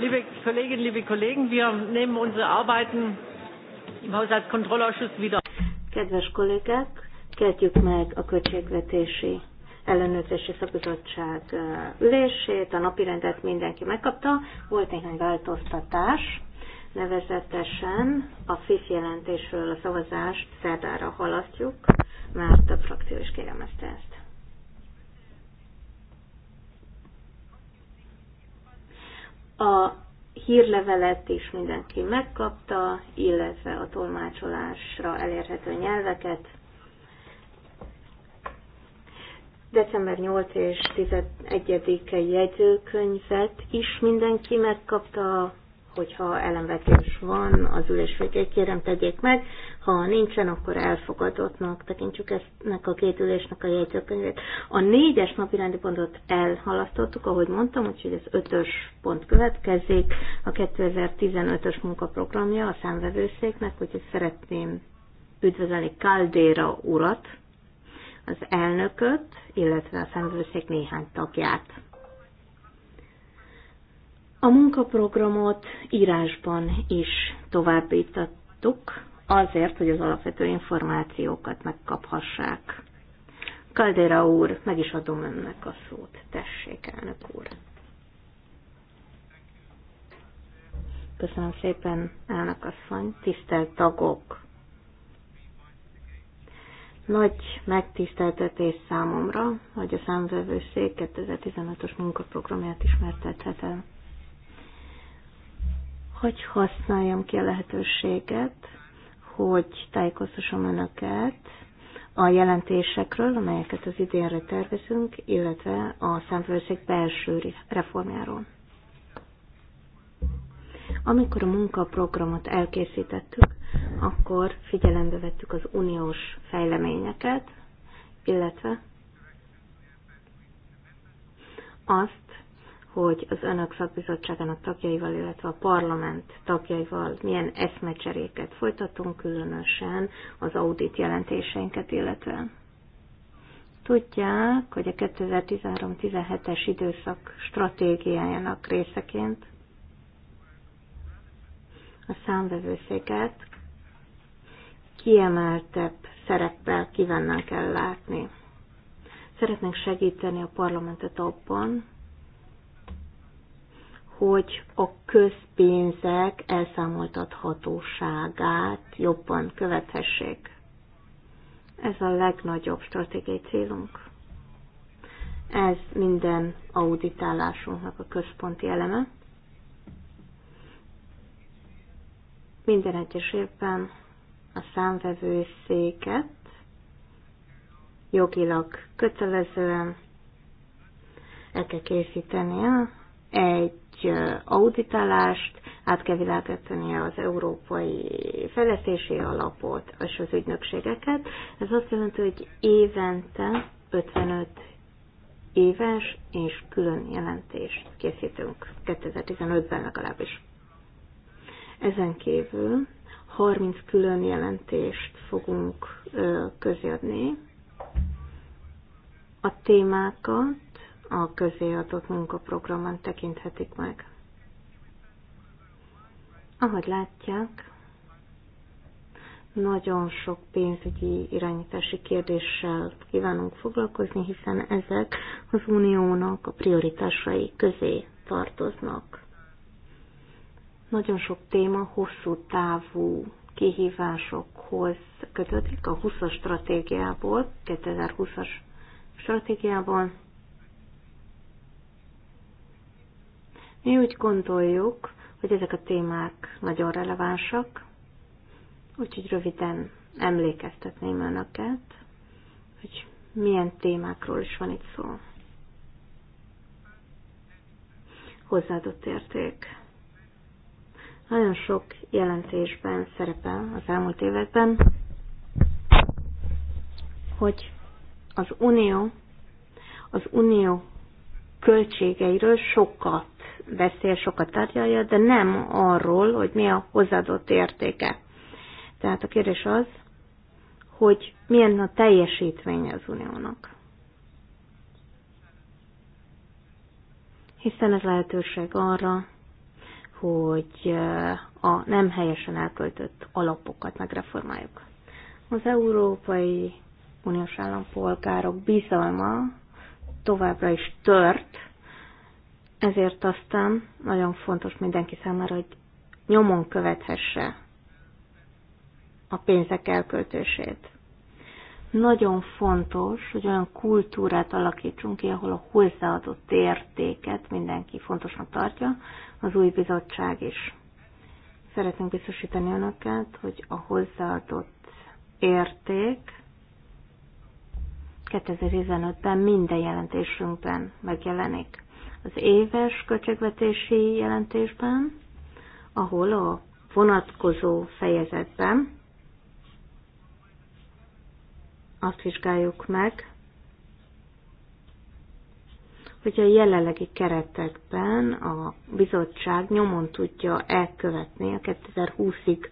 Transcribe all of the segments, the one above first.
Liebe Kolleginnen, liebe Kollegen, wir nehmen unsere Arbeiten im Haushaltskontrollausschuss wieder. Kedves kollégák, kezdjük meg a költségvetési ellenőrzési szakbizottság ülését. A napi rendet mindenki megkapta. Volt néhány változtatás, nevezetesen a FIF jelentésről a szavazást szerdára halasztjuk, mert a frakció is kérem ezt. A hírlevelet is mindenki megkapta, illetve a tolmácsolásra elérhető nyelveket. December 8 és 11-e jegyzőkönyvet is mindenki megkapta, hogyha ellenvetés van az ülés kérem tegyék meg. Ha nincsen, akkor elfogadottnak ezt eztnek a két ülésnek a jegyzőkönyvét. A négyes napi rendi pontot elhalasztottuk, ahogy mondtam, úgyhogy az ötös pont következik. A 2015-ös munkaprogramja a számvevőszéknek, úgyhogy szeretném üdvözölni Caldera urat, az elnököt, illetve a számvevőszék néhány tagját. A munkaprogramot írásban is továbbítottuk, azért, hogy az alapvető információkat megkaphassák. Kaldéra úr, meg is adom önnek a szót. Tessék, elnök úr. Köszönöm szépen, elnök asszony. Tisztelt tagok! Nagy megtiszteltetés számomra, hogy a számvevőszék 2015-ös munkaprogramját ismertethetem. Hogy használjam ki a lehetőséget, hogy tájékoztassam Önöket a jelentésekről, amelyeket az idénre tervezünk, illetve a számfőszék belső reformjáról. Amikor a munkaprogramot elkészítettük, akkor figyelembe vettük az uniós fejleményeket, illetve azt, hogy az önök szakbizottságának tagjaival, illetve a parlament tagjaival milyen eszmecseréket folytatunk, különösen az audit jelentéseinket illetve. Tudják, hogy a 2013-17-es időszak stratégiájának részeként a számvevőszéket kiemeltebb szereppel kívánnánk ellátni. Szeretnénk segíteni a parlamentet abban, hogy a közpénzek elszámoltathatóságát jobban követhessék. Ez a legnagyobb stratégiai célunk. Ez minden auditálásunknak a központi eleme. Minden egyes évben a széket jogilag kötelezően el kell készítenie egy egy auditálást, át kell világítani az európai fejlesztési alapot és az ügynökségeket. Ez azt jelenti, hogy évente 55 éves és külön jelentést készítünk, 2015-ben legalábbis. Ezen kívül 30 külön jelentést fogunk közadni. A témákat a közéadott munkaprogramon tekinthetik meg. Ahogy látják, nagyon sok pénzügyi irányítási kérdéssel kívánunk foglalkozni, hiszen ezek az uniónak a prioritásai közé tartoznak. Nagyon sok téma hosszú távú kihívásokhoz kötődik a 20-as stratégiából, 2020-as stratégiából. Mi úgy gondoljuk, hogy ezek a témák nagyon relevánsak, úgyhogy röviden emlékeztetném önöket, hogy milyen témákról is van itt szó. Hozzáadott érték. Nagyon sok jelentésben szerepel az elmúlt években, hogy az unió, az unió költségeiről sokkal beszél, sokat tárgyalja, de nem arról, hogy mi a hozzáadott értéke. Tehát a kérdés az, hogy milyen a teljesítmény az uniónak. Hiszen ez lehetőség arra, hogy eh, a nem helyesen elköltött alapokat megreformáljuk. Az Európai Uniós állampolgárok bizalma továbbra is tört, ezért aztán nagyon fontos mindenki számára, hogy nyomon követhesse a pénzek elköltését. Nagyon fontos, hogy olyan kultúrát alakítsunk ki, ahol a hozzáadott értéket mindenki fontosnak tartja, az új bizottság is. Szeretnénk biztosítani önöket, hogy a hozzáadott érték 2015-ben minden jelentésünkben megjelenik az éves költségvetési jelentésben, ahol a vonatkozó fejezetben azt vizsgáljuk meg, hogy a jelenlegi keretekben a bizottság nyomon tudja elkövetni a 2020-ig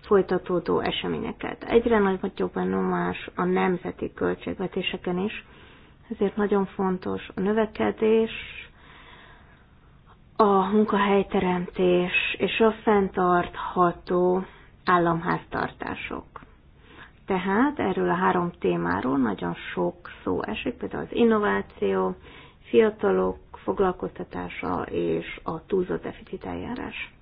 folytatódó eseményeket. Egyre nagyobb a nyomás a nemzeti költségvetéseken is, ezért nagyon fontos a növekedés a munkahelyteremtés és a fenntartható államháztartások. Tehát erről a három témáról nagyon sok szó esik, például az innováció, fiatalok foglalkoztatása és a túlzott deficit eljárás.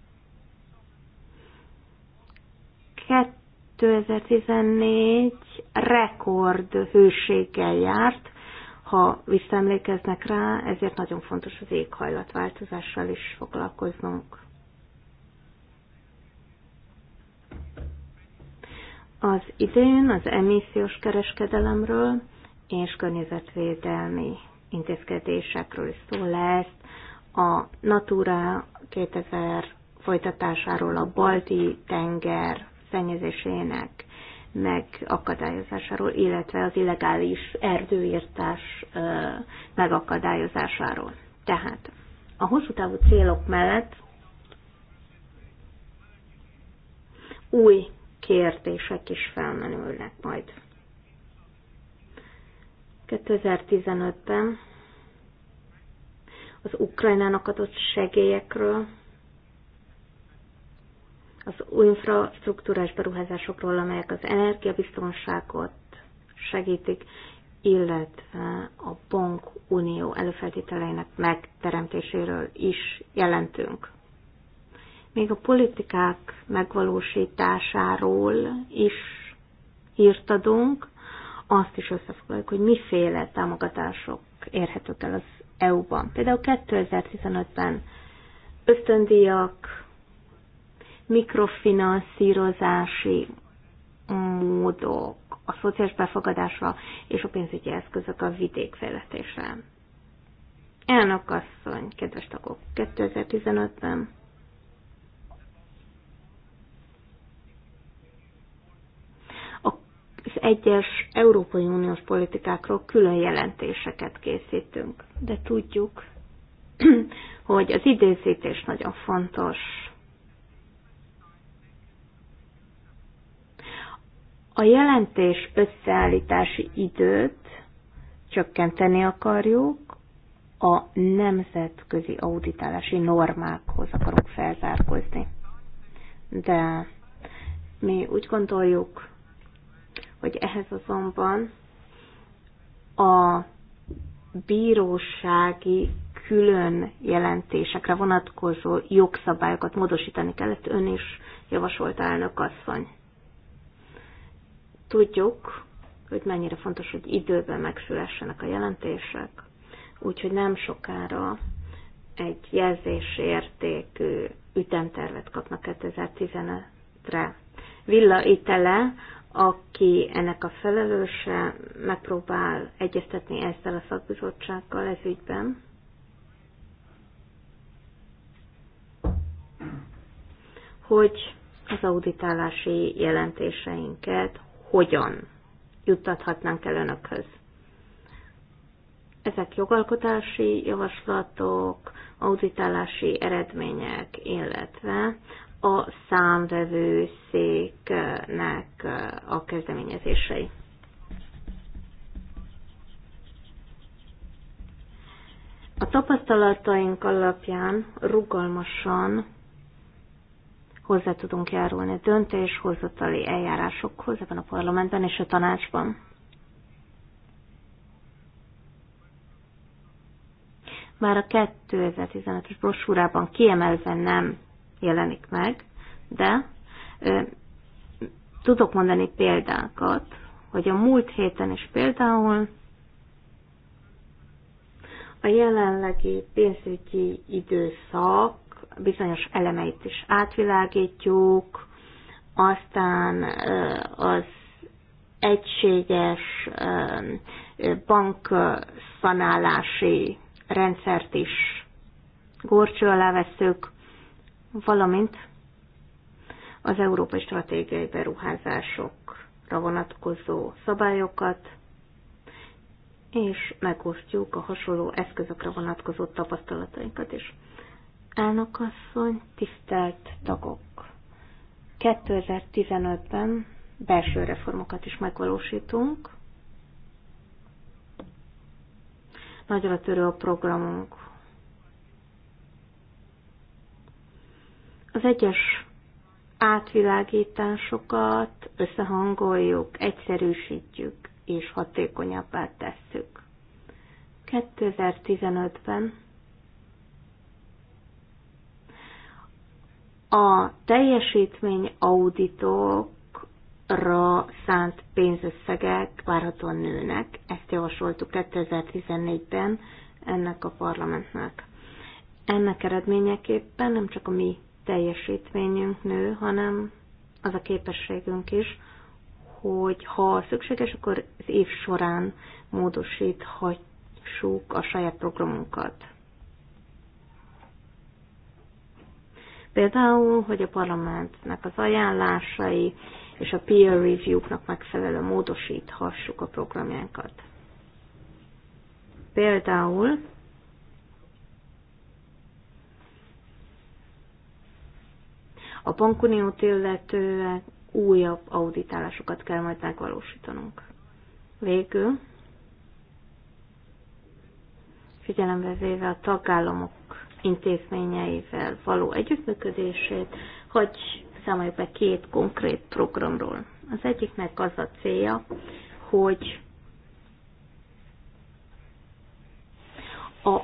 2014 rekord hőséggel járt, ha visszaemlékeznek rá, ezért nagyon fontos az éghajlatváltozással is foglalkoznunk. Az idén az emissziós kereskedelemről és környezetvédelmi intézkedésekről is szó lesz, a Natura 2000 folytatásáról a Balti tenger szennyezésének megakadályozásáról, illetve az illegális erdőírtás megakadályozásáról. Tehát a hosszú távú célok mellett új kérdések is felmenülnek majd. 2015-ben az Ukrajnának adott segélyekről az infrastruktúrás beruházásokról, amelyek az energiabiztonságot segítik, illetve a bankunió előfeltételeinek megteremtéséről is jelentünk. Még a politikák megvalósításáról is hírt adunk, azt is összefoglaljuk, hogy miféle támogatások érhetők el az EU-ban. Például 2015-ben ösztöndíjak, mikrofinanszírozási módok, a szociális befogadásra és a pénzügyi eszközök a vidékfejletésre. Elnök asszony, kedves tagok, 2015-ben az egyes Európai Uniós politikákról külön jelentéseket készítünk. De tudjuk, hogy az időzítés nagyon fontos A jelentés összeállítási időt csökkenteni akarjuk, a nemzetközi auditálási normákhoz akarunk felzárkózni. De mi úgy gondoljuk, hogy ehhez azonban a bírósági külön jelentésekre vonatkozó jogszabályokat módosítani kellett, ön is javasolta elnök asszony. Tudjuk, hogy mennyire fontos, hogy időben megszülessenek a jelentések, úgyhogy nem sokára egy jelzésértékű ütemtervet kapnak 2015-re. Villa Itele, aki ennek a felelőse, megpróbál egyeztetni ezzel a szakbizottsággal ez ügyben. hogy az auditálási jelentéseinket hogyan juttathatnánk el önökhöz. Ezek jogalkotási javaslatok, auditálási eredmények, illetve a számvevőszéknek a kezdeményezései. A tapasztalataink alapján rugalmasan hozzá tudunk járulni a döntéshozatali eljárásokhoz ebben a parlamentben és a tanácsban. Már a 2015-ös brosúrában kiemelve nem jelenik meg, de ö, tudok mondani példákat, hogy a múlt héten is például a jelenlegi pénzügyi időszak bizonyos elemeit is átvilágítjuk, aztán az egységes bankszanálási rendszert is górcső alá veszük, valamint az európai stratégiai beruházásokra vonatkozó szabályokat, és megosztjuk a hasonló eszközökre vonatkozó tapasztalatainkat is. Elnökasszony, tisztelt tagok! 2015-ben belső reformokat is megvalósítunk. Nagyra törő a programunk. Az egyes átvilágításokat összehangoljuk, egyszerűsítjük és hatékonyabbá tesszük. 2015-ben a teljesítmény auditokra szánt pénzösszegek várhatóan nőnek. Ezt javasoltuk 2014-ben ennek a parlamentnek. Ennek eredményeképpen nem csak a mi teljesítményünk nő, hanem az a képességünk is, hogy ha szükséges, akkor az év során módosíthatjuk a saját programunkat. Például, hogy a parlamentnek az ajánlásai és a peer review-knak megfelelően módosíthassuk a programjánkat. Például a bankuniót illetően újabb auditálásokat kell majd megvalósítanunk. Végül figyelembe véve a tagállamok intézményeivel való együttműködését, hogy számoljuk be két konkrét programról. Az egyiknek az a célja, hogy a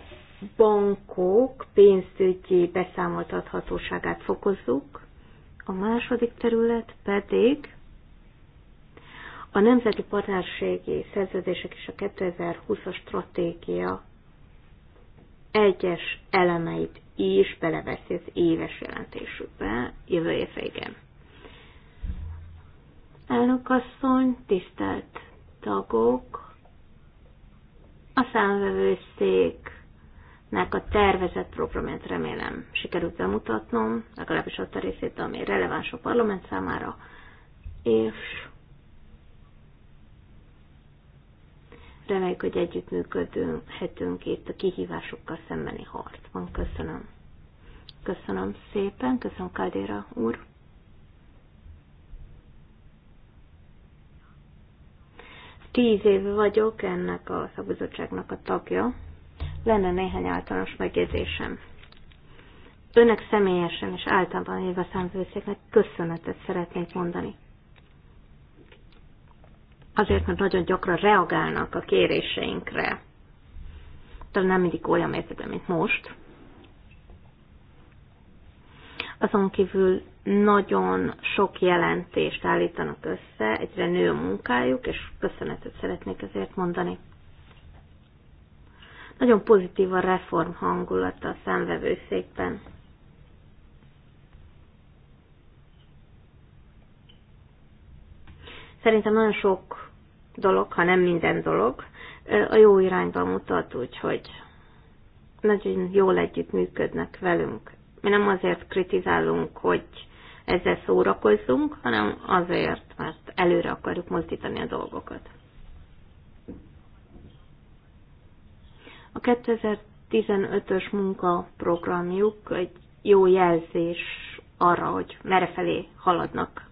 bankok pénzügyi beszámoltathatóságát fokozzuk, a második terület pedig a Nemzeti Partnerségi Szerződések és a 2020-as stratégia egyes elemeit is beleveszi az éves jelentésükbe jövő év végén. Elnökasszony, tisztelt tagok, a számvevőszéknek a tervezett programját remélem sikerült bemutatnom, legalábbis azt a részét, ami releváns a parlament számára, és Reméljük, hogy együttműködhetünk itt a kihívásokkal szembeni harcban. Köszönöm. Köszönöm szépen, köszönöm Kádéra úr. Tíz év vagyok ennek a szakbizottságnak a tagja. Lenne néhány általános megjegyzésem. Önnek személyesen és általában éve számvőszéknek köszönetet szeretnék mondani. Azért, mert nagyon gyakran reagálnak a kéréseinkre. de nem mindig olyan mértékben, mint most. Azon kívül nagyon sok jelentést állítanak össze, egyre nő a munkájuk, és köszönetet szeretnék ezért mondani. Nagyon pozitív a reform hangulata a szemvevőszékben. Szerintem nagyon sok dolog, hanem minden dolog, a jó irányba mutat, úgyhogy nagyon jól együtt működnek velünk. Mi nem azért kritizálunk, hogy ezzel szórakozzunk, hanem azért, mert előre akarjuk mozdítani a dolgokat. A 2015-ös munkaprogramjuk egy jó jelzés arra, hogy merre felé haladnak.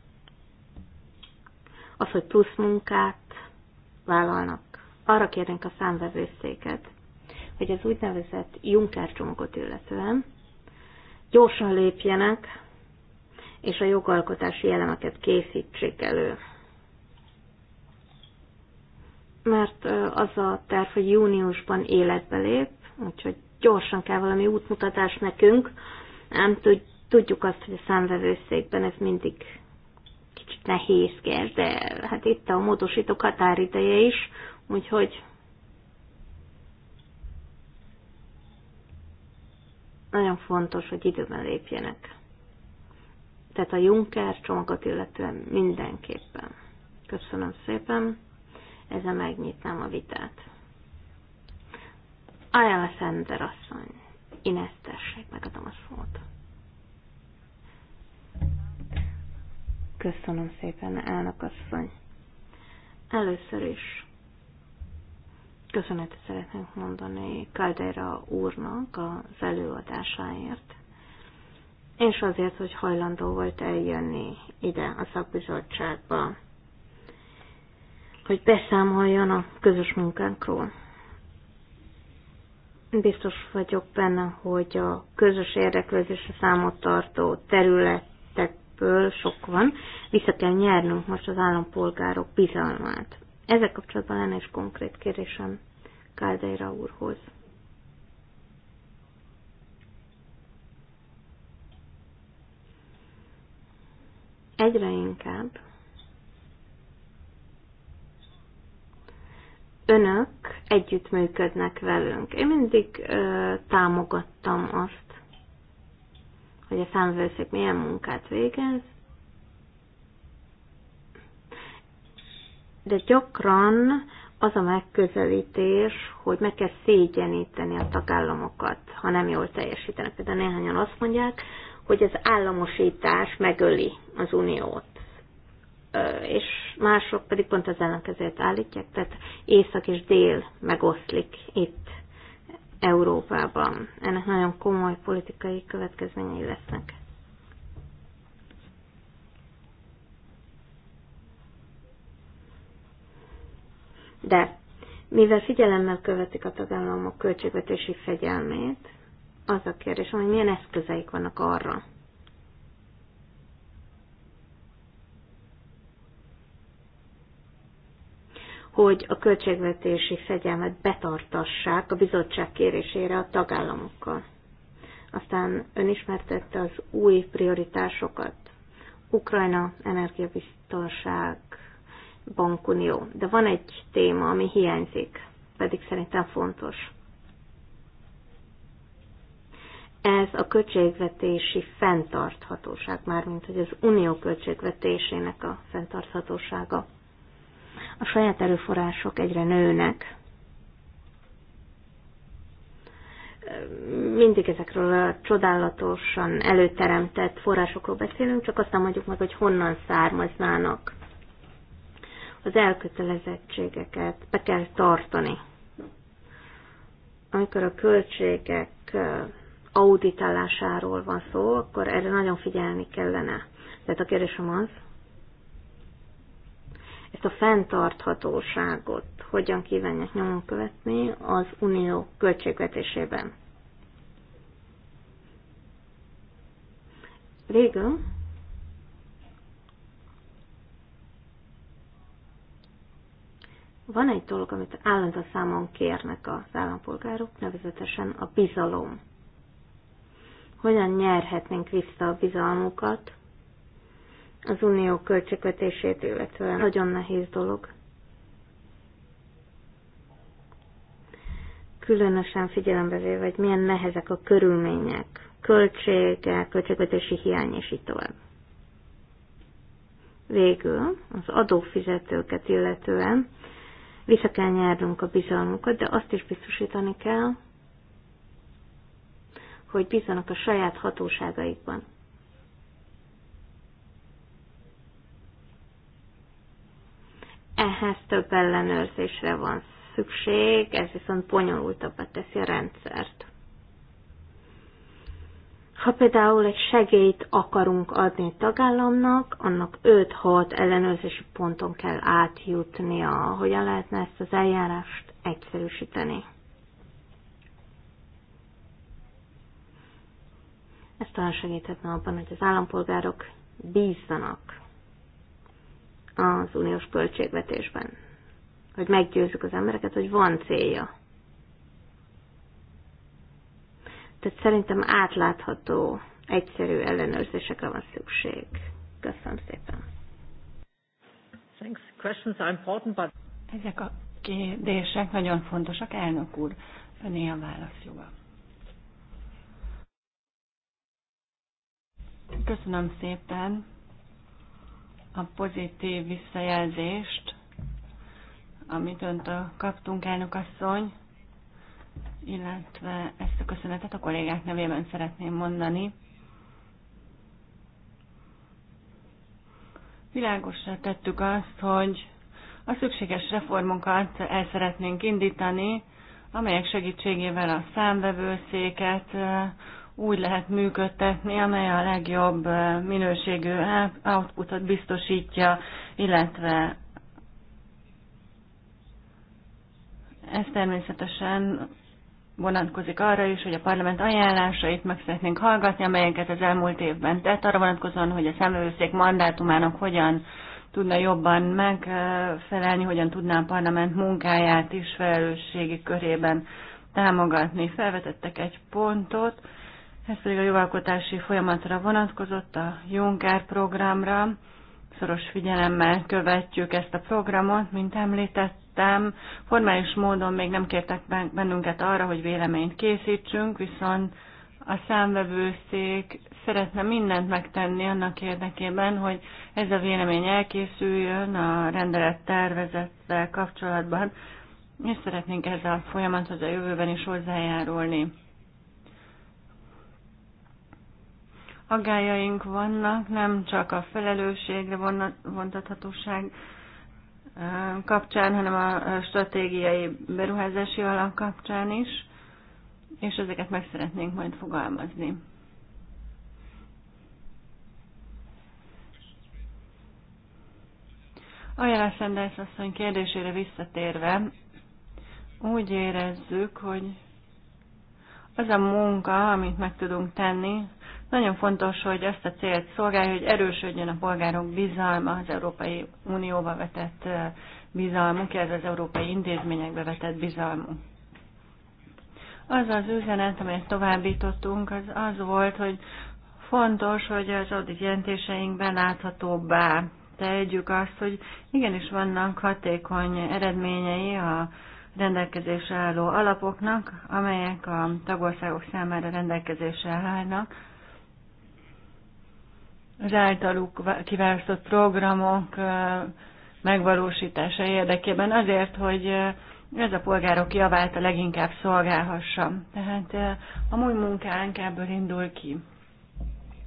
Az, hogy plusz munkát vállalnak. Arra kérnek a számvevőszéket, hogy az úgynevezett Juncker csomagot illetően gyorsan lépjenek, és a jogalkotási elemeket készítsék elő. Mert az a terv, hogy júniusban életbe lép, úgyhogy gyorsan kell valami útmutatás nekünk, nem tudjuk azt, hogy a számvevőszékben ez mindig kicsit nehéz kérdés, de hát itt a módosítók határideje is, úgyhogy nagyon fontos, hogy időben lépjenek. Tehát a Juncker csomagot illetően mindenképpen. Köszönöm szépen, ezzel megnyitnám a vitát. Ajánl a Szenter asszony, ezt tessék, megadom a szót. Köszönöm szépen, elnök asszony. Először is köszönetet szeretnénk mondani Kaldera úrnak az előadásáért, és azért, hogy hajlandó volt eljönni ide a szakbizottságba, hogy beszámoljon a közös munkánkról. Biztos vagyok benne, hogy a közös érdeklődésre számot tartó terület ebből sok van. Vissza kell nyernünk most az állampolgárok bizalmát. Ezzel kapcsolatban lenne is konkrét kérésem Káldeira úrhoz. Egyre inkább önök együttműködnek velünk. Én mindig ö, támogattam azt, hogy a számvőszék milyen munkát végez, de gyakran az a megközelítés, hogy meg kell szégyeníteni a tagállamokat, ha nem jól teljesítenek. Például néhányan azt mondják, hogy az államosítás megöli az uniót. És mások pedig pont az ellenkezőt állítják, tehát észak és dél megoszlik itt. Európában. Ennek nagyon komoly politikai következményei lesznek. De mivel figyelemmel követik a tagállamok költségvetési fegyelmét, az a kérdés, hogy milyen eszközeik vannak arra, hogy a költségvetési fegyelmet betartassák a bizottság kérésére a tagállamokkal. Aztán ön ismertette az új prioritásokat. Ukrajna, energiabiztonság, bankunió. De van egy téma, ami hiányzik, pedig szerintem fontos. Ez a költségvetési fenntarthatóság, mármint hogy az unió költségvetésének a fenntarthatósága a saját erőforrások egyre nőnek. Mindig ezekről a csodálatosan előteremtett forrásokról beszélünk, csak aztán mondjuk meg, hogy honnan származnának. Az elkötelezettségeket be kell tartani. Amikor a költségek eh, auditálásáról van szó, akkor erre nagyon figyelni kellene. Tehát a kérdésem az, ezt a fenntarthatóságot hogyan kívánják nyomon követni az unió költségvetésében. Végül van egy dolog, amit állandó számon kérnek az állampolgárok, nevezetesen a bizalom. Hogyan nyerhetnénk vissza a bizalmukat, az unió költségvetését, illetve nagyon nehéz dolog. Különösen figyelembe véve, hogy milyen nehezek a körülmények, költségek, költségvetési hiány, és így tovább. Végül az adófizetőket illetően vissza kell nyernünk a bizalmukat, de azt is biztosítani kell, hogy bízzanak a saját hatóságaikban. ehhez több ellenőrzésre van szükség, ez viszont bonyolultabbá teszi a rendszert. Ha például egy segélyt akarunk adni egy tagállamnak, annak 5-6 ellenőrzési ponton kell átjutnia, hogyan lehetne ezt az eljárást egyszerűsíteni. Ez talán segíthetne abban, hogy az állampolgárok bízzanak az uniós költségvetésben. Hogy meggyőzzük az embereket, hogy van célja. Tehát szerintem átlátható, egyszerű ellenőrzésekre van szükség. Köszönöm szépen. Thanks. Questions are important, but... Ezek a kérdések nagyon fontosak, elnök úr. Öné a válaszjoga. Köszönöm szépen a pozitív visszajelzést, amit öntől kaptunk, elnök asszony, illetve ezt a köszönetet a kollégák nevében szeretném mondani. Világosra tettük azt, hogy a szükséges reformokat el szeretnénk indítani, amelyek segítségével a számvevőszéket, úgy lehet működtetni, amely a legjobb minőségű outputot biztosítja, illetve ez természetesen vonatkozik arra is, hogy a parlament ajánlásait meg szeretnénk hallgatni, amelyeket az elmúlt évben tett, arra vonatkozóan, hogy a szemlőszék mandátumának hogyan tudna jobban megfelelni, hogyan tudná a parlament munkáját is felelősségi körében támogatni. Felvetettek egy pontot, ez pedig a jogalkotási folyamatra vonatkozott, a Juncker programra. Szoros figyelemmel követjük ezt a programot, mint említettem. Formális módon még nem kértek bennünket arra, hogy véleményt készítsünk, viszont a számvevőszék szeretne mindent megtenni annak érdekében, hogy ez a vélemény elkészüljön a rendelet tervezettel kapcsolatban, és szeretnénk ezzel a folyamathoz a jövőben is hozzájárulni. aggájaink vannak, nem csak a felelősségre vontathatóság kapcsán, hanem a stratégiai beruházási alap kapcsán is, és ezeket meg szeretnénk majd fogalmazni. A jelenszendelsz asszony kérdésére visszatérve, úgy érezzük, hogy az a munka, amit meg tudunk tenni, nagyon fontos, hogy ezt a célt szolgálja, hogy erősödjön a polgárok bizalma, az Európai Unióba vetett bizalmuk, ez az európai intézményekbe vetett bizalmuk. Az az üzenet, amelyet továbbítottunk, az az volt, hogy fontos, hogy az audit jelentéseinkben láthatóbbá tegyük azt, hogy igenis vannak hatékony eredményei a rendelkezésre álló alapoknak, amelyek a tagországok számára rendelkezésre állnak, az általuk kiválasztott programok megvalósítása érdekében azért, hogy ez a polgárok javát a leginkább szolgálhassa. Tehát a múj munkánk ebből indul ki.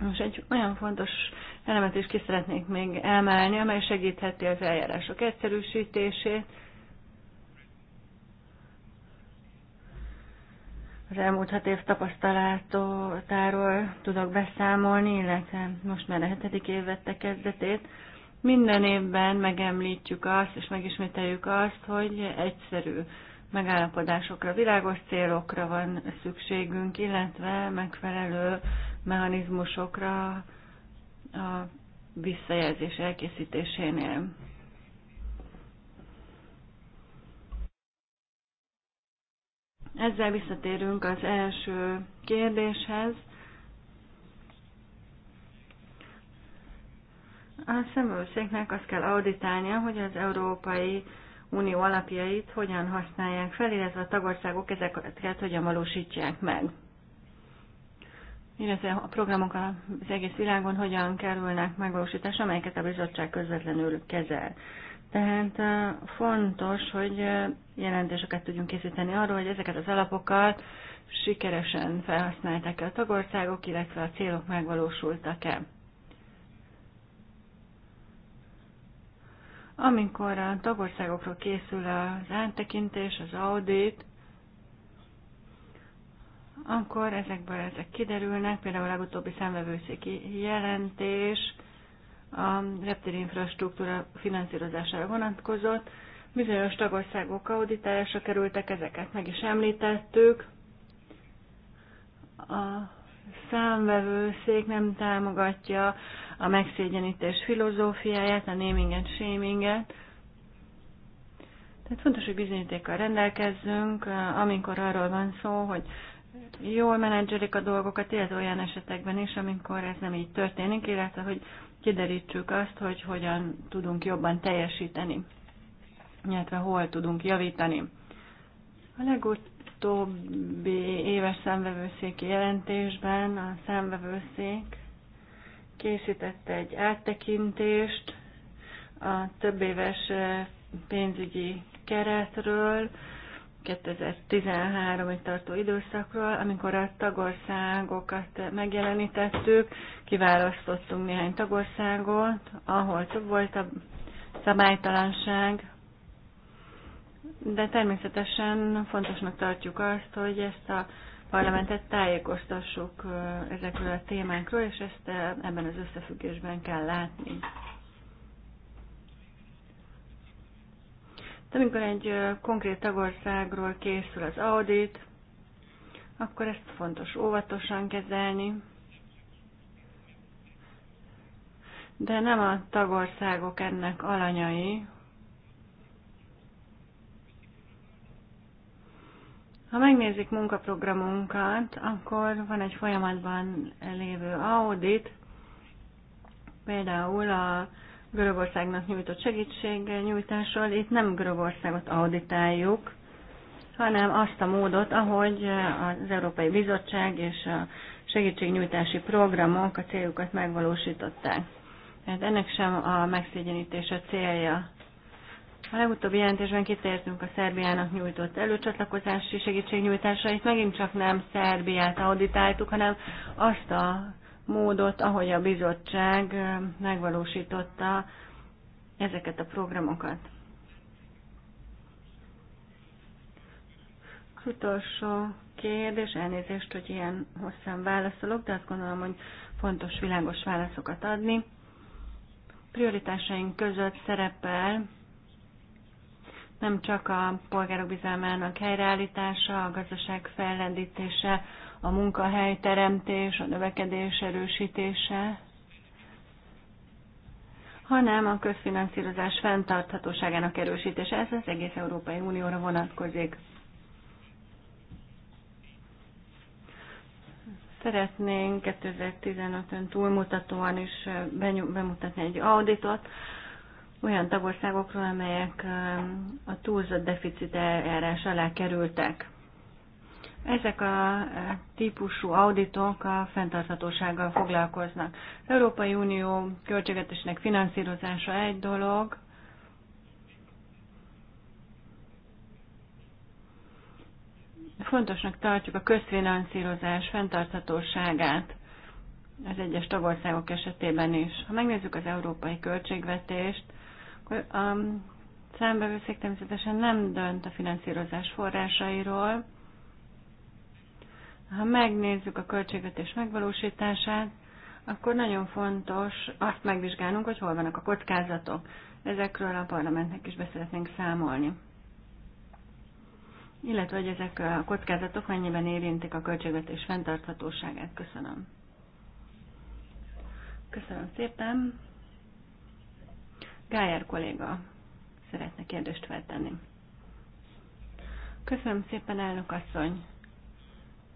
Most egy olyan fontos elemet is ki szeretnék még emelni, amely segítheti az eljárások egyszerűsítését, az elmúlt hat év tapasztalatáról tudok beszámolni, illetve most már a hetedik év vette kezdetét. Minden évben megemlítjük azt, és megismételjük azt, hogy egyszerű megállapodásokra, világos célokra van szükségünk, illetve megfelelő mechanizmusokra a visszajelzés elkészítésénél. Ezzel visszatérünk az első kérdéshez. A szemőszéknek azt kell auditálnia, hogy az Európai Unió alapjait hogyan használják fel, illetve a tagországok ezeket hogyan valósítják meg. Illetve a programok az egész világon hogyan kerülnek megvalósításra, amelyeket a bizottság közvetlenül kezel. Tehát fontos, hogy jelentéseket tudjunk készíteni arról, hogy ezeket az alapokat sikeresen felhasználták-e a tagországok, illetve a célok megvalósultak-e. Amikor a tagországokról készül az áttekintés, az audit, akkor ezekből ezek kiderülnek, például a legutóbbi számvevőszéki jelentés a reptéri infrastruktúra finanszírozására vonatkozott. Bizonyos tagországok auditálásra kerültek, ezeket meg is említettük. A számvevőszék nem támogatja a megszégyenítés filozófiáját, a naminget, shaminget. Tehát fontos, hogy bizonyítékkal rendelkezzünk, amikor arról van szó, hogy jól menedzselik a dolgokat, illetve olyan esetekben is, amikor ez nem így történik, illetve hogy kiderítsük azt, hogy hogyan tudunk jobban teljesíteni, illetve hol tudunk javítani. A legutóbbi éves számvevőszéki jelentésben a számvevőszék készítette egy áttekintést a több éves eh, pénzügyi keretről, 2013-ig tartó időszakról, amikor a tagországokat megjelenítettük, kiválasztottunk néhány tagországot, ahol több volt a szabálytalanság, de természetesen fontosnak tartjuk azt, hogy ezt a parlamentet tájékoztassuk ezekről a témákról, és ezt ebben az összefüggésben kell látni. De amikor egy konkrét tagországról készül az audit, akkor ezt fontos óvatosan kezelni. De nem a tagországok ennek alanyai. Ha megnézik munkaprogramunkat, akkor van egy folyamatban lévő audit, például a Görögországnak nyújtott nyújtással. Itt nem Görögországot auditáljuk, hanem azt a módot, ahogy az Európai Bizottság és a segítségnyújtási programok a céljukat megvalósították. Hát ennek sem a megszégyenítése célja. A legutóbbi jelentésben kitértünk a Szerbiának nyújtott előcsatlakozási segítségnyújtásra. Itt megint csak nem Szerbiát auditáltuk, hanem azt a módot, ahogy a bizottság megvalósította ezeket a programokat. Utolsó kérdés, elnézést, hogy ilyen hosszan válaszolok, de azt gondolom, hogy fontos világos válaszokat adni. Prioritásaink között szerepel nem csak a polgárok bizalmának helyreállítása, a gazdaság fellendítése, a teremtés a növekedés erősítése, hanem a közfinanszírozás fenntarthatóságának erősítése. Ez az egész Európai Unióra vonatkozik. Szeretnénk 2015-ön túlmutatóan is bemutatni egy auditot olyan tagországokról, amelyek a túlzott deficit eljárás alá kerültek. Ezek a e, típusú auditok a fenntarthatósággal foglalkoznak. Az Európai Unió költségvetésnek finanszírozása egy dolog, fontosnak tartjuk a közfinanszírozás fenntarthatóságát az egyes tagországok esetében is. Ha megnézzük az európai költségvetést, akkor a um, számbevőszék természetesen nem dönt a finanszírozás forrásairól, ha megnézzük a költségvetés megvalósítását, akkor nagyon fontos azt megvizsgálnunk, hogy hol vannak a kockázatok. Ezekről a parlamentnek is beszeretnénk számolni. Illetve, hogy ezek a kockázatok mennyiben érintik a költségvetés fenntarthatóságát. Köszönöm. Köszönöm szépen. Gájer kolléga szeretne kérdést feltenni. Köszönöm szépen, elnök asszony.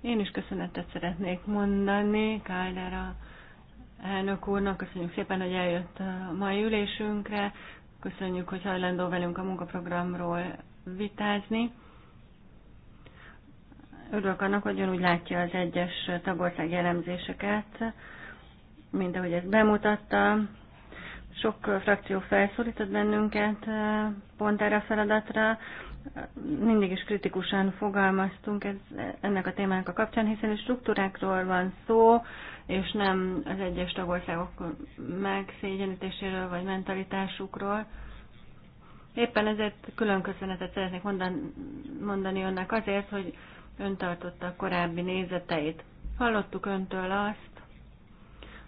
Én is köszönetet szeretnék mondani Káldára elnök úrnak. Köszönjük szépen, hogy eljött a mai ülésünkre. Köszönjük, hogy hajlandó velünk a munkaprogramról vitázni. Örülök annak, hogy ön úgy látja az egyes tagország jellemzéseket, mint ahogy ezt bemutatta. Sok frakció felszólított bennünket eh, pont erre a feladatra mindig is kritikusan fogalmaztunk ez, ennek a témának a kapcsán, hiszen struktúrákról van szó, és nem az egyes tagországok megszégyenítéséről vagy mentalitásukról. Éppen ezért külön köszönetet szeretnék mondan, mondani önnek azért, hogy ön tartotta a korábbi nézeteit. Hallottuk öntől azt,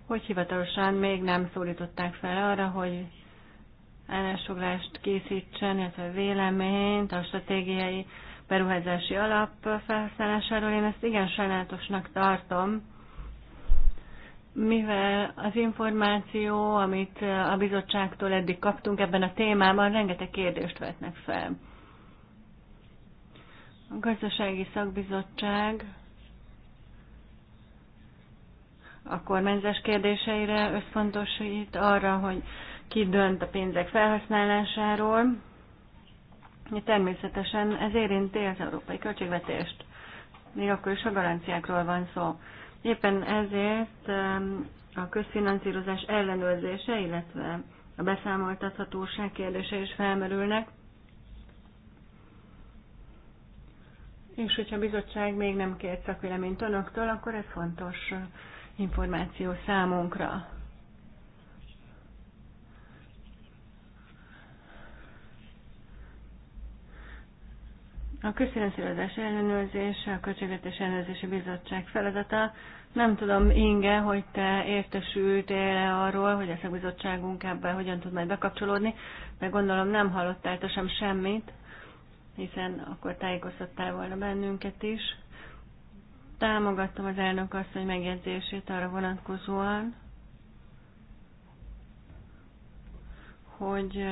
hogy hivatalosan még nem szólították fel arra, hogy állásfoglást készítsen, illetve véleményt a stratégiai beruházási alap felhasználásáról. Én ezt igen sajnálatosnak tartom, mivel az információ, amit a bizottságtól eddig kaptunk ebben a témában, rengeteg kérdést vetnek fel. A gazdasági szakbizottság a kormányzás kérdéseire összpontosít arra, hogy ki dönt a pénzek felhasználásáról. Természetesen ez érinti az európai költségvetést, még akkor is a garanciákról van szó. Éppen ezért um, a közfinanszírozás ellenőrzése, illetve a beszámoltathatóság kérdése is felmerülnek. És hogyha a bizottság még nem kért szakvéleményt önöktől, akkor ez fontos információ számunkra. A közfinanszírozás ellenőrzés, a Költségvetés Ellenőrzési Bizottság feladata. Nem tudom, Inge, hogy te értesültél arról, hogy a szakbizottságunk ebben hogyan tud majd bekapcsolódni, de gondolom nem hallottál te sem semmit, hiszen akkor tájékoztattál volna bennünket is. Támogattam az elnök asszony megjegyzését arra vonatkozóan, hogy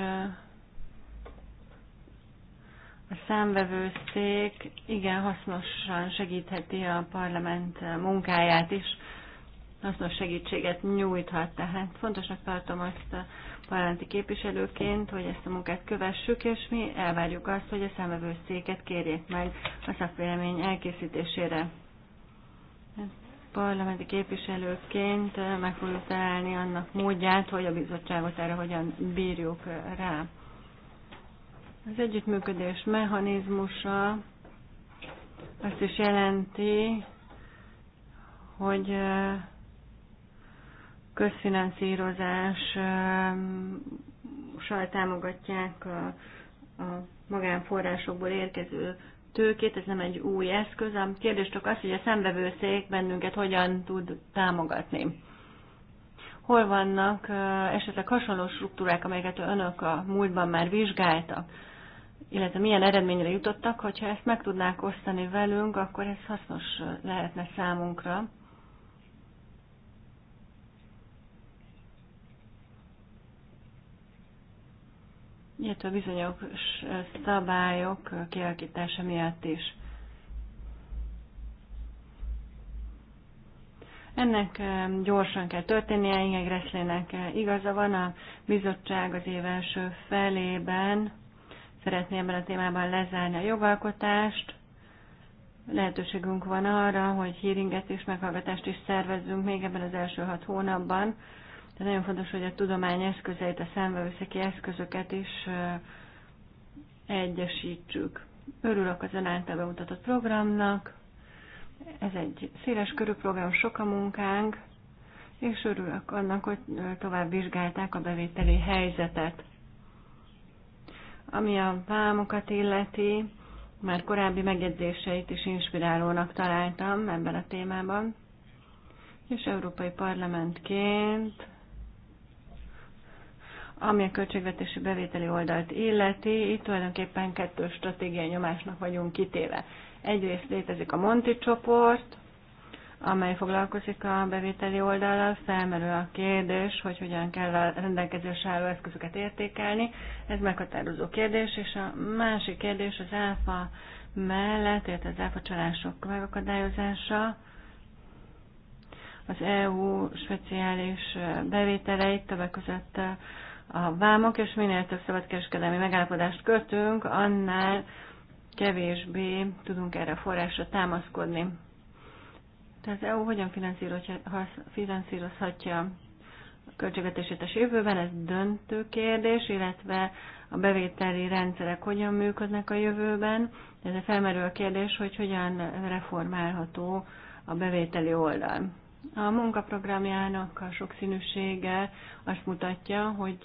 a számvevőszék igen hasznosan segítheti a parlament munkáját is, hasznos segítséget nyújthat. Tehát fontosnak tartom azt a parlamenti képviselőként, hogy ezt a munkát kövessük, és mi elvárjuk azt, hogy a számvevőszéket kérjék meg a szakvélemény elkészítésére. Parlamenti képviselőként meg fogjuk találni annak módját, hogy a bizottságot erre hogyan bírjuk rá. Az együttműködés mechanizmusa azt is jelenti, hogy közfinanszírozás támogatják a, a magánforrásokból érkező tőkét, ez nem egy új eszköz. A kérdés csak az, hogy a szembevő szék bennünket hogyan tud támogatni. Hol vannak esetleg hasonló struktúrák, amelyeket önök a múltban már vizsgáltak? illetve milyen eredményre jutottak, hogyha ezt meg tudnák osztani velünk, akkor ez hasznos lehetne számunkra. illetve a bizonyos szabályok kialakítása miatt is. Ennek gyorsan kell történnie, Inge Gresslének igaza van, a bizottság az év első felében szeretné ebben a témában lezárni a jogalkotást. Lehetőségünk van arra, hogy hearinget és meghallgatást is szervezzünk még ebben az első hat hónapban. De nagyon fontos, hogy a tudomány eszközeit, a számvevőszeki eszközöket is egyesítsük. Örülök az ön által bemutatott programnak. Ez egy széles körű program, sok a munkánk, és örülök annak, hogy tovább vizsgálták a bevételi helyzetet. Ami a vámokat illeti, már korábbi megjegyzéseit is inspirálónak találtam ebben a témában, és Európai Parlamentként, ami a költségvetési bevételi oldalt illeti, itt tulajdonképpen kettős stratégiai nyomásnak vagyunk kitéve. Egyrészt létezik a Monti csoport, amely foglalkozik a bevételi oldallal, felmerül a kérdés, hogy hogyan kell a rendelkezésre álló eszközöket értékelni. Ez meghatározó kérdés, és a másik kérdés az áfa mellett, illetve az áfa csalások megakadályozása, az EU speciális bevételeit, többek között a vámok, és minél több szabadkereskedelmi megállapodást kötünk, annál kevésbé tudunk erre forrásra támaszkodni. Tehát az e EU hogyan finanszírozhatja a költségvetését a jövőben, ez döntő kérdés, illetve a bevételi rendszerek hogyan működnek a jövőben. Ez a felmerül a kérdés, hogy hogyan reformálható a bevételi oldal. A munkaprogramjának a sokszínűsége azt mutatja, hogy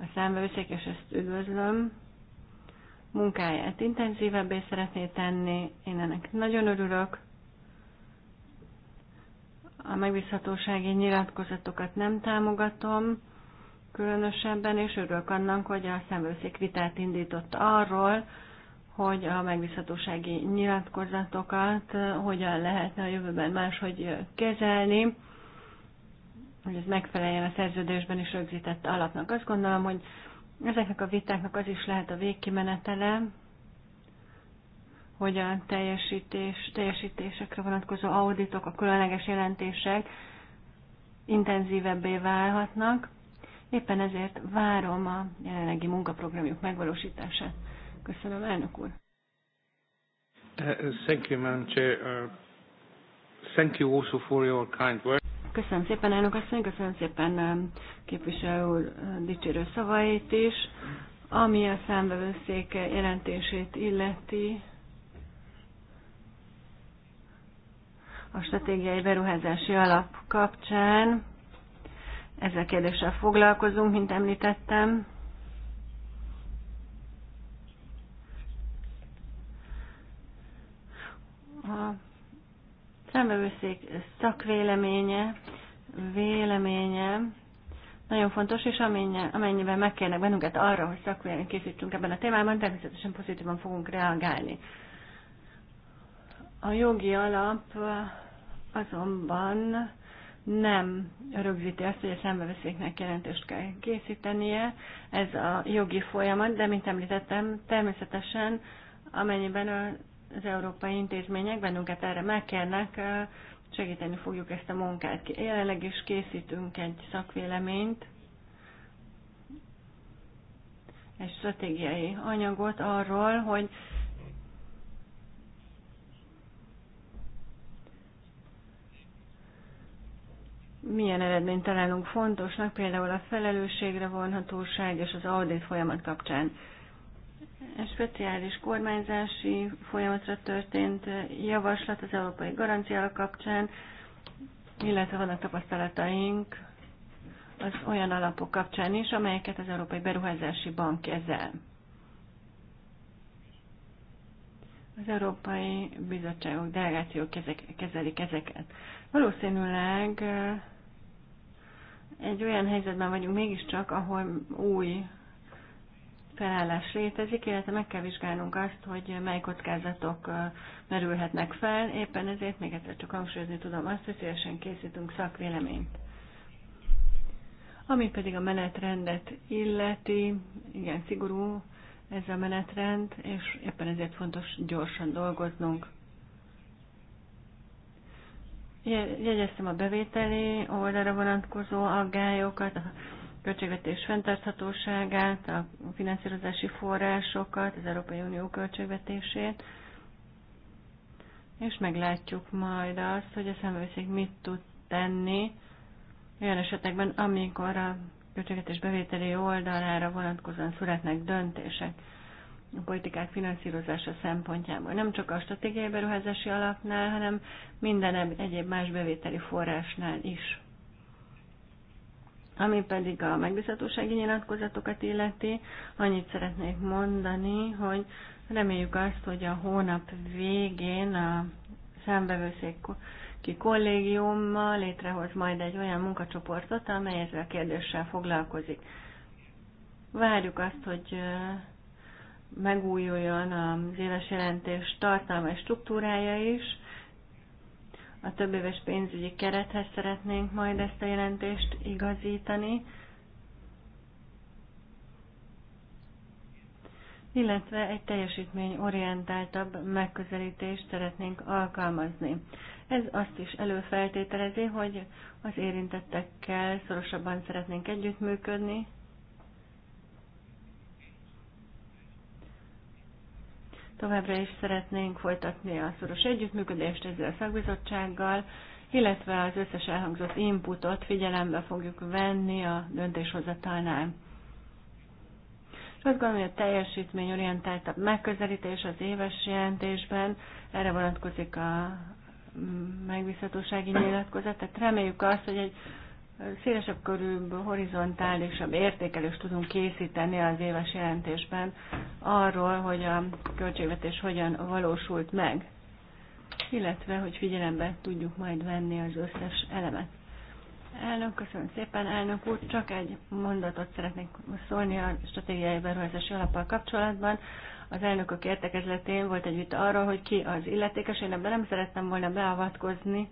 a számbevőszék, és ezt üdvözlöm, munkáját intenzívebbé szeretné tenni, én ennek nagyon örülök, a megbízhatósági nyilatkozatokat nem támogatom különösebben, és örülök annak, hogy a szemőszék vitát indított arról, hogy a megbízhatósági nyilatkozatokat hogyan lehetne a jövőben máshogy kezelni, hogy ez megfeleljen a szerződésben is rögzített alapnak. Azt gondolom, hogy ezeknek a vitáknak az is lehet a végkimenetele, hogy a teljesítés, teljesítésekre vonatkozó auditok, a különleges jelentések intenzívebbé válhatnak. Éppen ezért várom a jelenlegi munkaprogramjuk megvalósítását. Köszönöm, elnök úr. Uh, thank you, uh, Thank you also for your kind work. Köszönöm szépen, elnök asszony, köszönöm szépen um, képviselő úr uh, dicsérő szavait is. Ami a számvevőszék jelentését illeti, a stratégiai beruházási alap kapcsán. Ezzel kérdéssel foglalkozunk, mint említettem. A szembevőszék szakvéleménye, véleménye nagyon fontos, és amennyiben megkérnek bennünket arra, hogy szakvéleményt készítsünk ebben a témában, természetesen pozitívan fogunk reagálni. A jogi alap azonban nem rögzíti azt, hogy a szembeveszéknek jelentést kell készítenie. Ez a jogi folyamat, de mint említettem, természetesen amennyiben az európai intézmények bennünket erre megkérnek, segíteni fogjuk ezt a munkát. Jelenleg is készítünk egy szakvéleményt, egy stratégiai anyagot arról, hogy milyen eredményt találunk fontosnak, például a felelősségre vonhatóság és az audit folyamat kapcsán. Egy speciális kormányzási folyamatra történt javaslat az európai garancia kapcsán, illetve vannak tapasztalataink az olyan alapok kapcsán is, amelyeket az Európai Beruházási Bank kezel. Az Európai Bizottságok delegációk kezelik ezeket. Valószínűleg egy olyan helyzetben vagyunk mégiscsak, ahol új felállás létezik, illetve meg kell vizsgálnunk azt, hogy mely kockázatok merülhetnek fel. Éppen ezért még egyszer csak hangsúlyozni tudom azt, hogy szívesen készítünk szakvéleményt. Ami pedig a menetrendet illeti, igen, szigorú ez a menetrend, és éppen ezért fontos gyorsan dolgoznunk. Jegyeztem a bevételi oldalra vonatkozó aggályokat, a költségvetés fenntarthatóságát, a finanszírozási forrásokat, az Európai Unió költségvetését, és meglátjuk majd azt, hogy a szemvőszék mit tud tenni olyan esetekben, amikor a költségvetés bevételi oldalára vonatkozóan születnek döntések a politikák finanszírozása szempontjából. Nem csak a stratégiai beruházási alapnál, hanem minden egyéb más bevételi forrásnál is. Ami pedig a megbízhatósági nyilatkozatokat illeti, annyit szeretnék mondani, hogy reméljük azt, hogy a hónap végén a ki kollégiummal létrehoz majd egy olyan munkacsoportot, amely ezzel a kérdéssel foglalkozik. Várjuk azt, hogy megújuljon az éves jelentés tartalma és struktúrája is. A több éves pénzügyi kerethez szeretnénk majd ezt a jelentést igazítani, illetve egy teljesítményorientáltabb megközelítést szeretnénk alkalmazni. Ez azt is előfeltételezi, hogy az érintettekkel szorosabban szeretnénk együttműködni, Továbbra is szeretnénk folytatni a szoros együttműködést ezzel a szakbizottsággal, illetve az összes elhangzott inputot figyelembe fogjuk venni a döntéshozatalnál. azt gondolom, hogy a teljesítményorientáltabb megközelítés az éves jelentésben, erre vonatkozik a mm, megbízhatósági nyilatkozat, tehát reméljük azt, hogy egy szélesebb körűbb, horizontálisabb értékelést tudunk készíteni az éves jelentésben arról, hogy a költségvetés hogyan valósult meg, illetve hogy figyelembe tudjuk majd venni az összes elemet. Elnök, köszönöm szépen, elnök úr, csak egy mondatot szeretnék szólni a stratégiai beruházási alappal kapcsolatban. Az elnökök értekezletén volt egy vita arról, hogy ki az illetékes, én ebben nem szerettem volna beavatkozni,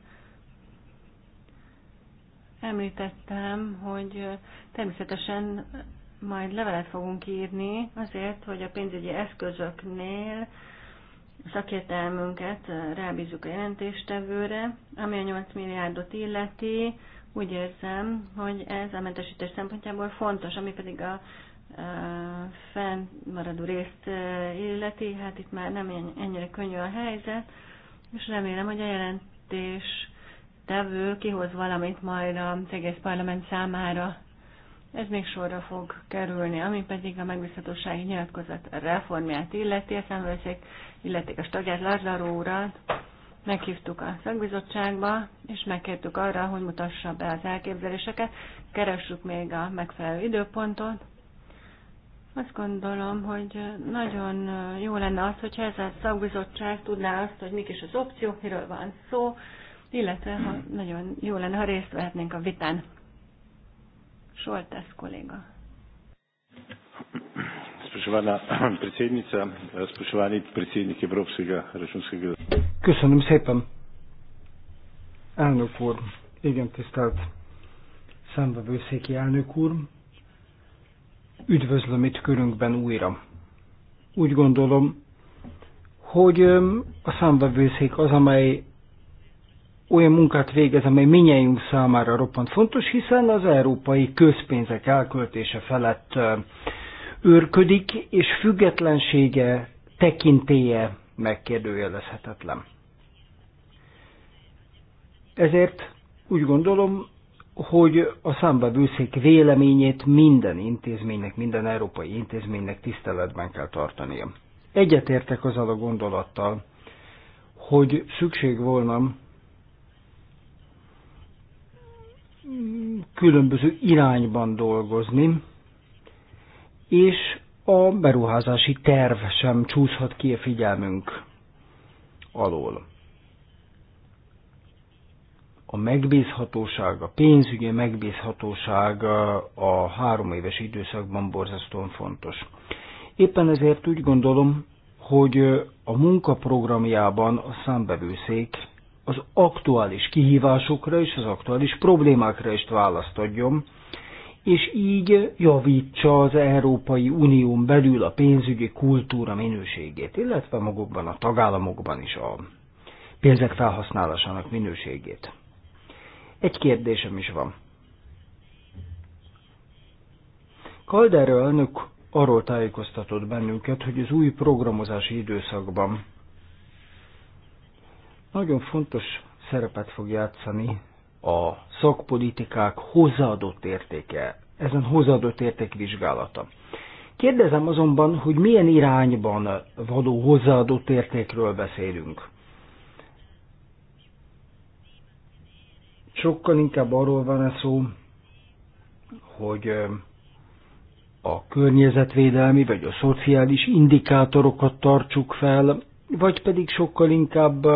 Említettem, hogy természetesen majd levelet fogunk írni azért, hogy a pénzügyi eszközöknél szakértelmünket rábízzuk a jelentéstevőre, ami a 8 milliárdot illeti. Úgy érzem, hogy ez a mentesítés szempontjából fontos, ami pedig a fennmaradó részt illeti, hát itt már nem ennyire könnyű a helyzet, és remélem, hogy a jelentés tevő kihoz valamit majd az egész parlament számára. Ez még sorra fog kerülni, ami pedig a megbízhatósági nyilatkozat reformját illeti, a szemvőszék a tagját Lázaró urat, meghívtuk a szakbizottságba, és megkértük arra, hogy mutassa be az elképzeléseket, keressük még a megfelelő időpontot. Azt gondolom, hogy nagyon jó lenne az, hogyha ez a szakbizottság tudná azt, hogy mik is az opciók, miről van szó, illetve ha nagyon jó lenne, ha részt vehetnénk a vitán. Soltesz kolléga. Spoštovana predsednica, spoštovani predsednik Evropskega računskega. Köszönöm szépen. Elnök úr, igen tisztelt számbevőszéki elnök úr, üdvözlöm itt körünkben újra. Úgy gondolom, hogy a számbevőszék az, amely olyan munkát végez, amely minnyájunk számára roppant fontos, hiszen az európai közpénzek elköltése felett őrködik, és függetlensége, tekintéje megkérdőjelezhetetlen. Ezért úgy gondolom, hogy a számbevőszék véleményét minden intézménynek, minden európai intézménynek tiszteletben kell tartania. Egyetértek azzal a gondolattal, hogy szükség volna különböző irányban dolgozni, és a beruházási terv sem csúszhat ki a figyelmünk alól. A megbízhatóság, a pénzügyi megbízhatóság a három éves időszakban borzasztóan fontos. Éppen ezért úgy gondolom, hogy a munkaprogramjában a számbevőszék az aktuális kihívásokra és az aktuális problémákra is választ adjon, és így javítsa az Európai Unión belül a pénzügyi kultúra minőségét, illetve magukban a tagállamokban is a pénzek felhasználásának minőségét. Egy kérdésem is van. Kalderő elnök arról tájékoztatott bennünket, hogy az új programozási időszakban nagyon fontos szerepet fog játszani a szakpolitikák hozzáadott értéke, ezen hozzáadott érték vizsgálata. Kérdezem azonban, hogy milyen irányban való hozzáadott értékről beszélünk. Sokkal inkább arról van -e szó, hogy a környezetvédelmi vagy a szociális indikátorokat tartsuk fel, vagy pedig sokkal inkább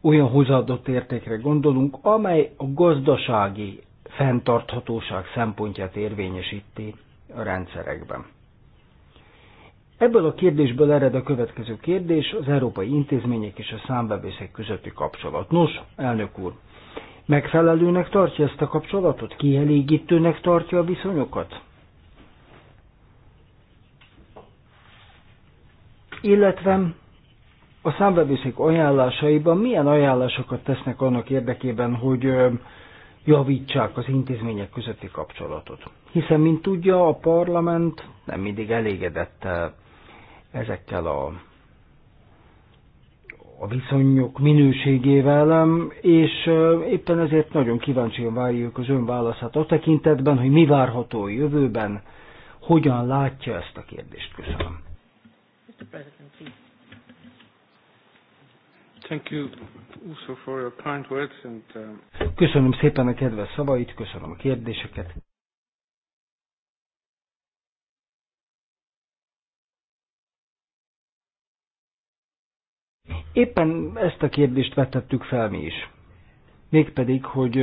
olyan hozzáadott értékre gondolunk, amely a gazdasági fenntarthatóság szempontját érvényesíti a rendszerekben. Ebből a kérdésből ered a következő kérdés, az európai intézmények és a számbevészek közötti kapcsolat. Nos, elnök úr, megfelelőnek tartja ezt a kapcsolatot? Kielégítőnek tartja a viszonyokat? Illetve a számvevőszék ajánlásaiban milyen ajánlásokat tesznek annak érdekében, hogy javítsák az intézmények közötti kapcsolatot. Hiszen, mint tudja, a parlament nem mindig elégedett ezekkel a, a viszonyok minőségével, és éppen ezért nagyon kíváncsian várjuk az ön válaszát a tekintetben, hogy mi várható a jövőben, hogyan látja ezt a kérdést. Köszönöm. Mr. President. Thank you also for your kind words and, uh... Köszönöm szépen a kedves szavait, köszönöm a kérdéseket. Éppen ezt a kérdést vetettük fel mi is. Mégpedig, hogy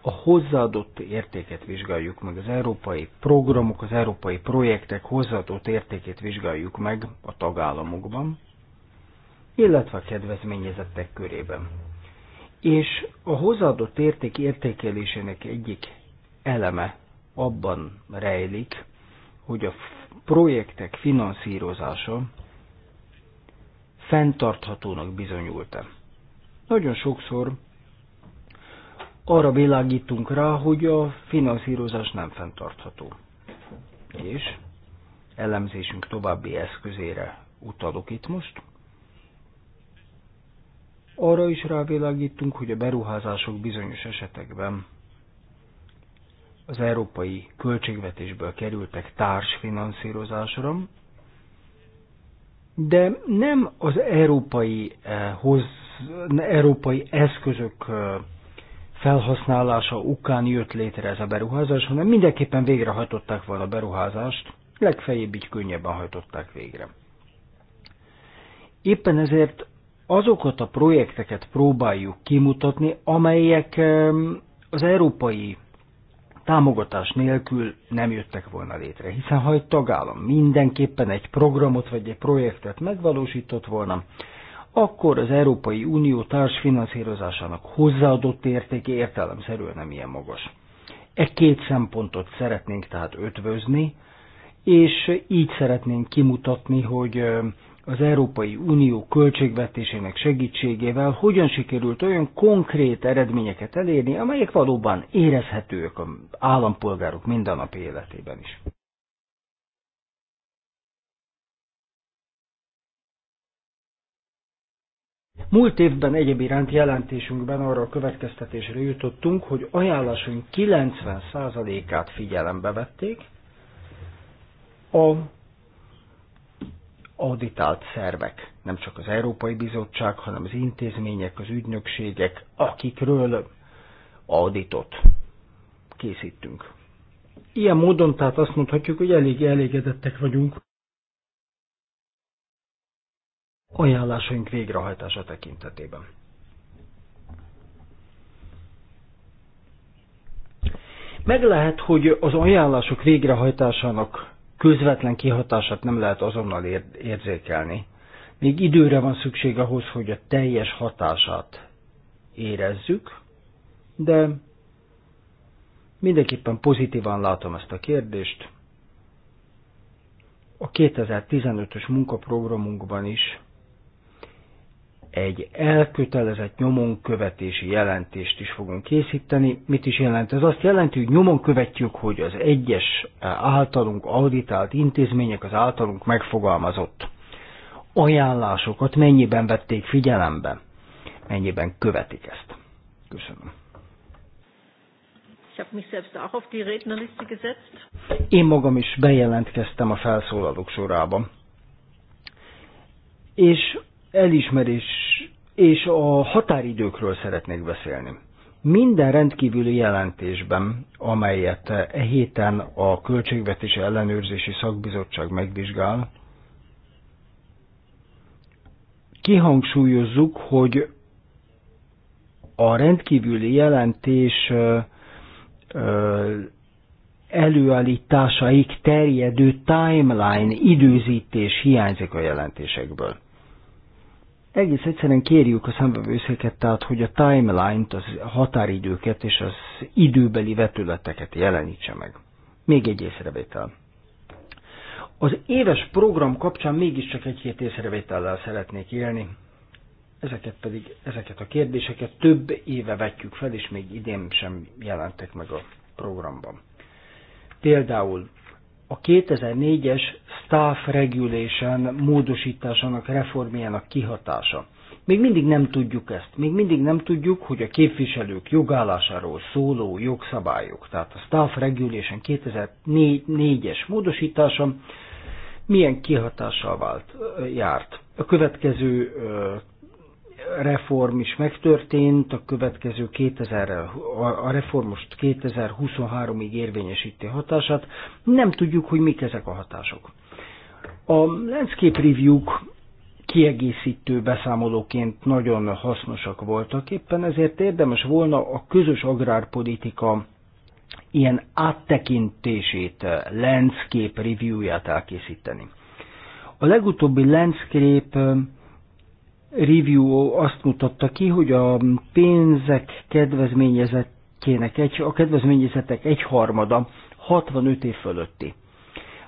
a hozzáadott értéket vizsgáljuk meg, az európai programok, az európai projektek hozzáadott értékét vizsgáljuk meg a tagállamokban, illetve a kedvezményezettek körében. És a hozzáadott érték értékelésének egyik eleme abban rejlik, hogy a projektek finanszírozása fenntarthatónak bizonyult-e. Nagyon sokszor arra világítunk rá, hogy a finanszírozás nem fenntartható. És elemzésünk további eszközére utalok itt most – arra is rávilágítunk, hogy a beruházások bizonyos esetekben az európai költségvetésből kerültek társfinanszírozásra, de nem az európai, eh, hoz, európai eszközök eh, felhasználása ukán jött létre ez a beruházás, hanem mindenképpen végrehajtották volna a beruházást, legfeljebb így könnyebben hajtották végre. Éppen ezért azokat a projekteket próbáljuk kimutatni, amelyek az európai támogatás nélkül nem jöttek volna létre, hiszen ha egy tagállam mindenképpen egy programot vagy egy projektet megvalósított volna, akkor az Európai Unió társfinanszírozásának hozzáadott értéke értelemszerűen nem ilyen magas. E két szempontot szeretnénk tehát ötvözni, és így szeretnénk kimutatni, hogy az Európai Unió költségvetésének segítségével hogyan sikerült olyan konkrét eredményeket elérni, amelyek valóban érezhetőek az állampolgárok mindennapi életében is. Múlt évben egyéb iránt jelentésünkben arra a következtetésre jutottunk, hogy ajánlásunk 90%-át figyelembe vették, a auditált szervek, nem csak az Európai Bizottság, hanem az intézmények, az ügynökségek, akikről auditot készítünk. Ilyen módon tehát azt mondhatjuk, hogy elég elégedettek vagyunk ajánlásaink végrehajtása tekintetében. Meg lehet, hogy az ajánlások végrehajtásának közvetlen kihatását nem lehet azonnal ér- érzékelni. Még időre van szükség ahhoz, hogy a teljes hatását érezzük, de mindenképpen pozitívan látom ezt a kérdést. A 2015-ös munkaprogramunkban is egy elkötelezett nyomon követési jelentést is fogunk készíteni. Mit is jelent? Ez azt jelenti, hogy nyomon követjük, hogy az egyes általunk auditált intézmények az általunk megfogalmazott ajánlásokat mennyiben vették figyelembe, mennyiben követik ezt. Köszönöm. Én magam is bejelentkeztem a felszólalók sorába. És elismerés és a határidőkről szeretnék beszélni. Minden rendkívüli jelentésben, amelyet e héten a Költségvetési Ellenőrzési Szakbizottság megvizsgál, kihangsúlyozzuk, hogy a rendkívüli jelentés előállításaig terjedő timeline időzítés hiányzik a jelentésekből. Egész egyszerűen kérjük a szembevőszéket, tehát hogy a timeline-t, az határidőket és az időbeli vetületeket jelenítse meg. Még egy észrevétel. Az éves program kapcsán mégiscsak egy-két észrevétellel szeretnék élni, ezeket pedig, ezeket a kérdéseket több éve vetjük fel, és még idén sem jelentek meg a programban. Például a 2004-es Staff Regulation módosításának reformjának kihatása. Még mindig nem tudjuk ezt, még mindig nem tudjuk, hogy a képviselők jogállásáról szóló jogszabályok, tehát a Staff Regulation 2004-es módosítása milyen kihatással vált, járt. A következő reform is megtörtént, a következő 2000 a reform most 2023-ig érvényesíti hatását. Nem tudjuk, hogy mik ezek a hatások. A landscape review kiegészítő beszámolóként nagyon hasznosak voltak, éppen ezért érdemes volna a közös agrárpolitika ilyen áttekintését, landscape review review-ját elkészíteni. A legutóbbi landscape review azt mutatta ki, hogy a pénzek kedvezményezetének egy, a kedvezményezetek egyharmada 65 év fölötti.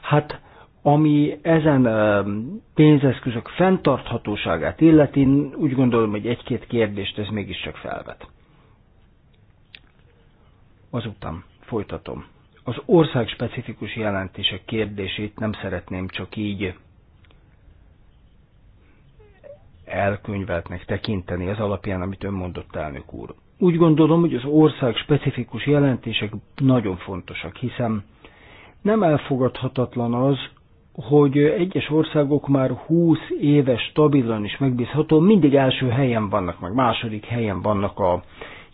Hát ami ezen pénzeszközök fenntarthatóságát illeti, úgy gondolom, hogy egy-két kérdést ez mégiscsak felvet. Azután folytatom. Az ország specifikus jelentések kérdését nem szeretném csak így elkönyveltnek tekinteni az alapján, amit ön mondott, elnök úr. Úgy gondolom, hogy az ország specifikus jelentések nagyon fontosak, hiszen nem elfogadhatatlan az, hogy egyes országok már 20 éves stabilan is megbízható, mindig első helyen vannak, meg második helyen vannak a,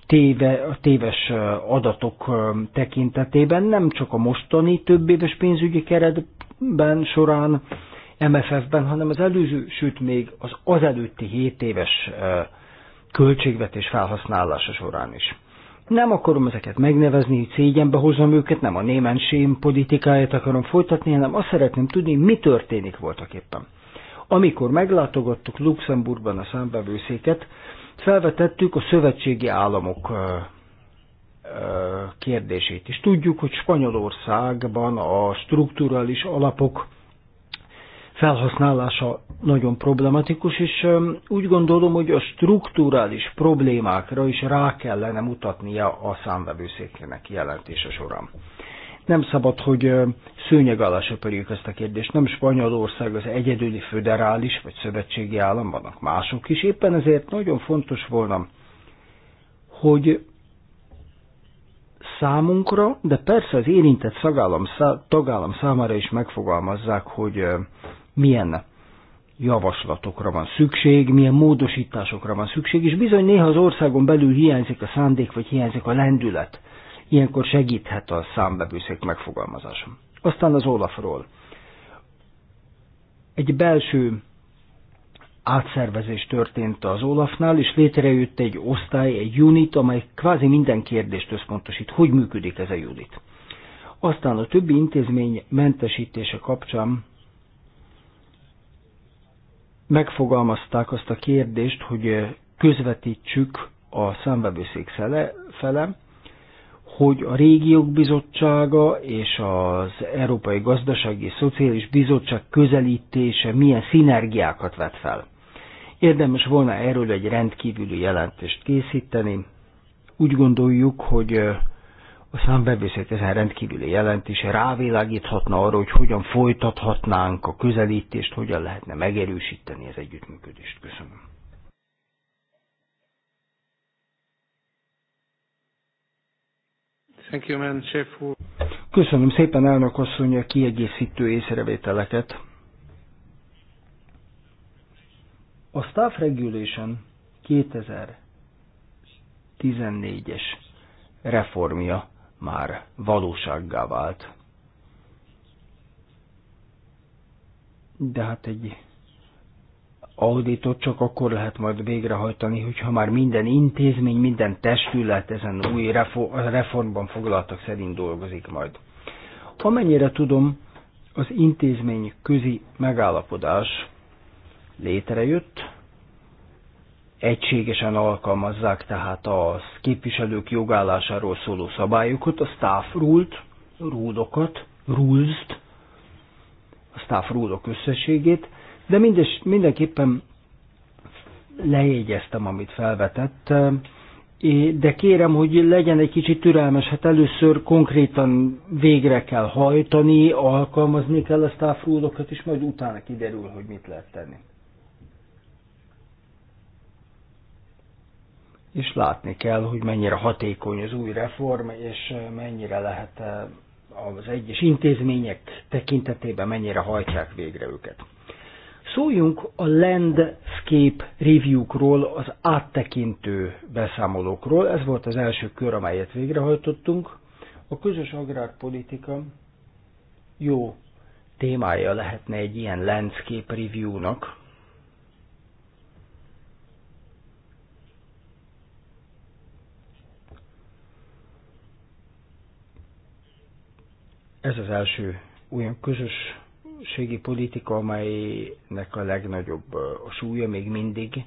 téve, a téves adatok tekintetében, nem csak a mostani több éves pénzügyi keretben során, MFF-ben, hanem az előző, sőt még az azelőtti 7 éves költségvetés felhasználása során is. Nem akarom ezeket megnevezni, hogy szégyenbe hozom őket, nem a némensém politikáját akarom folytatni, hanem azt szeretném tudni, mi történik voltak éppen. Amikor meglátogattuk Luxemburgban a számbevőszéket, felvetettük a szövetségi államok kérdését is. Tudjuk, hogy Spanyolországban a strukturális alapok felhasználása nagyon problematikus, és úgy gondolom, hogy a struktúrális problémákra is rá kellene mutatnia a számvevőszéknek jelentése során. Nem szabad, hogy szőnyeg alá söpörjük ezt a kérdést. Nem Spanyolország az egyedüli föderális vagy szövetségi állam, vannak mások is. Éppen ezért nagyon fontos volna, hogy számunkra, de persze az érintett szagállam, tagállam számára is megfogalmazzák, hogy milyen javaslatokra van szükség, milyen módosításokra van szükség, és bizony néha az országon belül hiányzik a szándék, vagy hiányzik a lendület. Ilyenkor segíthet a számbevőszék megfogalmazása. Aztán az Olafról. Egy belső átszervezés történt az Olafnál, és létrejött egy osztály, egy unit, amely kvázi minden kérdést összpontosít, hogy működik ez a unit. Aztán a többi intézmény mentesítése kapcsán megfogalmazták azt a kérdést, hogy eh, közvetítsük a számbevőszék fele, hogy a régiók bizottsága és az Európai Gazdasági és Szociális Bizottság közelítése milyen szinergiákat vet fel. Érdemes volna erről egy rendkívüli jelentést készíteni. Úgy gondoljuk, hogy eh, a számbevőszék ezen rendkívüli jelentése rávilágíthatna arra, hogy hogyan folytathatnánk a közelítést, hogyan lehetne megerősíteni az együttműködést. Köszönöm. Thank you, man, chef. Köszönöm szépen, elnök asszony, a kiegészítő észrevételeket. A Staff Regulation 2014-es reformja már valósággá vált. De hát egy auditot csak akkor lehet majd végrehajtani, hogyha már minden intézmény, minden testület ezen új reformban foglaltak szerint dolgozik majd. Amennyire tudom, az intézmény közi megállapodás létrejött, egységesen alkalmazzák tehát a képviselők jogállásáról szóló szabályokat, a staff rule-t, rúdokat, rules a staff rule -ok összességét, de mindes, mindenképpen lejegyeztem, amit felvetett, de kérem, hogy legyen egy kicsit türelmes, hát először konkrétan végre kell hajtani, alkalmazni kell a staff rule-okat, és majd utána kiderül, hogy mit lehet tenni. és látni kell, hogy mennyire hatékony az új reform, és mennyire lehet eh, az egyes intézmények tekintetében mennyire hajtják végre őket. Szóljunk a landscape review-król, az áttekintő beszámolókról. Ez volt az első kör, amelyet végrehajtottunk. A közös agrárpolitika jó témája lehetne egy ilyen landscape review-nak, Ez az első olyan közösségi politika, amelynek a legnagyobb a súlya még mindig,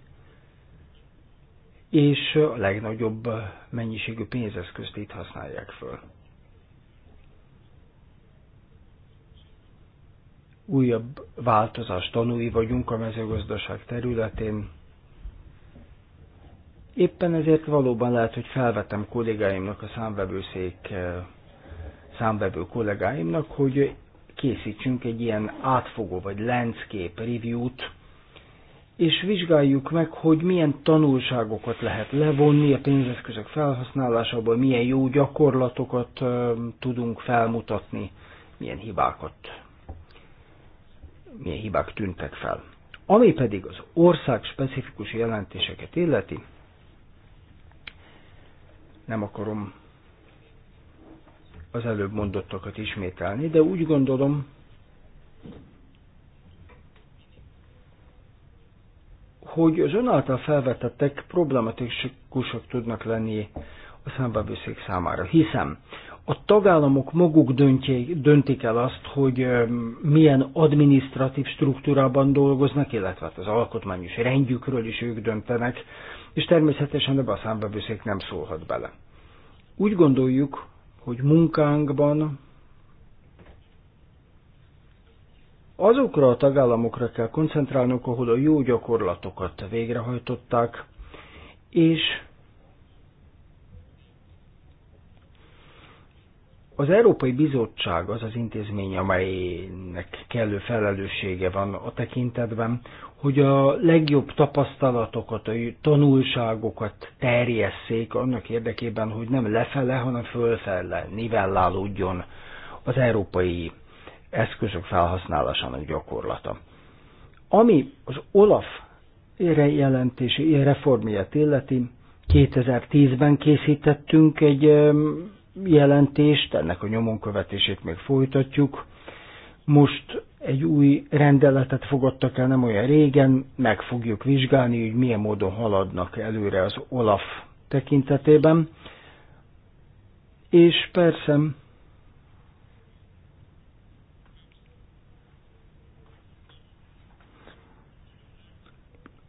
és a legnagyobb mennyiségű pénzeszközt itt használják föl. Újabb változás tanúi vagyunk a mezőgazdaság területén. Éppen ezért valóban lehet, hogy felvetem kollégáimnak a számvevőszék számvevő kollégáimnak, hogy készítsünk egy ilyen átfogó vagy landscape review-t, és vizsgáljuk meg, hogy milyen tanulságokat lehet levonni a pénzeszközök felhasználásából, milyen jó gyakorlatokat tudunk felmutatni, milyen hibákat, milyen hibák tűntek fel. Ami pedig az ország specifikus jelentéseket illeti, nem akarom az előbb mondottakat ismételni, de úgy gondolom, hogy az ön által felvetettek problematikusak tudnak lenni a szembebőszék számára, hiszen a tagállamok maguk döntjék, döntik el azt, hogy milyen administratív struktúrában dolgoznak, illetve hát az alkotmányos rendjükről is ők döntenek, és természetesen ebbe a számbevőszék nem szólhat bele. Úgy gondoljuk, hogy munkánkban azokra a tagállamokra kell koncentrálnunk, ahol a jó gyakorlatokat végrehajtották, és Az Európai Bizottság az az intézmény, amelynek kellő felelőssége van a tekintetben, hogy a legjobb tapasztalatokat, a tanulságokat terjesszék annak érdekében, hogy nem lefele, hanem fölfele nivellálódjon az európai eszközök felhasználásának gyakorlata. Ami az OLAF jelentési reformját illeti, 2010-ben készítettünk egy jelentést, ennek a nyomon követését még folytatjuk. Most egy új rendeletet fogadtak el nem olyan régen, meg fogjuk vizsgálni, hogy milyen módon haladnak előre az OLAF tekintetében. És persze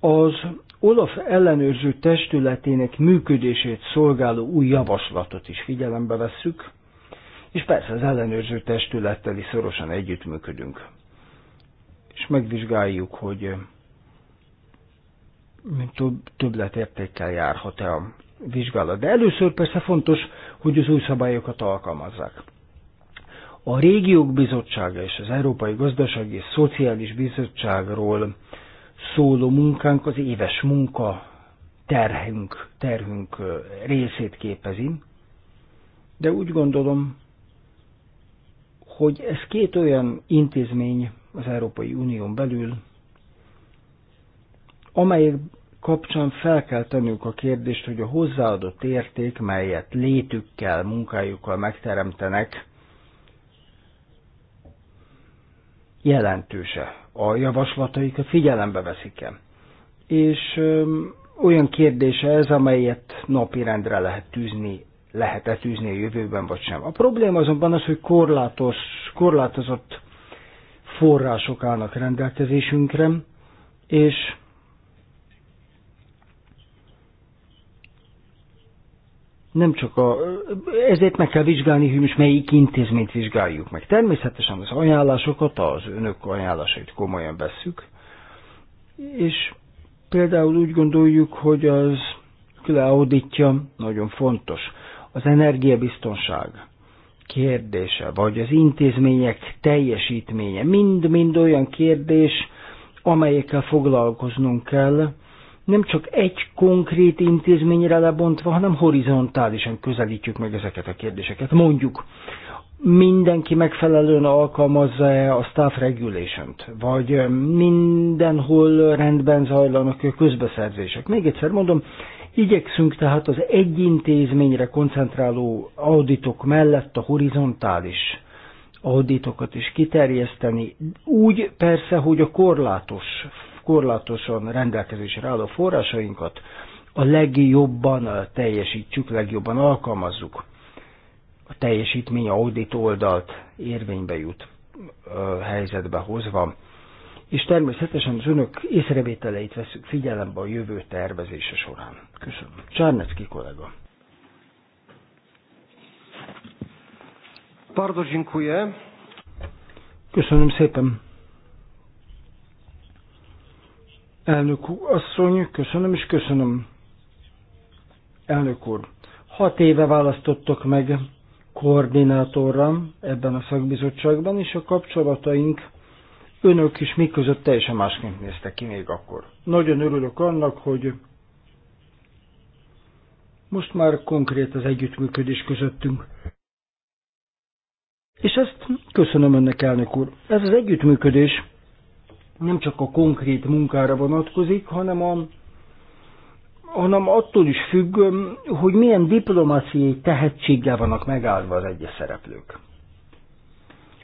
az Olaf ellenőrző testületének működését szolgáló új javaslatot is figyelembe vesszük, és persze az ellenőrző testülettel is szorosan együttműködünk. És megvizsgáljuk, hogy eh, több, többletértékkel járhat-e a vizsgálat. De először persze fontos, hogy az új szabályokat alkalmazzák. A Régiók Bizottsága és az Európai Gazdasági és Szociális Bizottságról szóló munkánk az éves munka terhünk, terhünk eh, részét képezi, de úgy gondolom, hogy ez két olyan intézmény az Európai Unión belül, amelyek kapcsán fel kell tennünk a kérdést, hogy a hozzáadott érték, melyet létükkel, munkájukkal megteremtenek, jelentőse. A javaslataikat figyelembe veszik-e? És ö, olyan kérdése ez, amelyet napirendre lehet tűzni lehet-e tűzni a jövőben, vagy sem. A probléma azonban az, hogy korlátos, korlátozott források állnak rendelkezésünkre, és nem csak a, ezért meg kell vizsgálni, hogy most melyik intézményt vizsgáljuk meg. Természetesen az ajánlásokat, az önök ajánlásait komolyan vesszük, és például úgy gondoljuk, hogy az leauditja nagyon fontos az energiabiztonság kérdése, vagy az intézmények teljesítménye, mind-mind olyan kérdés, amelyekkel foglalkoznunk kell, nem csak egy konkrét intézményre lebontva, hanem horizontálisan közelítjük meg ezeket a kérdéseket. Mondjuk, mindenki megfelelően alkalmazza-e a staff regulation vagy mindenhol rendben zajlanak a közbeszerzések. Még egyszer mondom, Igyekszünk tehát az egy intézményre koncentráló auditok mellett a horizontális auditokat is kiterjeszteni, úgy persze, hogy a korlátos, korlátosan rendelkezésre álló forrásainkat a legjobban teljesítsük, legjobban alkalmazzuk. A teljesítmény audit oldalt érvénybe jut helyzetbe hozva és természetesen az önök észrevételeit veszük figyelembe a jövő tervezése során. Köszönöm. Csárnecki kollega. Bardzo dziękuję. Köszönöm szépen. Elnök asszony, köszönöm és köszönöm. Elnök úr, hat éve választottak meg koordinátorra ebben a szakbizottságban, és a kapcsolataink önök is mi között teljesen másként néztek ki még akkor. Nagyon örülök annak, hogy most már konkrét az együttműködés közöttünk. És ezt köszönöm önnek, elnök úr. Ez az együttműködés nem csak a konkrét munkára vonatkozik, hanem a hanem attól is függ, hogy milyen diplomáciai tehetséggel vannak megáldva az egyes szereplők.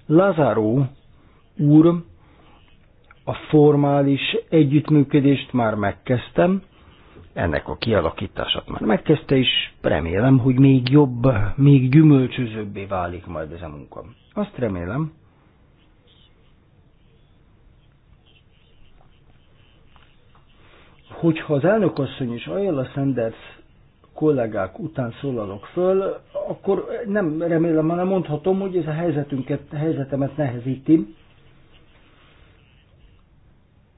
Lázáró úr a formális együttműködést már megkezdtem, ennek a kialakítását már megkezdte, és remélem, hogy még jobb, még gyümölcsözőbbé válik majd ez a munka. Azt remélem, hogyha az elnökasszony és Ayala Sanders kollégák után szólalok föl, akkor nem remélem, hanem mondhatom, hogy ez a helyzetünket, helyzetemet nehezíti,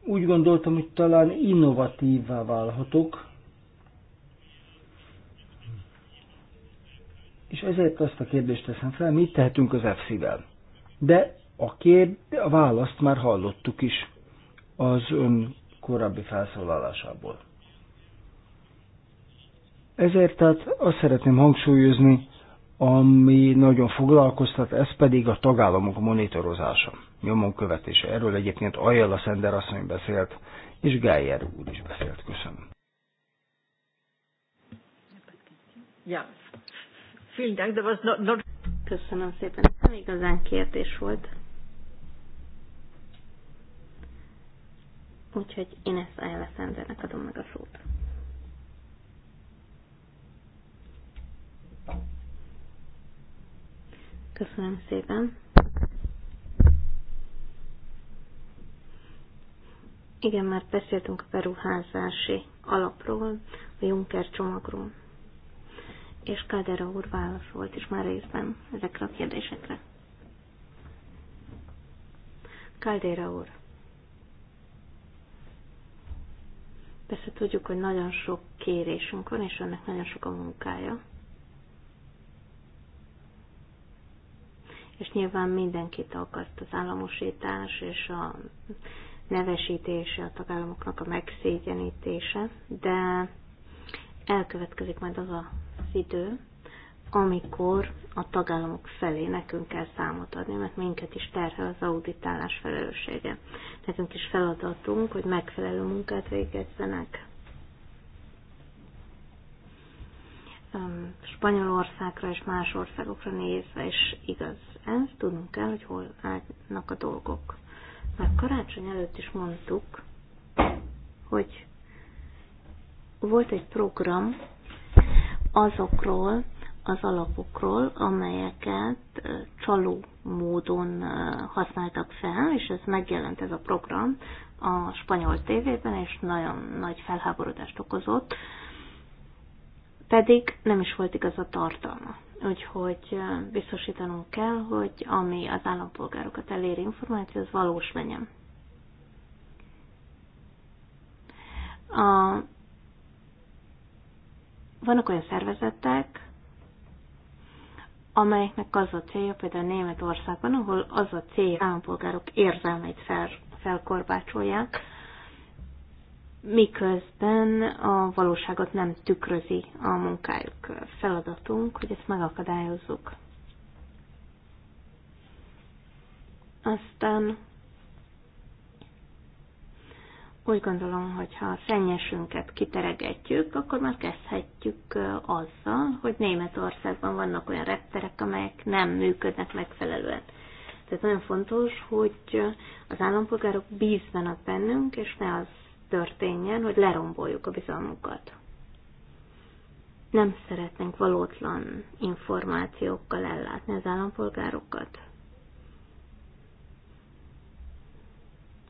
úgy gondoltam, hogy talán innovatívvá válhatok, és ezért azt a kérdést teszem fel, mit tehetünk az EFSZ-vel. De a, kérd, a választ már hallottuk is az ön korábbi felszólalásából. Ezért tehát azt szeretném hangsúlyozni, ami nagyon foglalkoztat, ez pedig a tagállamok monitorozása nyomon követése. Erről egyébként Ajala Szender asszony beszélt, és Gájer úr is beszélt. Köszönöm. Ja. de Köszönöm szépen. Nem igazán kérdés volt. Úgyhogy én ezt Ayala Szendernek adom meg a szót. Köszönöm szépen. Igen, már beszéltünk a beruházási alapról, a Juncker csomagról. És Kádera úr válaszolt is már részben ezekre a kérdésekre. Kádera úr. Persze tudjuk, hogy nagyon sok kérésünk van, és önnek nagyon sok a munkája. És nyilván mindenkit akart az államosítás és a nevesítése, a tagállamoknak a megszégyenítése, de elkövetkezik majd az az idő, amikor a tagállamok felé nekünk kell számot adni, mert minket is terhel az auditálás felelőssége. Nekünk is feladatunk, hogy megfelelő munkát végezzenek. Spanyolországra és más országokra nézve is igaz ez, tudnunk kell, hogy hol állnak a dolgok. Már karácsony előtt is mondtuk, hogy volt egy program azokról az alapokról, amelyeket csaló módon használtak fel, és ez megjelent ez a program a spanyol tévében, és nagyon nagy felháborodást okozott, pedig nem is volt igaz a tartalma. Úgyhogy biztosítanunk kell, hogy ami az állampolgárokat elér információ, az valós legyen. A, vannak olyan szervezetek, amelyeknek az a célja, például Németországban, ahol az a cél állampolgárok érzelmeit fel, felkorbácsolják, miközben a valóságot nem tükrözi a munkájuk. Feladatunk, hogy ezt megakadályozzuk. Aztán úgy gondolom, hogy ha a szennyesünket kiteregetjük, akkor már kezdhetjük azzal, hogy Németországban vannak olyan repterek, amelyek nem működnek megfelelően. Tehát nagyon fontos, hogy az állampolgárok bízzanak bennünk, és ne az történjen, hogy leromboljuk a bizalmukat. Nem szeretnénk valótlan információkkal ellátni az állampolgárokat.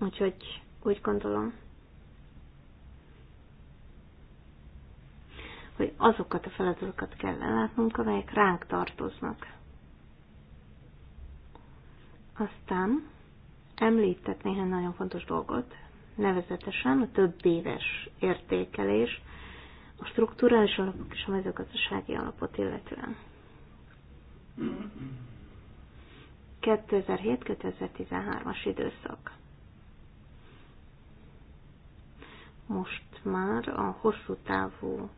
Úgyhogy úgy gondolom, hogy azokat a feladatokat kell ellátnunk, amelyek ránk tartoznak. Aztán említett néhány nagyon fontos dolgot, nevezetesen a több éves értékelés a strukturális alapok és a mezőgazdasági alapot illetően. 2007-2013-as időszak. Most már a hosszú távú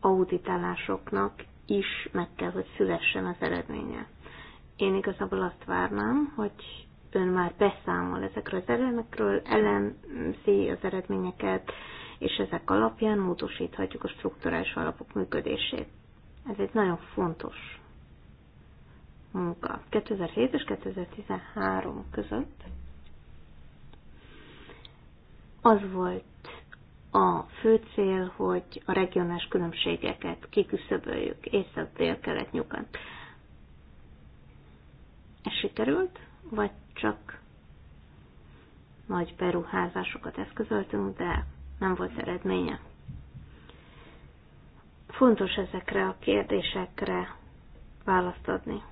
auditálásoknak is meg kell, hogy szülessen az eredménye. Én igazából azt várnám, hogy ön már beszámol ezekről az elemekről, elemzi az eredményeket, és ezek alapján módosíthatjuk a strukturális alapok működését. Ez egy nagyon fontos munka. 2007 és 2013 között az volt a fő cél, hogy a regionális különbségeket kiküszöböljük észak, dél, kelet, nyugat. Ez sikerült, vagy csak nagy beruházásokat eszközöltünk, de nem volt eredménye. Fontos ezekre a kérdésekre választ adni.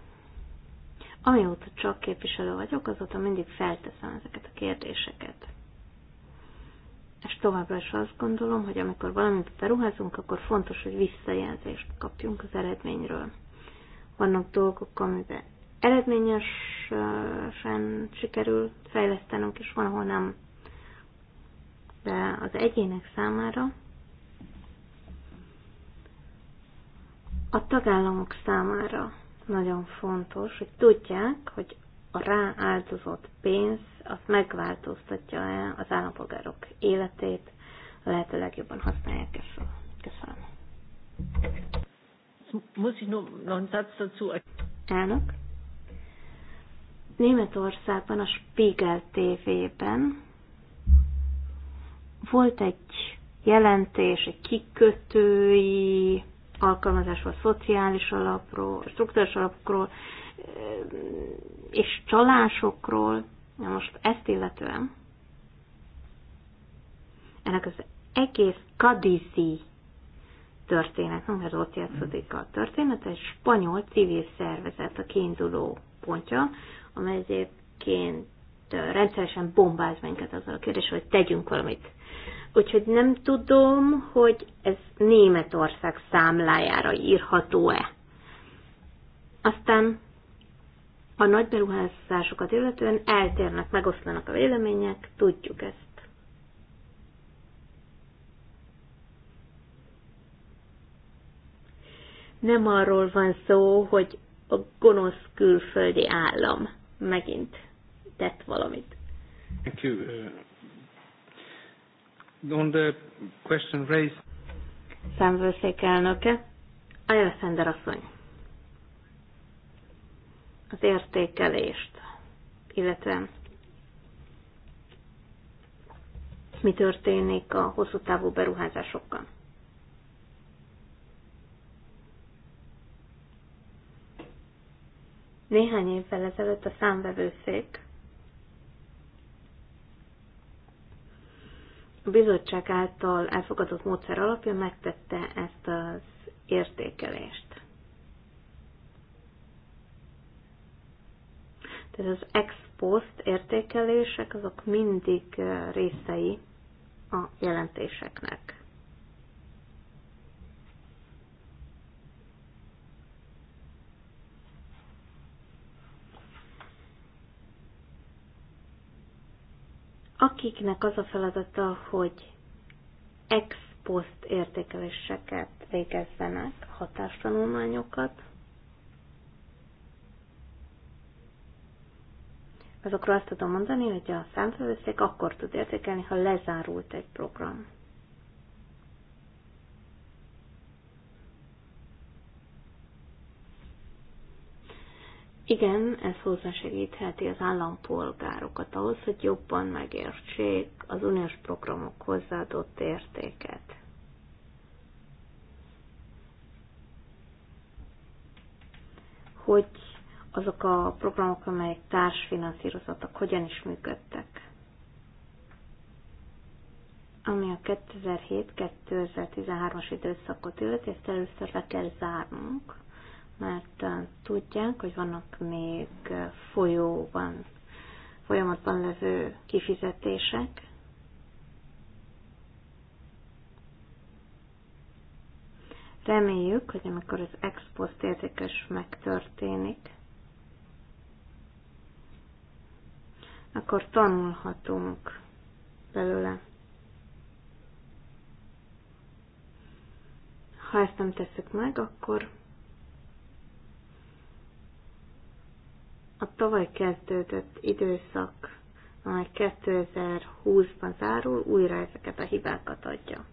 Amióta csak képviselő vagyok, azóta mindig felteszem ezeket a kérdéseket. És továbbra is azt gondolom, hogy amikor valamit beruházunk, akkor fontos, hogy visszajelzést kapjunk az eredményről. Vannak dolgok, amiben eredményesen sikerül fejlesztenünk, és van, ahol nem. De az egyének számára, a tagállamok számára nagyon fontos, hogy tudják, hogy a rááldozott pénz az megváltoztatja az állampolgárok életét, a lehető legjobban használják ezt. Köszönöm. Muss ich nur noch einen Satz dazu? Elnök? Németországban a Spiegel TV-ben volt egy jelentés, egy kikötői alkalmazásról, szociális alapról, struktúrás alapokról, eh, és csalásokról. Na most ezt illetően ennek az egész kadizi történetnek, mert ott játszódik a történet, egy spanyol civil szervezet a kiinduló pontja, amely egyébként rendszeresen bombáz minket azzal a kérdés, hogy tegyünk valamit. Úgyhogy nem tudom, hogy ez Németország számlájára írható-e. Aztán a nagy beruházásokat illetően eltérnek, megoszlanak a vélemények, tudjuk ezt. Nem arról van szó, hogy a gonosz külföldi állam megint tett valamit. Thank you. Uh, on the question raised... Számvőszék elnöke, Ayala Szender asszony. Az értékelést, illetve mi történik a hosszú távú beruházásokkal. Néhány évvel ezelőtt a számvevőszék a bizottság által elfogadott módszer alapján megtette ezt az értékelést. Tehát az ex post értékelések azok mindig részei a jelentéseknek. akiknek az a feladata, hogy ex post értékeléseket végezzenek, hatástanulmányokat, azokról azt tudom mondani, hogy a számfőszék akkor tud értékelni, ha lezárult egy program. Igen, ez hozzásegítheti az állampolgárokat ahhoz, hogy jobban megértsék az uniós programok hozzáadott értéket. Hogy azok a programok, amelyek társfinanszírozottak, hogyan is működtek. Ami a 2007-2013-as időszakot illeti, ezt először le kell zárnunk mert eh, tudják, hogy vannak még eh, folyóban, folyamatban levő kifizetések, Reméljük, hogy amikor az ex értékes megtörténik, akkor tanulhatunk belőle. Ha ezt nem tesszük meg, akkor a tavaly kezdődött időszak, amely 2020-ban zárul, újra ezeket a hibákat adja.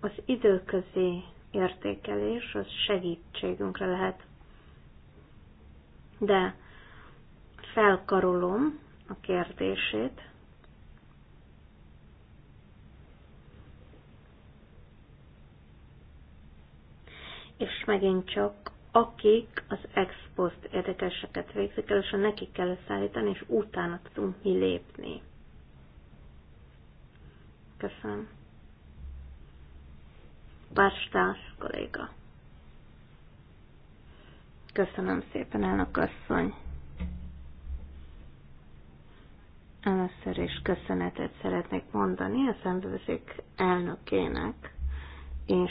Az időközi értékelés az segítségünkre lehet. De felkarolom a kérdését, és megint csak akik az ex post érdekeseket végzik el, és nekik kell összeállítani, és utána tudunk mi lépni. Köszönöm. Párstász kolléga. Köszönöm szépen, elnök asszony. Először is köszönetet szeretnék mondani a szembőzik elnökének, és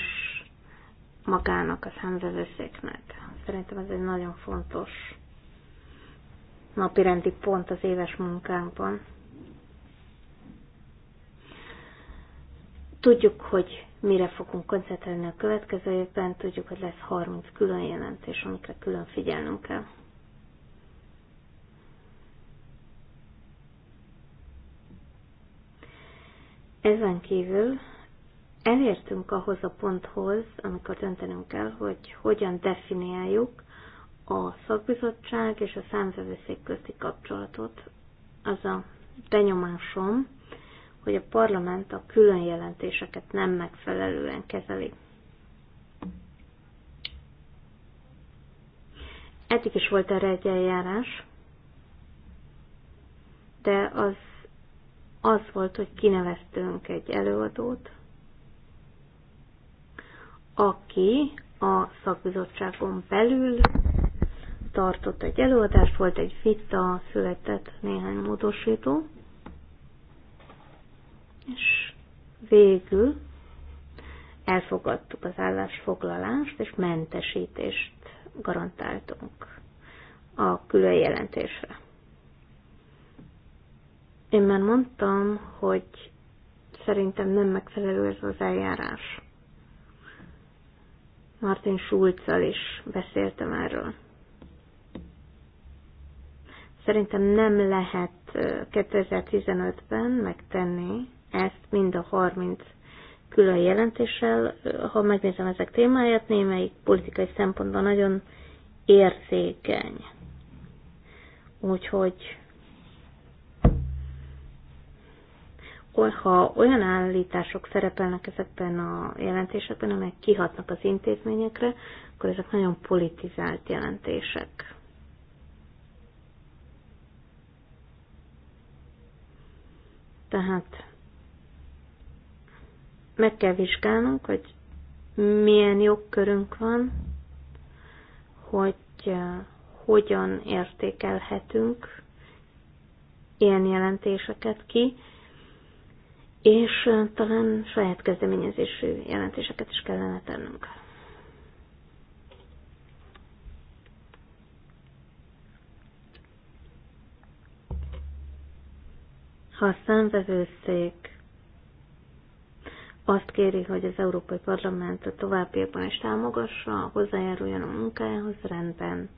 magának a szemvevőszéknek. Szerintem ez egy nagyon fontos napirendi pont az éves munkánkban. Tudjuk, hogy mire fogunk koncentrálni a következő évben, tudjuk, hogy lesz 30 külön jelentés, amikre külön figyelnünk kell. Ezen kívül elértünk ahhoz a ponthoz, amikor döntenünk kell, hogy hogyan definiáljuk a szakbizottság és a számvevőszék közti kapcsolatot. Az a benyomásom, hogy a parlament a külön jelentéseket nem megfelelően kezeli. Eddig is volt erre egy eljárás, de az az volt, hogy kineveztünk egy előadót, aki a szakbizottságon belül tartott egy előadást, volt egy vita, született néhány módosító, és végül elfogadtuk az állásfoglalást, és mentesítést garantáltunk a külön jelentésre. Én már mondtam, hogy szerintem nem megfelelő ez az eljárás. Martin Schulzal is beszéltem erről. Szerintem nem lehet 2015-ben megtenni ezt mind a 30 külön jelentéssel. Ha megnézem ezek témáját, némelyik politikai szempontban nagyon érzékeny. Úgyhogy ha olyan állítások szerepelnek ezekben a jelentésekben, amelyek kihatnak az intézményekre, akkor ezek nagyon politizált jelentések. Tehát meg kell vizsgálnunk, hogy milyen jogkörünk van, hogy eh, hogyan értékelhetünk ilyen jelentéseket ki, és talán saját kezdeményezésű jelentéseket is kellene tennünk. Ha a szemvevőszék azt kéri, hogy az Európai Parlament a továbbiakban is támogassa, hozzájáruljon a munkájához, rendben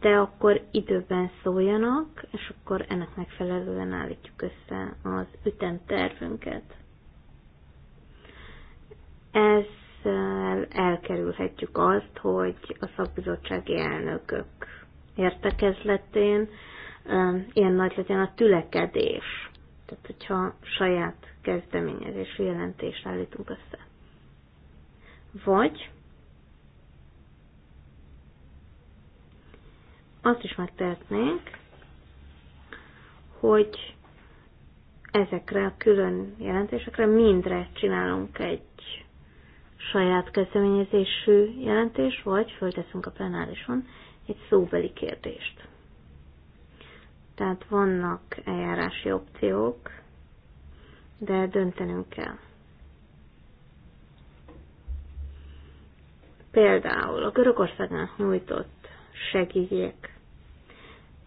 de akkor időben szóljanak, és akkor ennek megfelelően állítjuk össze az ütemtervünket. Ezzel elkerülhetjük azt, hogy a szakbizottsági elnökök értekezletén ilyen nagy legyen a tülekedés. Tehát, hogyha saját kezdeményezés, jelentést állítunk össze. Vagy azt is megtehetnénk, hogy ezekre a külön jelentésekre mindre csinálunk egy saját kezdeményezésű jelentés, vagy fölteszünk a plenárison egy szóbeli kérdést. Tehát vannak eljárási opciók, de döntenünk kell. Például a Görögországnak nyújtott segítjék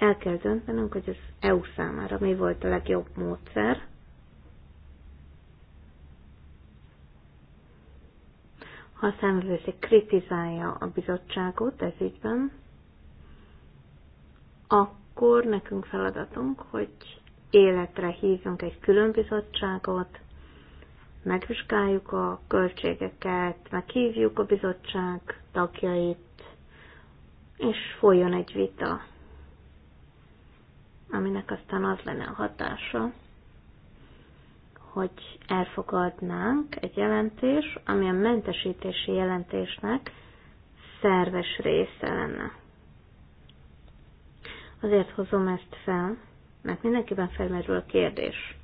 el kell döntenünk, hogy az EU számára mi volt a legjobb módszer. Ha a számvevőszék kritizálja a bizottságot ez ügyben, akkor nekünk feladatunk, hogy életre hívjunk egy külön bizottságot, megvizsgáljuk a költségeket, meghívjuk a bizottság tagjait, és folyjon egy vita aminek aztán az lenne a hatása, hogy elfogadnánk egy jelentés, ami a mentesítési jelentésnek szerves része lenne. Azért hozom ezt fel, mert mindenkiben felmerül a kérdés.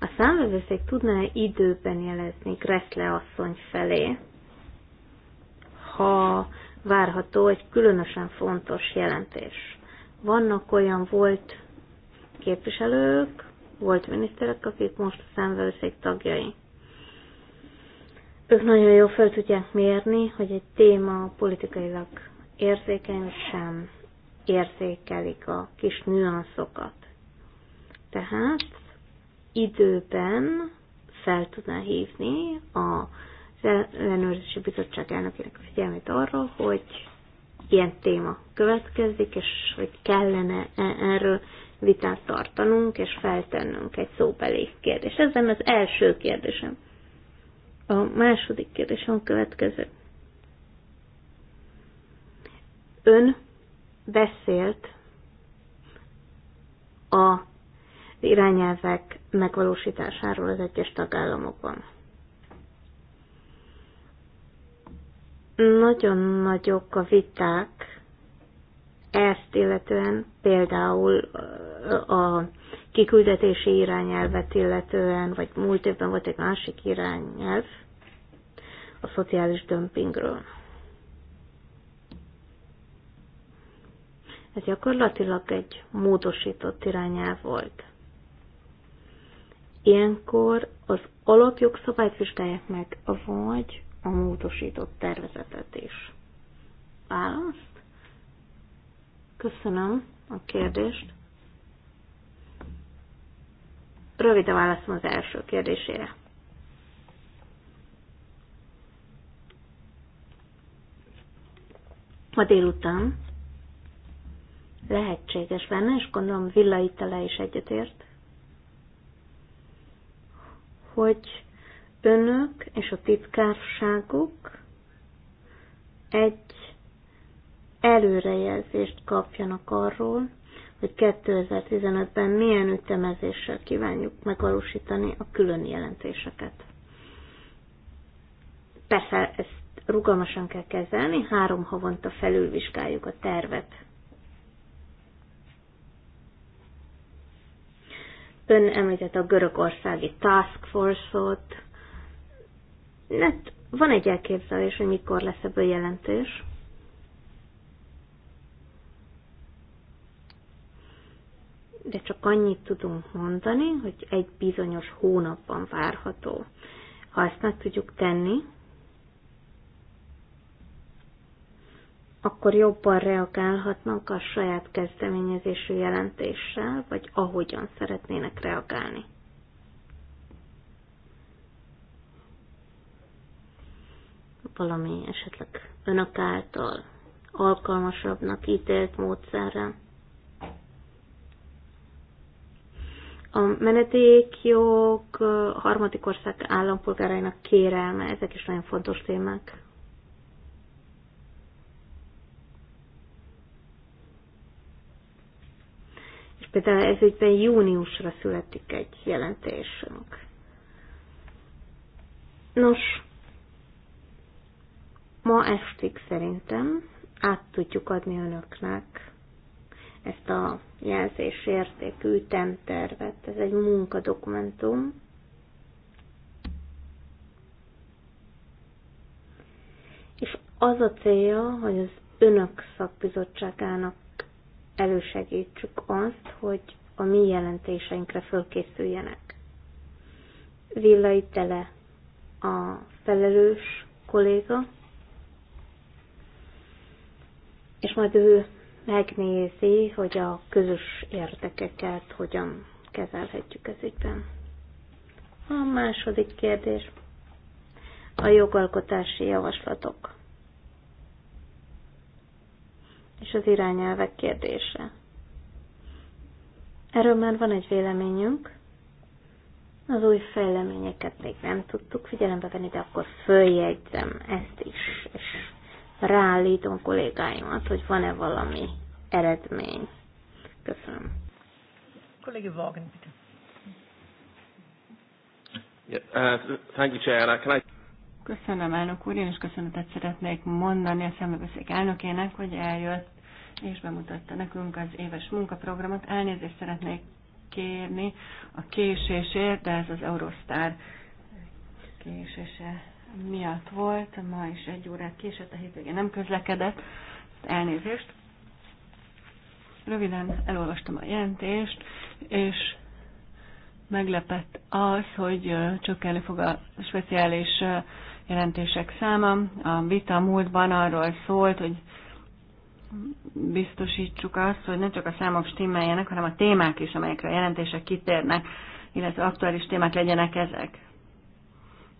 A számvevőszék tudná -e időben jelezni Gressle asszony felé, ha várható egy különösen fontos jelentés. Vannak olyan volt képviselők, volt miniszterek, akik most a szemvelőszék tagjai. Ők nagyon jól fel tudják mérni, hogy egy téma politikailag érzékeny sem érzékelik a kis nüanszokat. Tehát időben fel tudná hívni a ellenőrzési bizottság elnökének a figyelmét arra, hogy ilyen téma következik, és hogy kellene -e erről vitát tartanunk, és feltennünk egy szóbeli kérdést. Ez nem az első kérdésem. A második kérdésem a következő. Ön beszélt a irányelvek megvalósításáról az egyes tagállamokban. Nagyon nagyok a viták ezt illetően, például a kiküldetési irányelvet illetően, vagy múlt évben volt egy másik irányelv a szociális dömpingről. Ez gyakorlatilag egy módosított irányelv volt. Ilyenkor az alapjogszabályt vizsgálják meg, vagy a módosított tervezetet is. Választ? Köszönöm a kérdést. Rövid a válaszom az első kérdésére. Ma délután lehetséges benne, és gondolom Villa is egyetért, hogy önök és a titkárságuk egy előrejelzést kapjanak arról, hogy 2015-ben milyen ütemezéssel kívánjuk megvalósítani a külön jelentéseket. Persze ezt rugalmasan kell kezelni, három havonta felülvizsgáljuk a tervet. Ön említette a görögországi task force-ot, Hát van egy elképzelés, hogy mikor lesz ebből jelentés. De csak annyit tudunk mondani, hogy egy bizonyos hónapban várható. Ha ezt meg tudjuk tenni, akkor jobban reagálhatnak a saját kezdeményezésű jelentéssel, vagy ahogyan szeretnének reagálni. valami esetleg önök által alkalmasabbnak ítélt módszerre. A menedékjog harmadik ország állampolgárainak kérelme, ezek is nagyon fontos témák. És például ez egyben júniusra születik egy jelentésünk. Nos, ma estig szerintem át tudjuk adni önöknek ezt a jelzés értékű ütemtervet. Ez egy munkadokumentum. És az a célja, hogy az önök szakbizottságának elősegítsük azt, hogy a mi jelentéseinkre fölkészüljenek. Villai tele a felelős kolléga, és majd ő megnézi, hogy a közös érdekeket hogyan kezelhetjük ez ügyben. A második kérdés a jogalkotási javaslatok és az irányelvek kérdése. Erről már van egy véleményünk. Az új fejleményeket még nem tudtuk figyelembe venni, de akkor följegyzem ezt is, és ráállítom kollégáimat, hogy van-e valami eredmény. Köszönöm. Kollégi Wagen, bitte. Köszönöm, elnök úr. Én is köszönetet szeretnék mondani a szembeveszék elnökének, hogy eljött és bemutatta nekünk az éves munkaprogramot. Elnézést szeretnék kérni a késésért, de ez az Eurostar késése miatt volt, ma is egy órát késett, a hétvégén nem közlekedett, elnézést. Röviden elolvastam a jelentést, és meglepett az, hogy csökkenni fog a speciális jelentések száma. A vita múltban arról szólt, hogy biztosítsuk azt, hogy ne csak a számok stimmeljenek, hanem a témák is, amelyekre a jelentések kitérnek, illetve aktuális témák legyenek ezek.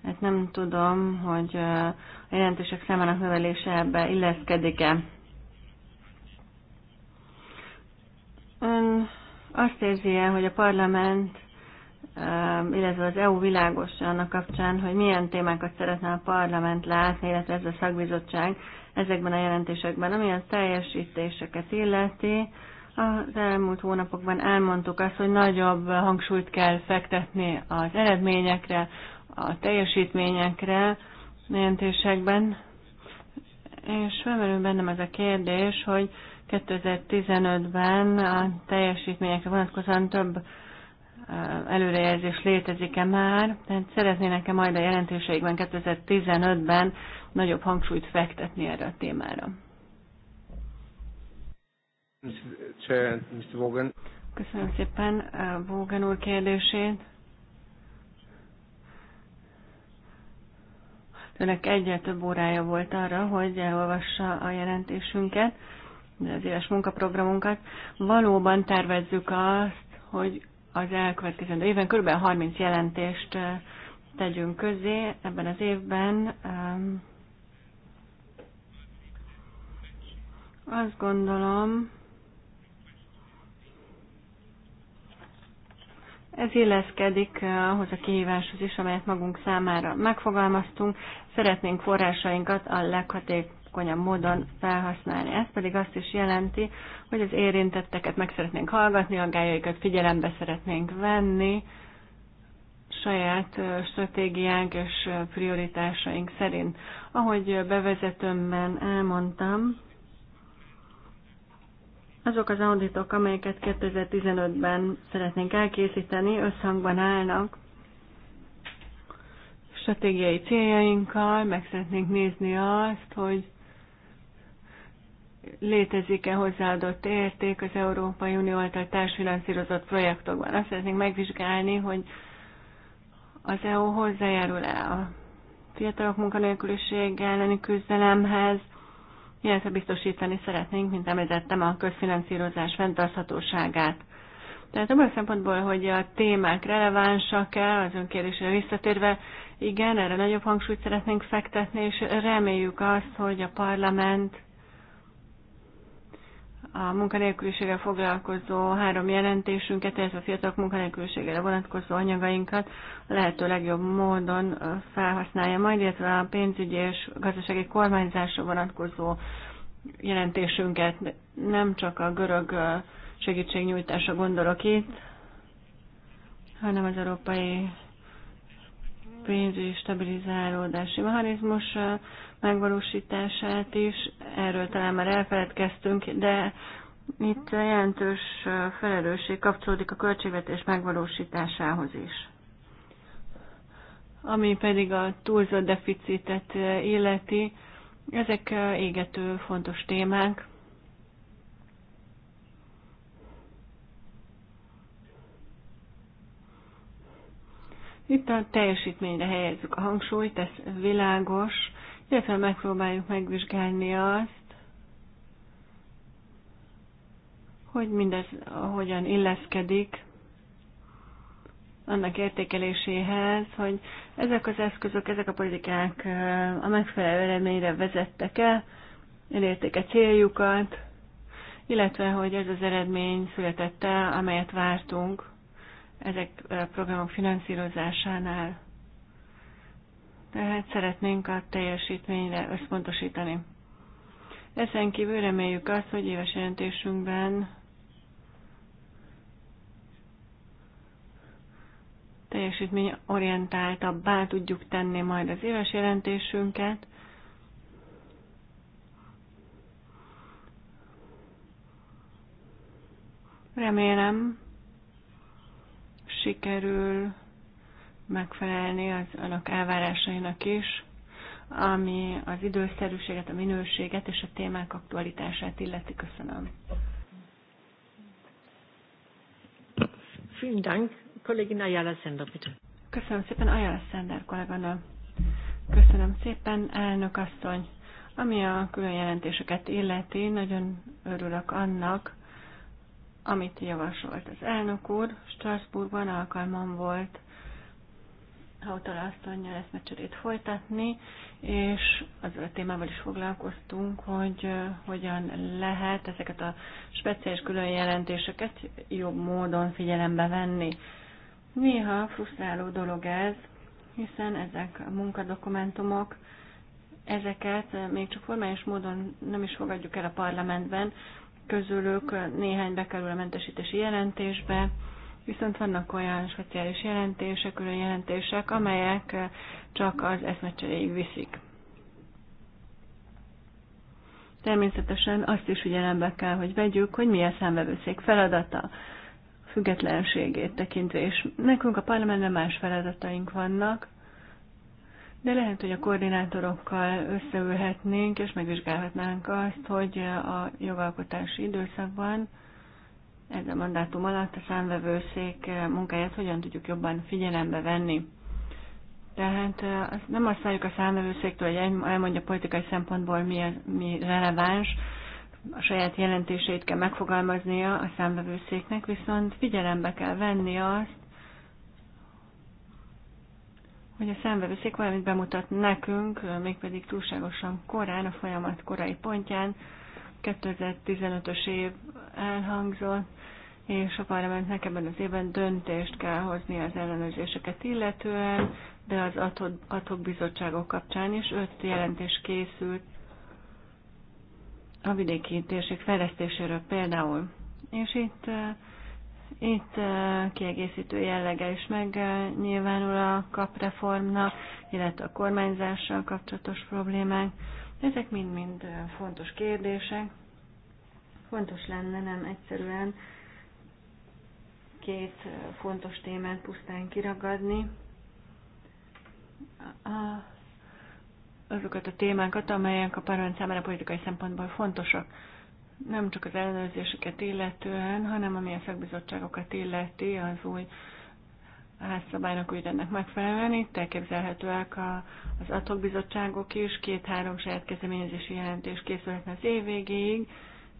Hát nem tudom, hogy a jelentések számának növelése ebbe illeszkedik-e. Ön azt érzi -e, hogy a parlament, illetve az EU világos annak kapcsán, hogy milyen témákat szeretne a parlament látni, illetve ez a szakbizottság ezekben a jelentésekben, ami a teljesítéseket illeti. Az elmúlt hónapokban elmondtuk azt, hogy nagyobb hangsúlyt kell fektetni az eredményekre, a teljesítményekre a jelentésekben, és felmerül bennem ez a kérdés, hogy 2015-ben a teljesítményekre vonatkozóan több előrejelzés létezik-e már, tehát szeretnének-e majd a jelentéseikben 2015-ben nagyobb hangsúlyt fektetni erre a témára. Köszönöm szépen Vogan úr kérdését. Önnek egyre több órája volt arra, hogy elolvassa a jelentésünket, az éves munkaprogramunkat. Valóban tervezzük azt, hogy az elkövetkező évben kb. 30 jelentést eh, tegyünk közé ebben az évben. Ehm, azt gondolom, Ez illeszkedik eh, ahhoz a kihíváshoz is, amelyet magunk számára megfogalmaztunk. Szeretnénk forrásainkat a leghatékonyabb módon felhasználni. Ez pedig azt is jelenti, hogy az érintetteket meg szeretnénk hallgatni, a gályaikat figyelembe szeretnénk venni, saját eh, stratégiánk és eh, prioritásaink szerint. Ahogy bevezetőmben elmondtam, azok az auditok, amelyeket 2015-ben szeretnénk elkészíteni, összhangban állnak stratégiai céljainkkal, meg szeretnénk nézni azt, hogy létezik-e hozzáadott érték az Európai Unió által társfinanszírozott projektokban. Azt szeretnénk megvizsgálni, hogy az EU hozzájárul-e a fiatalok munkanélküliség elleni küzdelemhez, illetve biztosítani szeretnénk, mint említettem, a közfinanszírozás fenntarthatóságát. Tehát abban a szempontból, hogy a témák relevánsak-e, az önkérdésre visszatérve, igen, erre nagyobb hangsúlyt szeretnénk fektetni, és reméljük azt, hogy a parlament a munkanélküliséggel foglalkozó három jelentésünket, ez a fiatalok munkanélküliségére vonatkozó anyagainkat a lehető legjobb módon felhasználja majd, illetve a pénzügyi és gazdasági kormányzásra vonatkozó jelentésünket nem csak a görög segítségnyújtásra gondolok itt, hanem az európai pénzügyi stabilizálódási mechanizmus megvalósítását is. Erről talán már elfeledkeztünk, de itt jelentős felelősség kapcsolódik a költségvetés megvalósításához is. Ami pedig a túlzott deficitet illeti, ezek égető fontos témák. Itt a teljesítményre helyezzük a hangsúlyt, ez világos, illetve megpróbáljuk megvizsgálni azt, hogy mindez hogyan illeszkedik annak értékeléséhez, hogy ezek az eszközök, ezek a politikák a megfelelő eredményre vezettek-e, elérték-e céljukat, illetve hogy ez az eredmény születette, amelyet vártunk ezek programok finanszírozásánál tehát szeretnénk a teljesítményre összpontosítani. Ezen kívül reméljük azt, hogy éves jelentésünkben teljesítményorientáltabbá tudjuk tenni majd az éves jelentésünket, Remélem, sikerül megfelelni az önök elvárásainak is, ami az időszerűséget, a minőséget és a témák aktualitását illeti. Köszönöm. Vielen Dank, Kollegin Ayala Sender, bitte. Köszönöm szépen, Ayala Sender kolléganő. Köszönöm szépen, elnök asszony. Ami a külön jelentéseket illeti, nagyon örülök annak, amit javasolt az elnök úr. Strasbourgban alkalmam volt Hautala asszonynal eszmecserét folytatni, és azzal a témával is foglalkoztunk, hogy hogyan lehet ezeket a speciális külön jelentéseket jobb módon figyelembe venni. Néha frusztráló dolog ez, hiszen ezek a munkadokumentumok, ezeket még csak formális módon nem is fogadjuk el a parlamentben, közülük néhány bekerül a mentesítési jelentésbe, Viszont vannak olyan speciális jelentések, külön jelentések, amelyek csak az eszmecseréig viszik. Természetesen azt is figyelembe kell, hogy vegyük, hogy mi a számvevőszék feladata, függetlenségét tekintve, és nekünk a parlamentben más feladataink vannak, de lehet, hogy a koordinátorokkal összeülhetnénk, és megvizsgálhatnánk azt, hogy a jogalkotási időszakban ez a mandátum alatt a számvevőszék eh, munkáját hogyan tudjuk jobban figyelembe venni. Tehát eh, nem azt várjuk a számvevőszéktől, hogy elmondja politikai szempontból mi, mi releváns, a saját jelentését kell megfogalmaznia a számvevőszéknek, viszont figyelembe kell venni azt, hogy a számvevőszék valamit bemutat nekünk, eh, mégpedig túlságosan korán, a folyamat korai pontján, 2015-ös év elhangzott, és a parlamentnek ebben az évben döntést kell hozni az ellenőrzéseket illetően, de az adhok bizottságok kapcsán is öt jelentés készült a vidéki térség fejlesztéséről például. És itt, eh, itt eh, kiegészítő jellege is megnyilvánul a kapreformnak, illetve a kormányzással kapcsolatos problémák. Ezek mind-mind eh, fontos kérdések. Fontos lenne nem egyszerűen két fontos témát pusztán kiragadni. A, azokat a témákat, amelyek a parlament számára politikai szempontból fontosak. Nem csak az ellenőrzéseket illetően, hanem ami a szakbizottságokat illeti, az új házszabálynak úgy ennek megfelelően. Itt elképzelhetőek a, az bizottságok is, két-három saját kezdeményezési jelentés készülhetne az év végéig.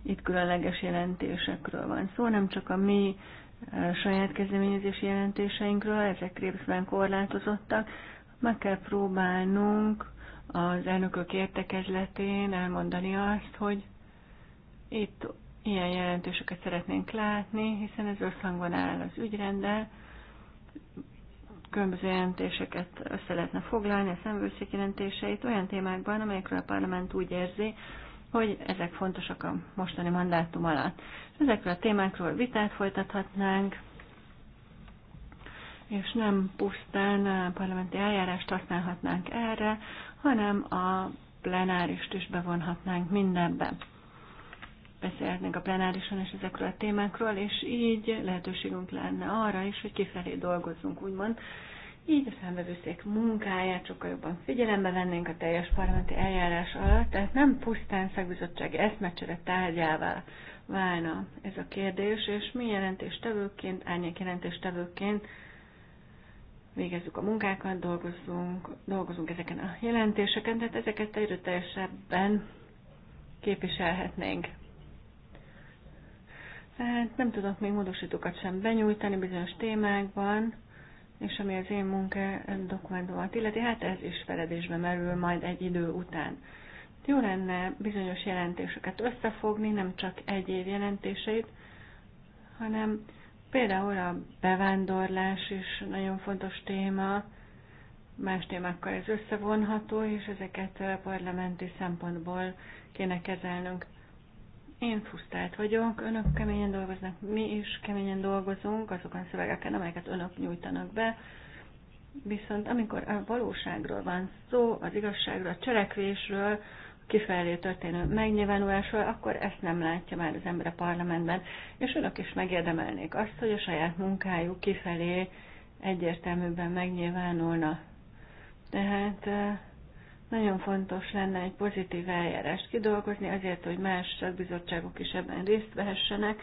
Itt különleges jelentésekről van szó, nem csak a mi saját kezdeményezési jelentéseinkről, ezek részben korlátozottak. Meg kell próbálnunk az elnökök értekezletén elmondani azt, hogy itt ilyen jelentéseket szeretnénk látni, hiszen ez összhangban áll az ügyrendel, különböző jelentéseket össze lehetne foglalni, a szemvőszék jelentéseit olyan témákban, amelyekről a parlament úgy érzi, hogy ezek fontosak a mostani mandátum alatt. Ezekről a témákról vitát folytathatnánk, és nem pusztán a parlamenti eljárást használhatnánk erre, hanem a plenárist is bevonhatnánk mindenbe. Beszélhetnénk a plenárison és ezekről a témákról, és így lehetőségünk lenne arra is, hogy kifelé dolgozzunk, úgymond, így a számvevőszék munkáját sokkal jobban figyelembe vennénk a teljes parlamenti eljárás alatt, tehát nem pusztán szakbizottsági eszmecsere tárgyává válna ez a kérdés, és mi jelentéstevőként, árnyék jelentéstevőként végezzük a munkákat, dolgozunk, dolgozunk ezeken a jelentéseken, tehát ezeket egyre teljesebben képviselhetnénk. Tehát nem tudok még módosítókat sem benyújtani bizonyos témákban, és ami az én munka dokumentumot illeti, hát ez is feledésbe merül majd egy idő után. Jó lenne bizonyos jelentéseket összefogni, nem csak egy év jelentéseit, hanem például a bevándorlás is nagyon fontos téma, más témákkal ez összevonható, és ezeket parlamenti szempontból kéne kezelnünk. Én frusztrált vagyok, önök keményen dolgoznak, mi is keményen dolgozunk azokon a szövegeken, amelyeket önök nyújtanak be. Viszont amikor a valóságról van szó, az igazságról, a cselekvésről, a kifelé történő megnyilvánulásról, akkor ezt nem látja már az ember a parlamentben. És önök is megérdemelnék azt, hogy a saját munkájuk kifelé egyértelműbben megnyilvánulna. Tehát eh, nagyon fontos lenne egy pozitív eljárást kidolgozni azért, hogy más szakbizottságok is ebben részt vehessenek,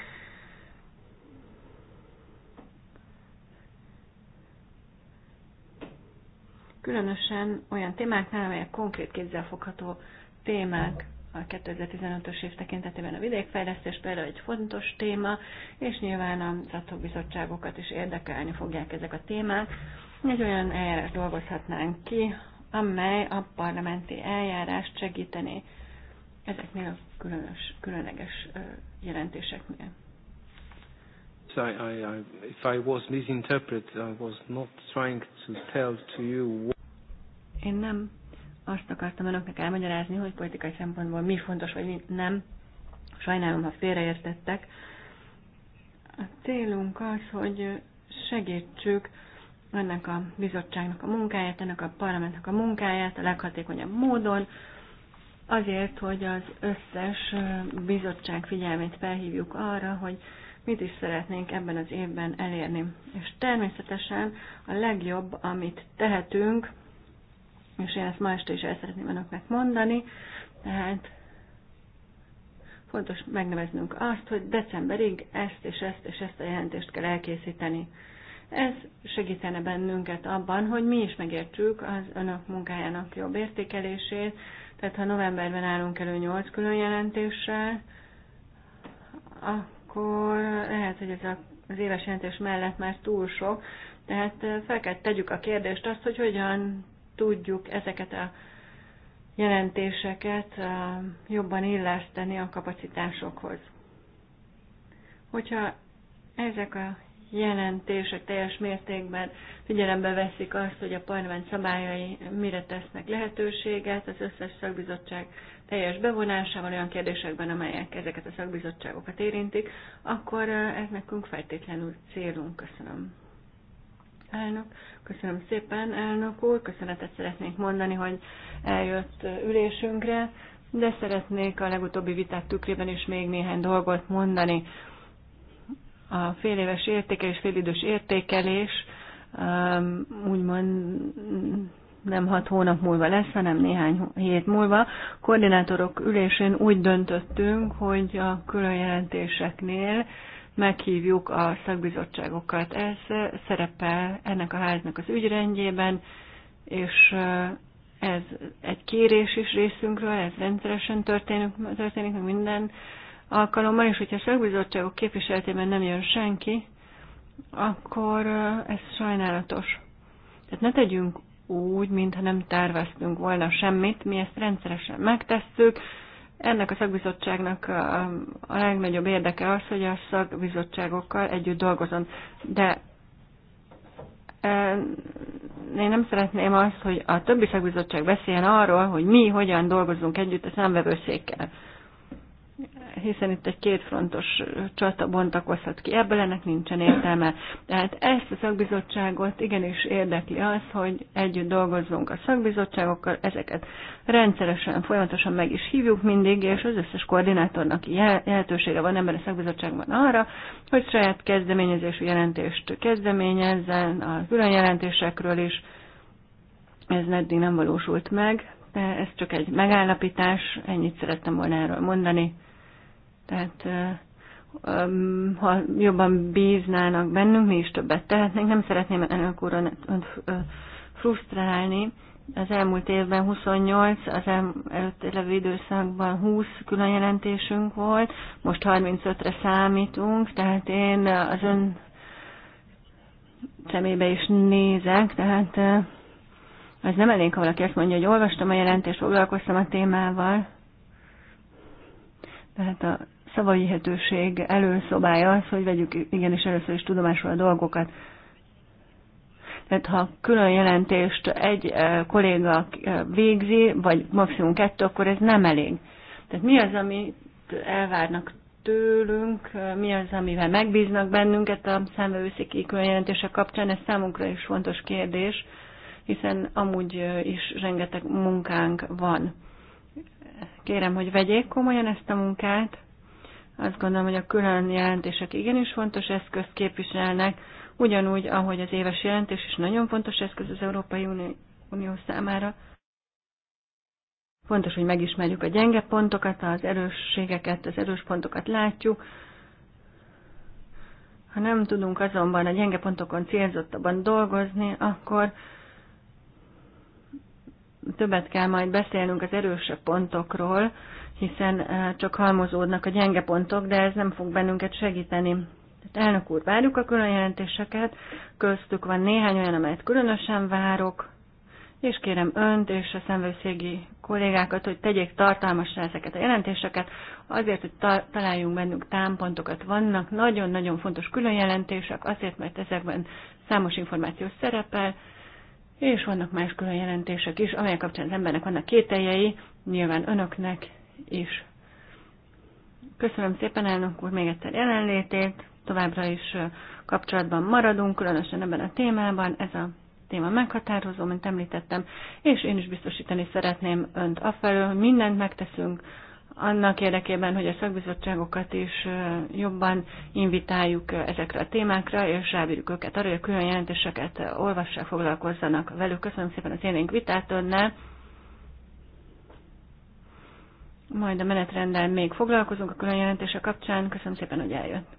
különösen olyan témáknál, amelyek konkrét kézzelfogható témák a 2015-ös év tekintetében a vidékfejlesztés például egy fontos téma, és nyilván a szakbizottságokat is érdekelni fogják ezek a témák. Egy olyan eljárást dolgozhatnánk ki, amely a parlamenti eljárást segítené ezeknél a különös, különleges jelentéseknél. So I, I, i, if I was misinterpreted, I was not trying to tell to you. What... Én nem azt akartam önöknek elmagyarázni, hogy politikai szempontból mi fontos, vagy mi nem. Sajnálom, ha félreértettek. A célunk az, hogy segítsük ennek a bizottságnak a munkáját, ennek a parlamentnek a munkáját a leghatékonyabb módon, azért, hogy az összes bizottság figyelmét felhívjuk arra, hogy mit is szeretnénk ebben az évben elérni. És természetesen a legjobb, amit tehetünk, és én ezt ma este is el szeretném önöknek mondani, tehát fontos megneveznünk azt, hogy decemberig ezt és ezt és ezt a jelentést kell elkészíteni. Ez segítene bennünket abban, hogy mi is megértsük az önök munkájának jobb értékelését, tehát ha novemberben állunk elő 8 külön jelentéssel, akkor lehet, hogy ez az éves jelentés mellett már túl sok, tehát eh, fel kell tegyük a kérdést azt, hogy hogyan tudjuk ezeket a jelentéseket eh, jobban illeszteni a kapacitásokhoz. Hogyha ezek a jelentések teljes mértékben figyelembe veszik azt, hogy a parlament szabályai mire tesznek lehetőséget, az összes szakbizottság teljes bevonásával olyan kérdésekben, amelyek ezeket a szakbizottságokat érintik, akkor ez nekünk feltétlenül célunk. Köszönöm. Elnök, köszönöm szépen, elnök úr, köszönetet szeretnék mondani, hogy eljött ülésünkre, de szeretnék a legutóbbi viták tükrében is még néhány dolgot mondani a féléves értékelés, félidős értékelés um, úgymond nem hat hónap múlva lesz, hanem néhány hét múlva. Koordinátorok ülésén úgy döntöttünk, hogy a külön jelentéseknél meghívjuk a szakbizottságokat. Ez szerepel ennek a háznak az ügyrendjében, és uh, ez egy kérés is részünkről, ez rendszeresen történik, történik minden alkalommal, és hogyha a szakbizottságok képviseletében nem jön senki, akkor ez sajnálatos. Tehát ne tegyünk úgy, mintha nem terveztünk volna semmit, mi ezt rendszeresen megtesszük. Ennek a szakbizottságnak a legnagyobb érdeke az, hogy a szakbizottságokkal együtt dolgozom. De én nem szeretném azt, hogy a többi szakbizottság beszéljen arról, hogy mi hogyan dolgozunk együtt a számvevőszékkel hiszen itt egy kétfrontos csata bontakozhat ki, ebből ennek nincsen értelme. Tehát ezt a szakbizottságot igenis érdekli az, hogy együtt dolgozzunk a szakbizottságokkal, ezeket rendszeresen, folyamatosan meg is hívjuk mindig, és az összes koordinátornak lehetősége van ember a szakbizottságban arra, hogy saját kezdeményezésű jelentést kezdeményezzen a külön jelentésekről is. Ez eddig nem valósult meg, de ez csak egy megállapítás, ennyit szerettem volna erről mondani. Tehát ha jobban bíznának bennünk, mi is többet tehetnénk. Nem szeretném elnök úr önt frusztrálni. Az elmúlt évben 28, az el, előtt levő időszakban 20 külön jelentésünk volt, most 35-re számítunk, tehát én az ön szemébe is nézek, tehát ez nem elég, ha valaki azt mondja, hogy olvastam a jelentést, foglalkoztam a témával. Tehát a szavahihetőség előszobája az, hogy vegyük igenis először is tudomásul a dolgokat. Tehát ha külön jelentést egy kolléga végzi, vagy maximum kettő, akkor ez nem elég. Tehát mi az, amit elvárnak tőlünk, mi az, amivel megbíznak bennünket a számvevőszéki jelentése kapcsán, ez számunkra is fontos kérdés, hiszen amúgy is rengeteg munkánk van. Kérem, hogy vegyék komolyan ezt a munkát, azt gondolom, hogy a külön jelentések igenis fontos eszközt képviselnek, ugyanúgy, ahogy az éves jelentés is nagyon fontos eszköz az Európai Unió számára. Fontos, hogy megismerjük a gyenge pontokat, az erősségeket, az erős pontokat látjuk. Ha nem tudunk azonban a gyenge pontokon célzottabban dolgozni, akkor többet kell majd beszélnünk az erősebb pontokról, hiszen csak halmozódnak a gyenge pontok, de ez nem fog bennünket segíteni. Tehát elnök úr, várjuk a különjelentéseket, köztük van néhány olyan, amelyet különösen várok, és kérem önt és a szemvőszégi kollégákat, hogy tegyék tartalmasra ezeket a jelentéseket, azért, hogy ta- találjunk bennük támpontokat. Vannak nagyon-nagyon fontos különjelentések, azért, mert ezekben számos információ szerepel, és vannak más különjelentések is, amelyek kapcsán az embernek vannak kételjei, nyilván önöknek is. Köszönöm szépen elnök úr még egyszer jelenlétét, továbbra is kapcsolatban maradunk, különösen ebben a témában, ez a téma meghatározó, mint említettem, és én is biztosítani szeretném önt afelől, hogy mindent megteszünk annak érdekében, hogy a szakbizottságokat is jobban invitáljuk ezekre a témákra, és rábírjuk őket arra, hogy a külön jelentéseket olvassák, foglalkozzanak velük. Köszönöm szépen az élénk vitát önnel. Majd a menetrenddel még foglalkozunk a külön jelentése kapcsán. Köszönöm szépen, hogy eljött.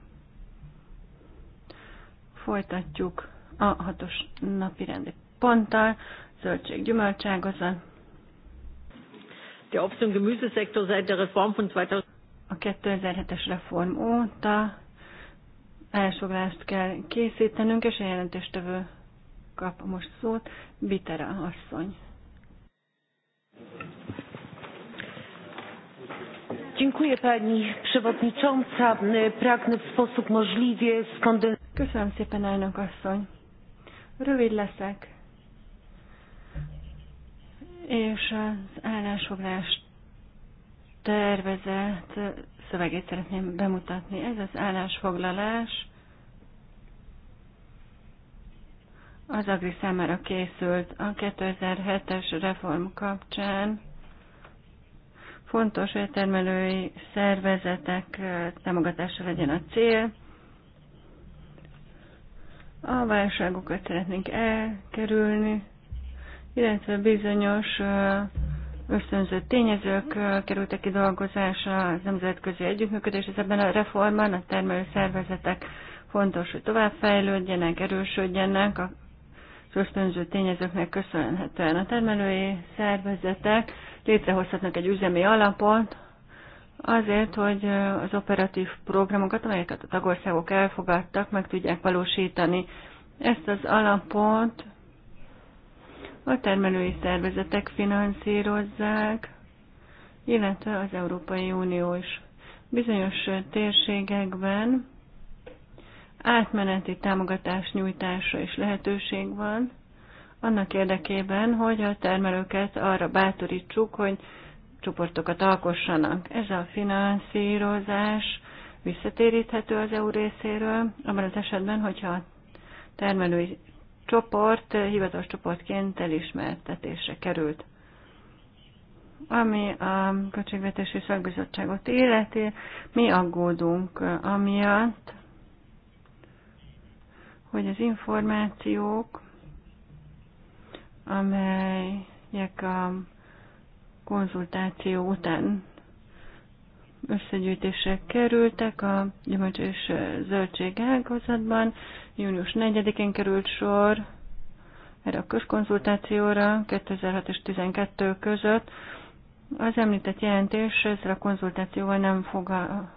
Folytatjuk a hatos napi rendi ponttal, zöldség gyümölcságozat. a 2007-es reform óta elsoglást kell készítenünk, és a jelentéstevő kap most szót, Bitera asszony. Dziękuję Pani Przewodnicząca. Pragnę w sposób możliwie skondensować. Köszönöm szépen, elnök asszony. Rövid leszek. És az állásfoglalás tervezett szövegét szeretném bemutatni. Ez az állásfoglalás az Agri számára készült a 2007-es reform kapcsán Fontos, hogy a termelői szervezetek támogatása legyen a cél. A válságokat szeretnénk elkerülni, illetve bizonyos ösztönző tényezők kerültek ki dolgozásra, az nemzetközi együttműködés, és ebben a reformban a termelő szervezetek fontos, hogy továbbfejlődjenek, erősödjenek, az ösztönző tényezőknek köszönhetően a termelői szervezetek létrehozhatnak egy üzemi alapot, azért, hogy az operatív programokat, amelyeket a tagországok elfogadtak, meg tudják valósítani. Ezt az alapot a termelői szervezetek finanszírozzák, illetve az Európai Unió is. Bizonyos térségekben átmeneti támogatás nyújtásra is lehetőség van, annak érdekében, hogy a termelőket arra bátorítsuk, hogy csoportokat alkossanak. Ez a finanszírozás visszatéríthető az EU részéről, abban az esetben, hogyha a termelői csoport hivatalos csoportként elismertetésre került. Ami a Költségvetési Szakbizottságot illeti, mi aggódunk amiatt, hogy az információk, amelyek a konzultáció után összegyűjtésre kerültek a gyümölcs és zöldség ágazatban. Június 4-én került sor erre a közkonzultációra 2006 és 2012 között. Az említett jelentés ezzel a konzultációval nem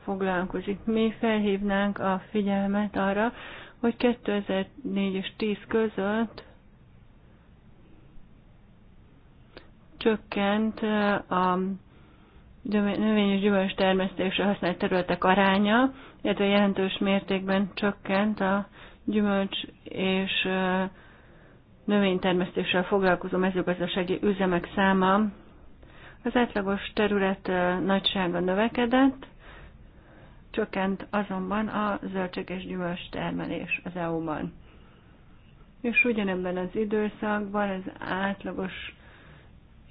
foglalkozik. Mi felhívnánk a figyelmet arra, hogy 2004 és 10 között csökkent a növényi gyümölcs termesztésre használt területek aránya, illetve jelentős mértékben csökkent a gyümölcs és növénytermesztéssel foglalkozó mezőgazdasági üzemek száma. Az átlagos terület nagysága növekedett, csökkent azonban a zöldség és gyümölcs termelés az EU-ban. És ugyanebben az időszakban az átlagos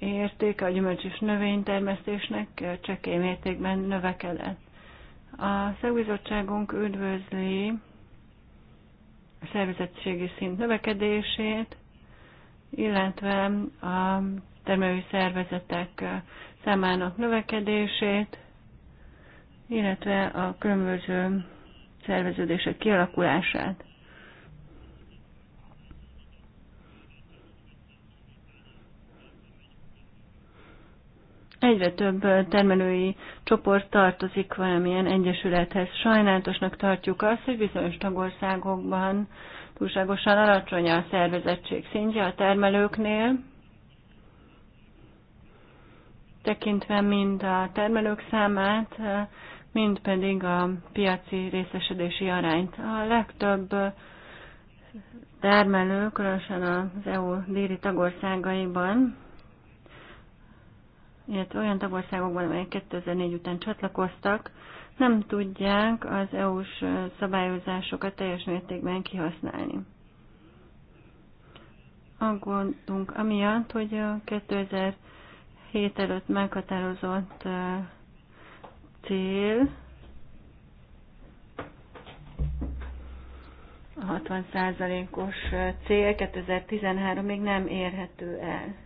értéke a gyümölcs és növénytermesztésnek csekély mértékben növekedett. A szegbizottságunk üdvözli a szervezettségi szint növekedését, illetve a termelői szervezetek számának növekedését, illetve a különböző szerveződések kialakulását. egyre több termelői csoport tartozik valamilyen egyesülethez. Sajnálatosnak tartjuk azt, hogy bizonyos tagországokban túlságosan alacsony a szervezettség szintje a termelőknél, tekintve mind a termelők számát, mind pedig a piaci részesedési arányt. A legtöbb termelő, különösen az EU déli tagországaiban, illetve olyan tagországokban, amelyek 2004 után csatlakoztak, nem tudják az EU-s szabályozásokat teljes mértékben kihasználni. Aggódunk amiatt, hogy a 2007 előtt meghatározott cél a 60%-os cél 2013 még nem érhető el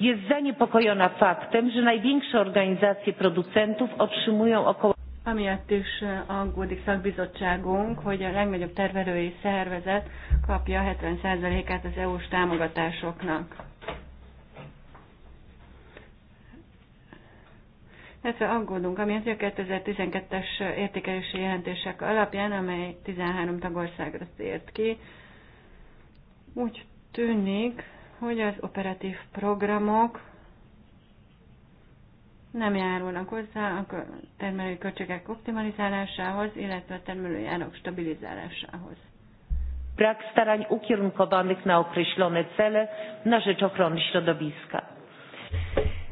jest zaniepokojona faktem, że największe organizacje producentów otrzymują około Amiatt is aggódik szakbizottságunk, hogy a legnagyobb tervelői szervezet kapja 70%-át az EU-s támogatásoknak. Illetve aggódunk, ami az a 2012-es értékelési jelentések alapján, amely 13 tagországra szért ki, úgy tűnik, hogy az operatív programok nem járulnak hozzá a termelői költségek optimalizálásához, illetve a termelői árak stabilizálásához. Brak starań ukierunkowanych na określone cele na rzecz ochrony środowiska.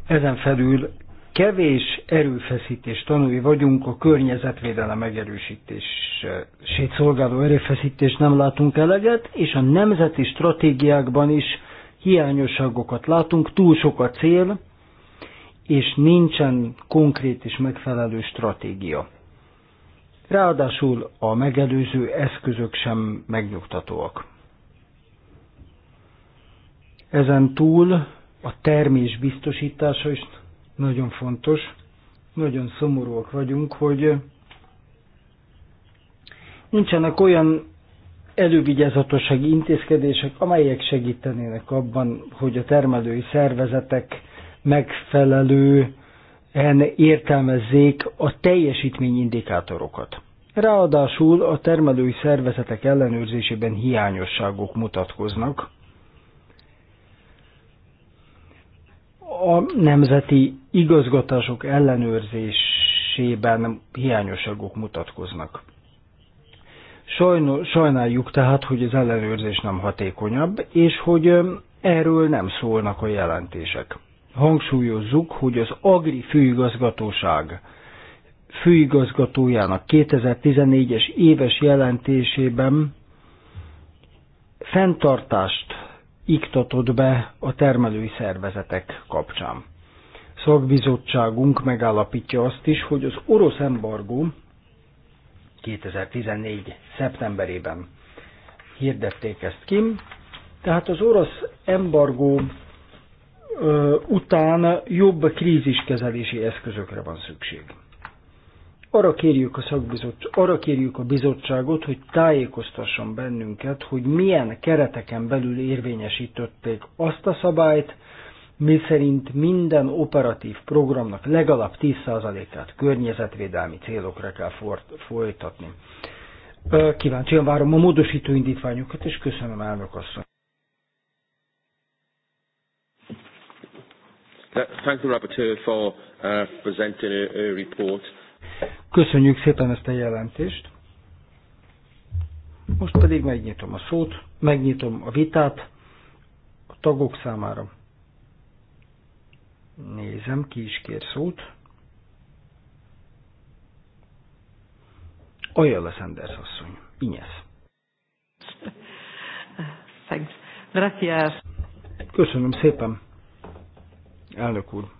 Ezen felül kevés erőfeszítés tanúi vagyunk a környezetvédelem megerősítését szolgáló erőfeszítés nem látunk eleget, és a nemzeti stratégiákban is hiányosságokat látunk, túl sok a cél, és nincsen konkrét és megfelelő stratégia. Ráadásul a megelőző eszközök sem megnyugtatóak. Ezen túl a termés biztosítása is nagyon fontos. Nagyon szomorúak vagyunk, hogy nincsenek olyan elővigyázatossági intézkedések, amelyek segítenének abban, hogy a termelői szervezetek megfelelően értelmezzék a teljesítményindikátorokat. Ráadásul a termelői szervezetek ellenőrzésében hiányosságok mutatkoznak. A nemzeti igazgatások ellenőrzésében hiányosságok mutatkoznak. Sajno, sajnáljuk tehát, hogy az ellenőrzés nem hatékonyabb, és hogy erről nem szólnak a jelentések. Hangsúlyozzuk, hogy az Agri főigazgatóság főigazgatójának 2014-es éves jelentésében fenntartást iktatott be a termelői szervezetek kapcsán. Szakbizottságunk megállapítja azt is, hogy az orosz embargó 2014. szeptemberében hirdették ezt ki. Tehát az orosz embargó után jobb kríziskezelési eszközökre van szükség. Arra kérjük a, szakbizottság, arra kérjük a bizottságot, hogy tájékoztasson bennünket, hogy milyen kereteken belül érvényesítették azt a szabályt, mi szerint minden operatív programnak legalább 10%-át környezetvédelmi célokra kell folytatni. Kíváncsian várom a módosító indítványokat, és köszönöm elnök asszony. Köszönjük szépen ezt a jelentést. Most pedig megnyitom a szót, megnyitom a vitát a tagok számára. Nézem, ki is kér szót. olyan lesz Anders asszony. Inyesz. Thanks. Gracias. Köszönöm szépen, elnök úr.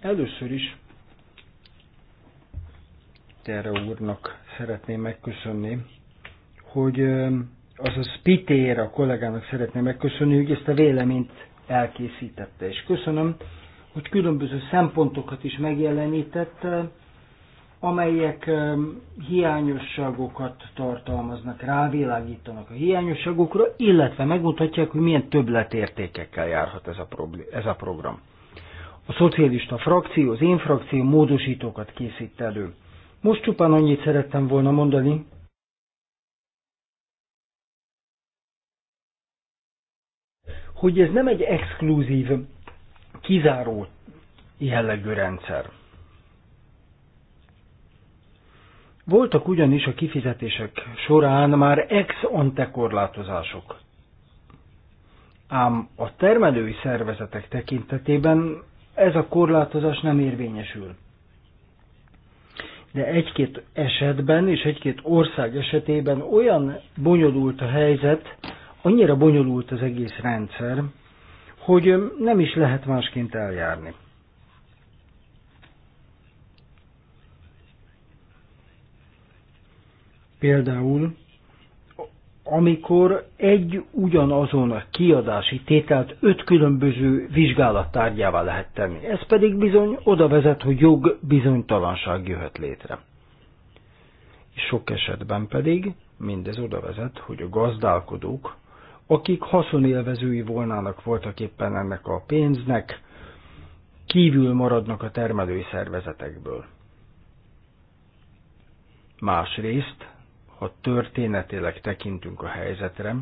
Először is Terra úrnak szeretném megköszönni, hogy a Spitér a kollégának szeretném megköszönni, hogy ezt a véleményt elkészítette. És köszönöm, hogy különböző szempontokat is megjelenítette, eh, amelyek eh, hiányosságokat tartalmaznak, rávilágítanak a hiányosságokra, illetve megmutatják, hogy milyen többletértékekkel járhat ez a, ez a program. A szocialista frakció, az én frakció módosítókat készít elő. Most csupán annyit szerettem volna mondani, hogy ez nem egy exkluzív, kizáró jellegű rendszer. Voltak ugyanis a kifizetések során már ex ante korlátozások. Ám a termelői szervezetek tekintetében ez a korlátozás nem érvényesül. De egy-két esetben és egy-két ország esetében olyan bonyolult a helyzet, Annyira bonyolult az egész rendszer, hogy nem is lehet másként eljárni. Például, amikor egy ugyanazon a kiadási tételt öt különböző vizsgálattárgyává lehet tenni. Ez pedig bizony oda vezet, hogy jog bizonytalanság jöhet létre. És Sok esetben pedig mindez oda vezet, hogy a gazdálkodók akik haszonélvezői volnának voltak éppen ennek a pénznek, kívül maradnak a termelői szervezetekből. Másrészt, ha történetileg tekintünk a helyzetre,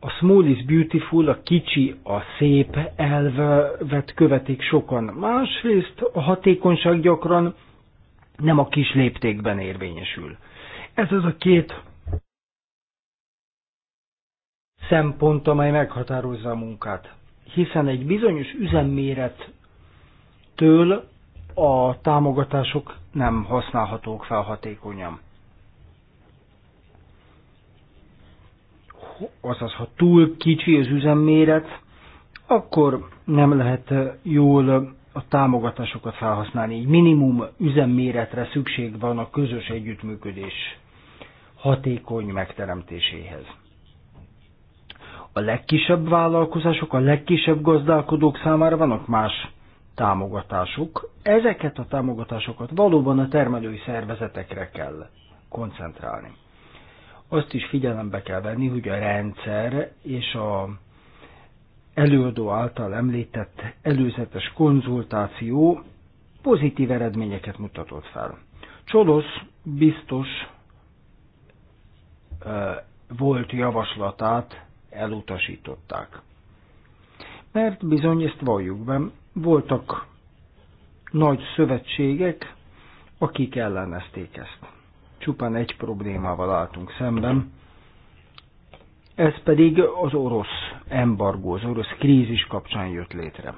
a small is beautiful, a kicsi, a szép elvet követik sokan. Másrészt a hatékonyság gyakran nem a kis léptékben érvényesül. Ez az a két szempont, amely meghatározza a munkát. Hiszen egy bizonyos üzemmérettől a támogatások nem használhatók fel hatékonyan. Azaz, ha túl kicsi az üzemméret, akkor nem lehet jól a támogatásokat felhasználni. Így minimum üzemméretre szükség van a közös együttműködés hatékony megteremtéséhez a legkisebb vállalkozások, a legkisebb gazdálkodók számára vannak más támogatások. Ezeket a támogatásokat valóban a termelői szervezetekre kell koncentrálni. Azt is figyelembe kell venni, hogy a rendszer és a előadó által említett előzetes konzultáció pozitív eredményeket mutatott fel. Csolos biztos volt javaslatát elutasították. Mert bizony, ezt valljuk be, voltak nagy szövetségek, akik ellenezték ezt. Csupán egy problémával álltunk szemben, ez pedig az orosz embargó, az orosz krízis kapcsán jött létre.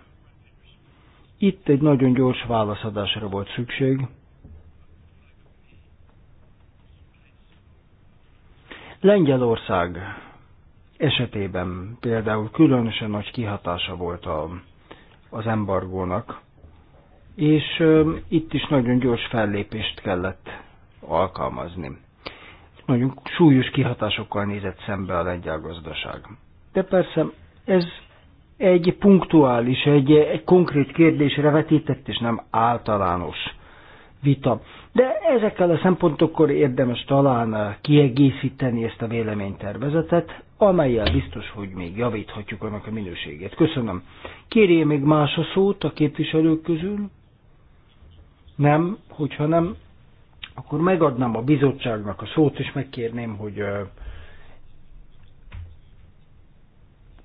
Itt egy nagyon gyors válaszadásra volt szükség. Lengyelország esetében például különösen nagy kihatása volt a, az embargónak, és itt is nagyon gyors fellépést kellett alkalmazni. Nagyon súlyos kihatásokkal nézett szembe a lengyel gazdaság. De persze ez egy punktuális, egy, egy konkrét kérdésre vetített, és nem általános vita. De ezekkel a szempontokkal érdemes talán kiegészíteni ezt a véleménytervezetet, amelyel biztos, hogy még javíthatjuk annak a minőségét. Köszönöm. Kérje még más a szót a képviselők közül? Nem, hogyha nem, akkor megadnám a bizottságnak a szót, és megkérném, hogy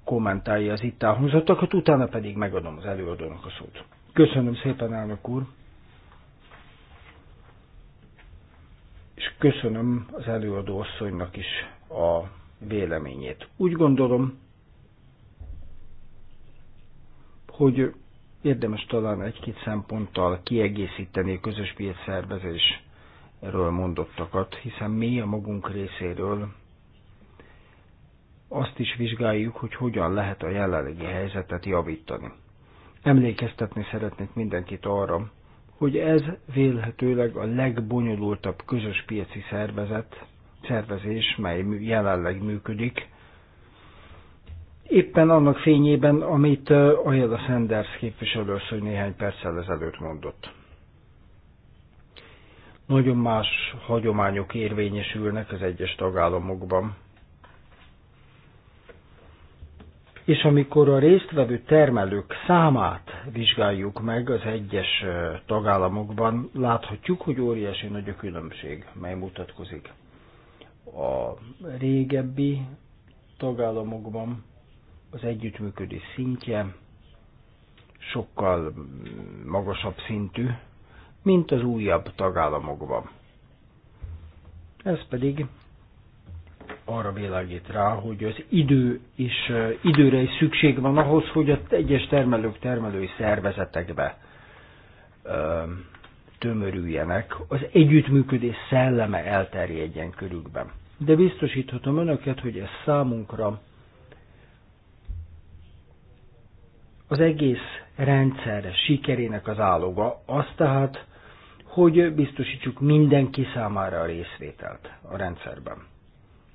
kommentálja az itt elhangzottakat, utána pedig megadom az előadónak a szót. Köszönöm szépen, elnök úr! És köszönöm az előadó asszonynak is a véleményét. Úgy gondolom, hogy érdemes talán egy-két szemponttal kiegészíteni a közös piac szervezésről mondottakat, hiszen mi a magunk részéről azt is vizsgáljuk, hogy hogyan lehet a jelenlegi helyzetet javítani. Emlékeztetni szeretnék mindenkit arra, hogy ez vélhetőleg a legbonyolultabb közös piaci szervezet, szervezés, mely jelenleg működik. Éppen annak fényében, amit a Jada Sanders hogy néhány perccel ezelőtt mondott. Nagyon más hagyományok érvényesülnek az egyes tagállamokban. És amikor a résztvevő termelők számát vizsgáljuk meg az egyes tagállamokban, láthatjuk, hogy óriási nagy a különbség, mely mutatkozik a régebbi tagállamokban az együttműködés szintje sokkal magasabb szintű, mint az újabb tagállamokban. Ez pedig arra világít rá, hogy az idő is, időre is szükség van ahhoz, hogy az egyes termelők termelői szervezetekbe tömörüljenek, az együttműködés szelleme elterjedjen körükben. De biztosíthatom önöket, hogy ez számunkra az egész rendszer sikerének az áloga, az tehát, hogy biztosítsuk mindenki számára a részvételt a rendszerben.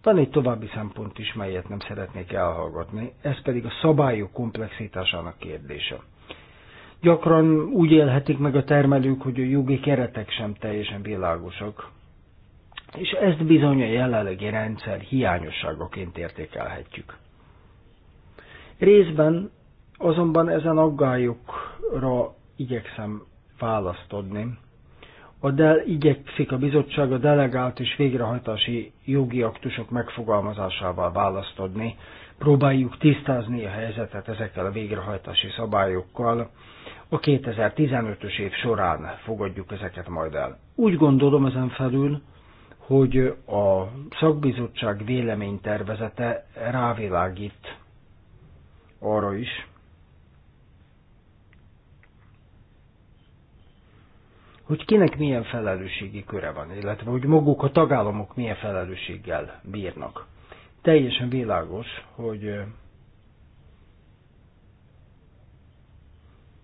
Van egy további szempont is, melyet nem szeretnék elhallgatni, ez pedig a szabályok komplexitásának kérdése. Gyakran úgy élhetik meg a termelők, hogy a jogi keretek sem teljesen világosak. És ezt bizony a jelenlegi rendszer hiányosságoként értékelhetjük. Részben azonban ezen aggályokra igyekszem választ adni. A del, igyekszik a bizottság a delegált és végrehajtási jogi aktusok megfogalmazásával választ adni próbáljuk tisztázni a helyzetet ezekkel a végrehajtási szabályokkal. A 2015-ös év során fogadjuk ezeket majd el. Úgy gondolom ezen felül, hogy a szakbizottság véleménytervezete rávilágít arra is, hogy kinek milyen felelősségi köre van, illetve hogy maguk a tagállamok milyen felelősséggel bírnak. Teljesen világos, hogy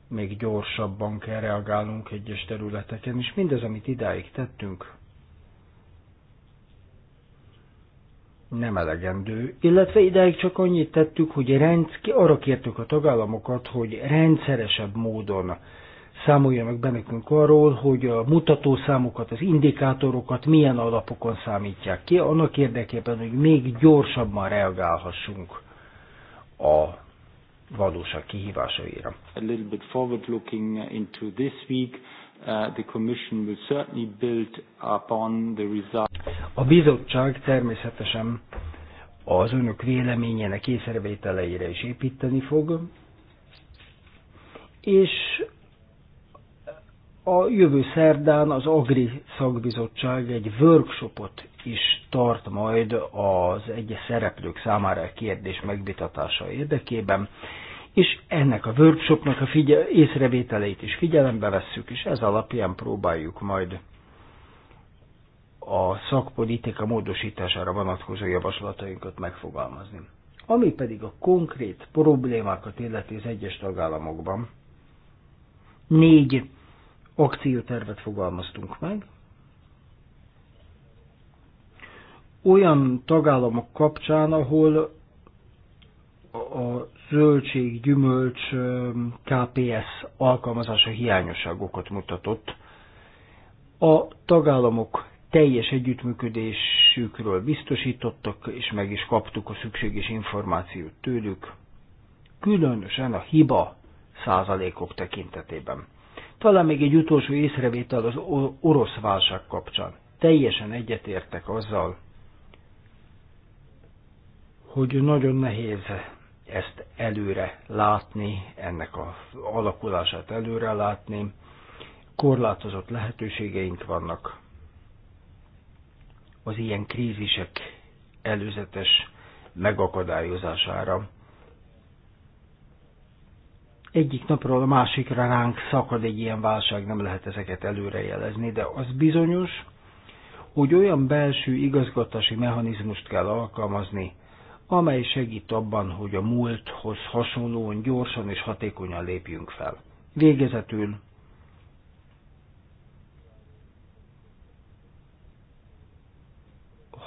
még gyorsabban kell reagálnunk egyes területeken, és mindez, amit idáig tettünk, nem elegendő, illetve ideig csak annyit tettük, hogy rendsz, arra kértük a tagállamokat, hogy rendszeresebb módon számoljanak be nekünk arról, hogy a mutatószámokat, az indikátorokat milyen alapokon számítják ki, annak érdekében, hogy még gyorsabban reagálhassunk a valóság kihívásaira. A little bit forward looking into this week, uh, the commission will certainly build upon the result. A bizottság természetesen az önök véleményének észrevételeire is építeni fog, és a jövő szerdán az Agri szakbizottság egy workshopot is tart majd az egyes szereplők számára a kérdés megvitatása érdekében, és ennek a workshopnak a figyel- észrevételeit is figyelembe vesszük, és ez alapján próbáljuk majd a szakpolitika módosítására vonatkozó javaslatainkat megfogalmazni. Ami pedig a konkrét problémákat illeti az egyes tagállamokban, négy akciótervet fogalmaztunk meg. Olyan tagállamok kapcsán, ahol a zöldség, gyümölcs, KPS alkalmazása hiányosságokat mutatott. A tagállamok teljes együttműködésükről biztosítottak, és meg is kaptuk a szükséges információt tőlük, különösen a hiba százalékok tekintetében. Talán még egy utolsó észrevétel az orosz válság kapcsán. Teljesen egyetértek azzal, hogy nagyon nehéz ezt előre látni, ennek a alakulását előre látni. Korlátozott lehetőségeink vannak az ilyen krízisek előzetes megakadályozására egyik napról a másikra ránk szakad egy ilyen válság, nem lehet ezeket előrejelezni, de az bizonyos, hogy olyan belső igazgatási mechanizmust kell alkalmazni, amely segít abban, hogy a múlthoz hasonlóan gyorsan és hatékonyan lépjünk fel. Végezetül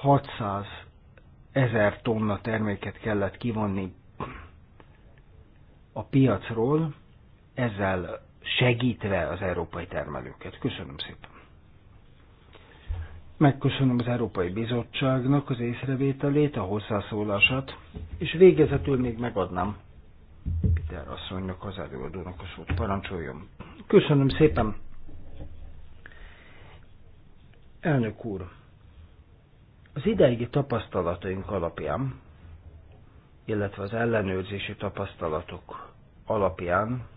...600 ezer tonna terméket kellett kivonni a piacról, ezzel segítve az európai termelőket. Köszönöm szépen. Megköszönöm az Európai Bizottságnak az észrevételét, a hozzászólását, és végezetül még megadnám Peter asszonynak, az előadónak a szót. Parancsoljon. Köszönöm szépen. Elnök úr, az ideigi tapasztalataink alapján illetve az ellenőrzési tapasztalatok alapján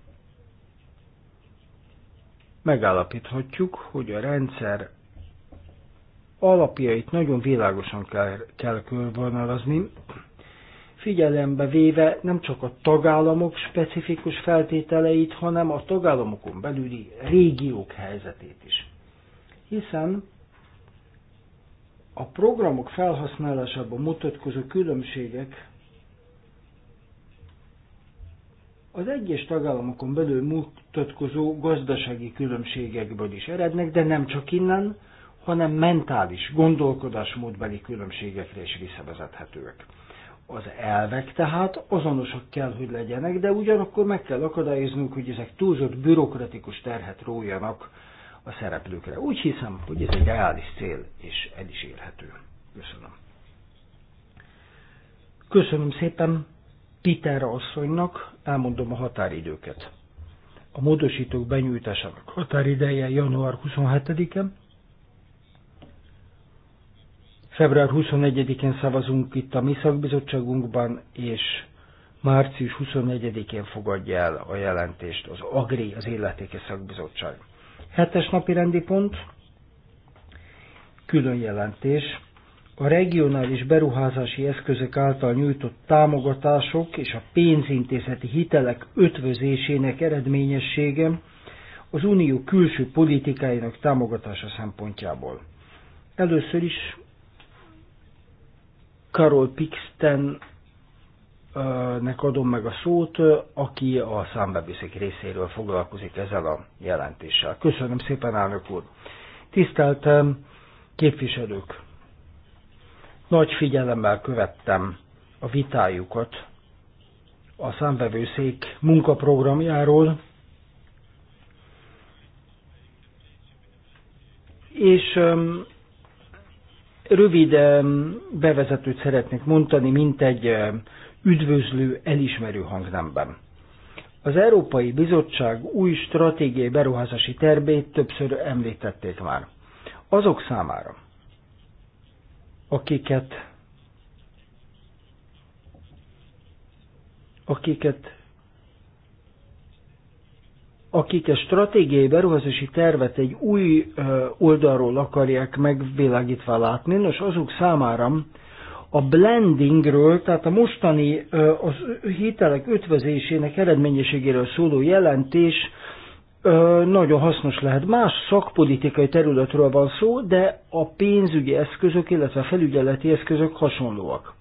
megállapíthatjuk, hogy a rendszer alapjait nagyon világosan kell, kell körvonalazni, figyelembe véve nem csak a tagállamok specifikus feltételeit, hanem a tagállamokon belüli régiók helyzetét is. Hiszen a programok felhasználásában mutatkozó különbségek az egyes tagállamokon belül mutatkozó gazdasági különbségekből is erednek, de nem csak innen, hanem mentális, gondolkodásmódbeli különbségekre is visszavezethetőek. Az elvek tehát azonosak kell, hogy legyenek, de ugyanakkor meg kell akadályoznunk, hogy ezek túlzott bürokratikus terhet rójanak a szereplőkre. Úgy hiszem, hogy ez egy reális cél, és el is érhető. Köszönöm. Köszönöm szépen, Peter asszonynak elmondom a határidőket. A módosítók benyújtásának határideje január 27-e. Február 21-én szavazunk itt a mi szakbizottságunkban, és március 24-én fogadja el a jelentést az AGRI, az Illetéke Szakbizottság. Hetes napi rendi pont, külön jelentés, a regionális beruházási eszközök által nyújtott támogatások és a pénzintézeti hitelek ötvözésének eredményessége az unió külső politikáinak támogatása szempontjából. Először is Karol Pixten nek adom meg a szót, aki a számbebiszik részéről foglalkozik ezzel a jelentéssel. Köszönöm szépen, elnök úr! Tiszteltem képviselők! Nagy figyelemmel követtem a vitájukat a számvevőszék munkaprogramjáról, és rövid bevezetőt szeretnék mondani, mint egy üdvözlő, elismerő hangnemben. Az Európai Bizottság új stratégiai beruházási tervét többször említették már. Azok számára, akiket akiket akik a stratégiai beruházási tervet egy új oldalról akarják megvilágítva látni, nos azok számára a blendingről, tehát a mostani az hitelek ötvözésének eredményességéről szóló jelentés nagyon hasznos lehet. Más szakpolitikai területről van szó, de a pénzügyi eszközök, illetve a felügyeleti eszközök hasonlóak.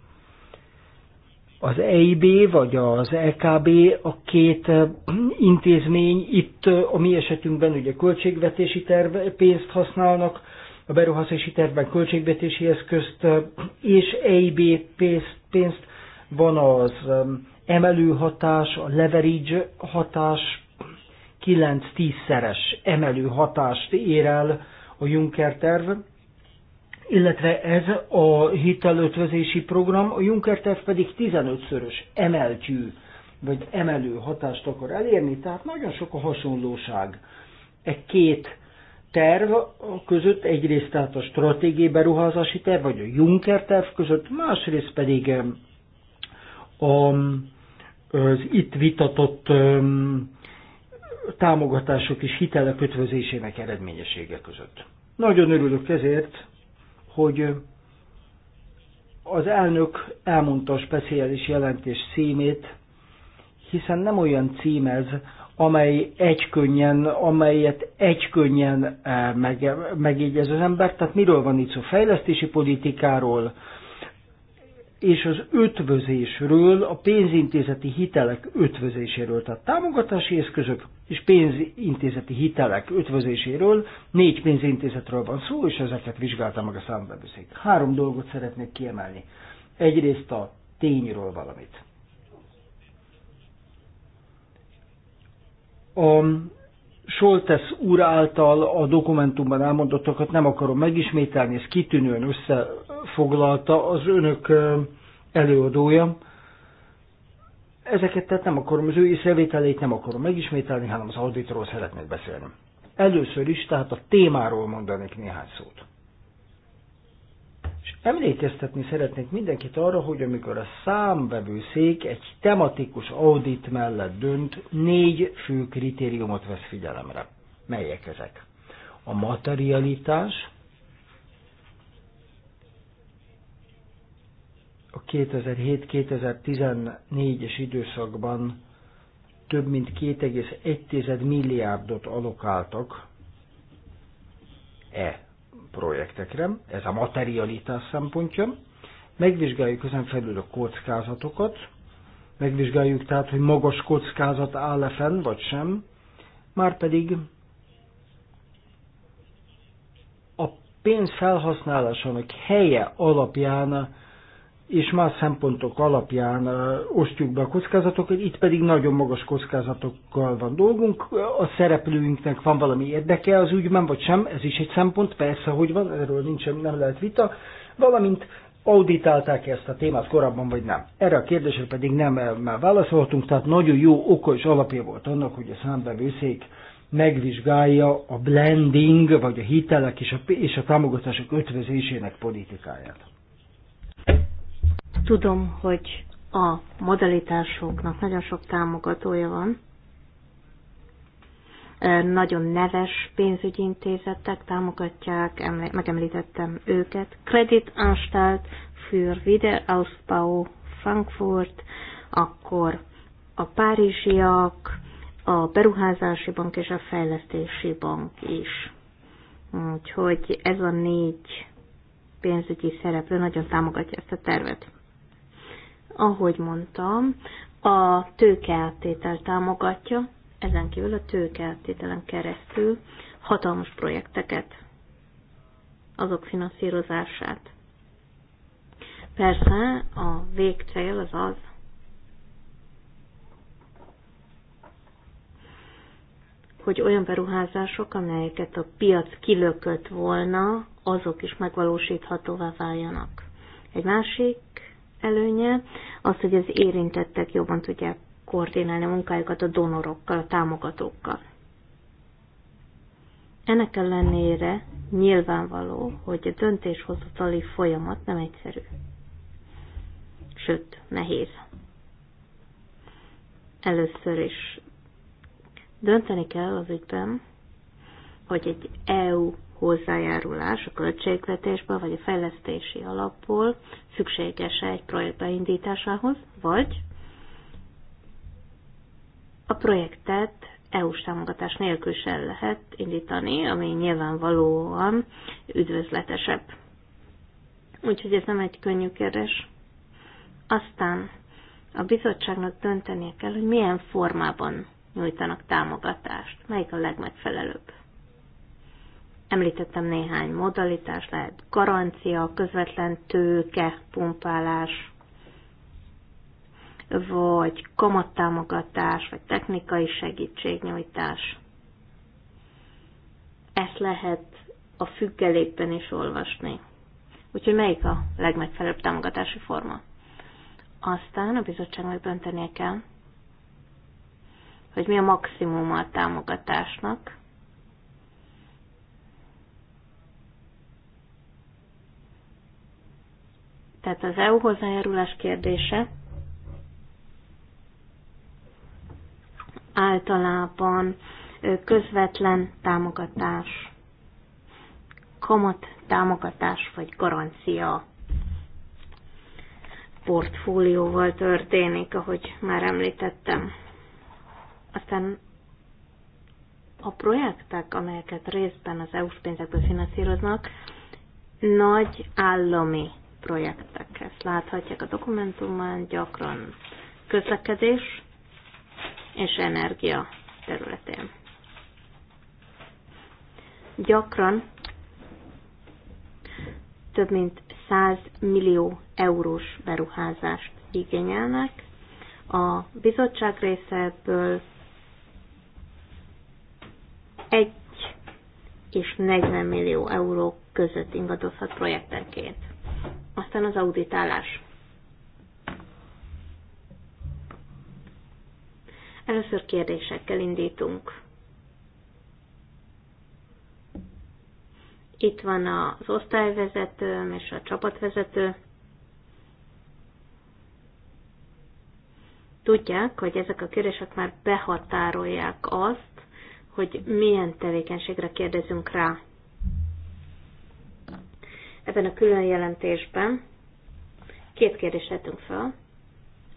Az EIB vagy az EKB a két intézmény itt a mi esetünkben ugye költségvetési terv, pénzt használnak, a beruházási tervben költségvetési eszközt és EIB pénzt, pénzt van az emelő hatás, a leverage hatás, 9-10-szeres emelő hatást ér el a Juncker terv, illetve ez a hitelötvözési program, a Juncker terv pedig 15-szörös emeltjű, vagy emelő hatást akar elérni, tehát nagyon sok a hasonlóság. E két terv között egyrészt tehát a stratégiai beruházási terv, vagy a Juncker terv között, másrészt pedig a, az itt vitatott um, támogatások és hitelek ötvözésének eredményessége között. Nagyon örülök ezért, hogy az elnök elmondta a speciális jelentés címét, hiszen nem olyan cím ez, amely egykönnyen, amelyet egykönnyen eh, meg, megígyez az ember. Tehát miről van itt szó? Fejlesztési politikáról, és az ötvözésről, a pénzintézeti hitelek ötvözéséről, tehát támogatási eszközök és pénzintézeti hitelek ötvözéséről, négy pénzintézetről van szó, és ezeket vizsgálta meg a számbevőszék. Három dolgot szeretnék kiemelni. Egyrészt a tényről valamit. A Soltesz úr által a dokumentumban elmondottakat nem akarom megismételni, ez kitűnően össze foglalta az önök előadója. Ezeket tehát nem akarom, az ő észrevételeit nem akarom megismételni, hanem az auditról szeretnék beszélni. Először is, tehát a témáról mondanék néhány szót. És emlékeztetni szeretnék mindenkit arra, hogy amikor a számbevőszék egy tematikus audit mellett dönt, négy fő kritériumot vesz figyelemre. Melyek ezek? A materialitás, a 2007-2014-es időszakban több mint 2,1 milliárdot alokáltak e projektekre, ez a materialitás szempontja. Megvizsgáljuk ezen felül a kockázatokat, megvizsgáljuk tehát, hogy magas kockázat áll-e fenn, vagy sem, Már pedig a pénz felhasználásának helye alapján és más szempontok alapján osztjuk be a kockázatokat, itt pedig nagyon magas kockázatokkal van dolgunk, a szereplőinknek van valami érdeke az ügyben, vagy sem, ez is egy szempont, persze, hogy van, erről nincsen, nem lehet vita, valamint auditálták -e ezt a témát korábban, vagy nem. Erre a kérdésre pedig nem eh, már válaszoltunk, tehát nagyon jó oka és alapja volt annak, hogy a számbevőszék megvizsgálja a blending, vagy a hitelek és a, és a támogatások ötvözésének politikáját. Tudom, hogy a modalitásoknak nagyon sok támogatója van, nagyon neves pénzügyi intézetek támogatják, megemlítettem őket. Kreditanstalt für Wiederausbau Frankfurt, akkor a párizsiak, a beruházási bank és a fejlesztési bank is. Úgyhogy ez a négy pénzügyi szereplő nagyon támogatja ezt a tervet ahogy mondtam, a tőkeáttétel támogatja, ezen kívül a tőkeáttételen keresztül hatalmas projekteket, azok finanszírozását. Persze a végcél az az, hogy olyan beruházások, amelyeket a piac kilökött volna, azok is megvalósíthatóvá váljanak. Egy másik előnye az, hogy az érintettek jobban tudják koordinálni a munkájukat a donorokkal, a támogatókkal. Ennek ellenére nyilvánvaló, hogy a döntéshozatali folyamat nem egyszerű. Sőt, nehéz. Először is dönteni kell az ügyben, hogy egy EU hozzájárulás a költségvetésből vagy a fejlesztési alapból szükséges -e egy projekt beindításához, vagy a projektet EU-s támogatás nélkül sem lehet indítani, ami nyilvánvalóan üdvözletesebb. Úgyhogy ez nem egy könnyű kérdés. Aztán a bizottságnak döntenie kell, hogy milyen formában nyújtanak támogatást, melyik a legmegfelelőbb. Említettem néhány modalitás, lehet garancia, közvetlen tőke, pumpálás, vagy kamattámogatás, vagy technikai segítségnyújtás. Ezt lehet a függelékben is olvasni. Úgyhogy melyik a legmegfelelőbb támogatási forma? Aztán a bizottságnak döntenie kell, hogy mi a maximum a támogatásnak, Tehát az EU hozzájárulás kérdése általában közvetlen támogatás, kamat támogatás vagy garancia portfólióval történik, ahogy már említettem. Aztán a projektek, amelyeket részben az EU-s pénzekből finanszíroznak, nagy állami projektek. Ezt láthatják a dokumentumban, gyakran közlekedés és energia területén. Gyakran több mint 100 millió eurós beruházást igényelnek. A bizottság részéből egy és 40 millió euró között ingadozhat projektenként aztán az auditálás. Először kérdésekkel indítunk. Itt van az osztályvezető és a csapatvezető. Tudják, hogy ezek a kérdések már behatárolják azt, hogy milyen tevékenységre kérdezünk rá ebben a külön jelentésben két kérdést tettünk fel.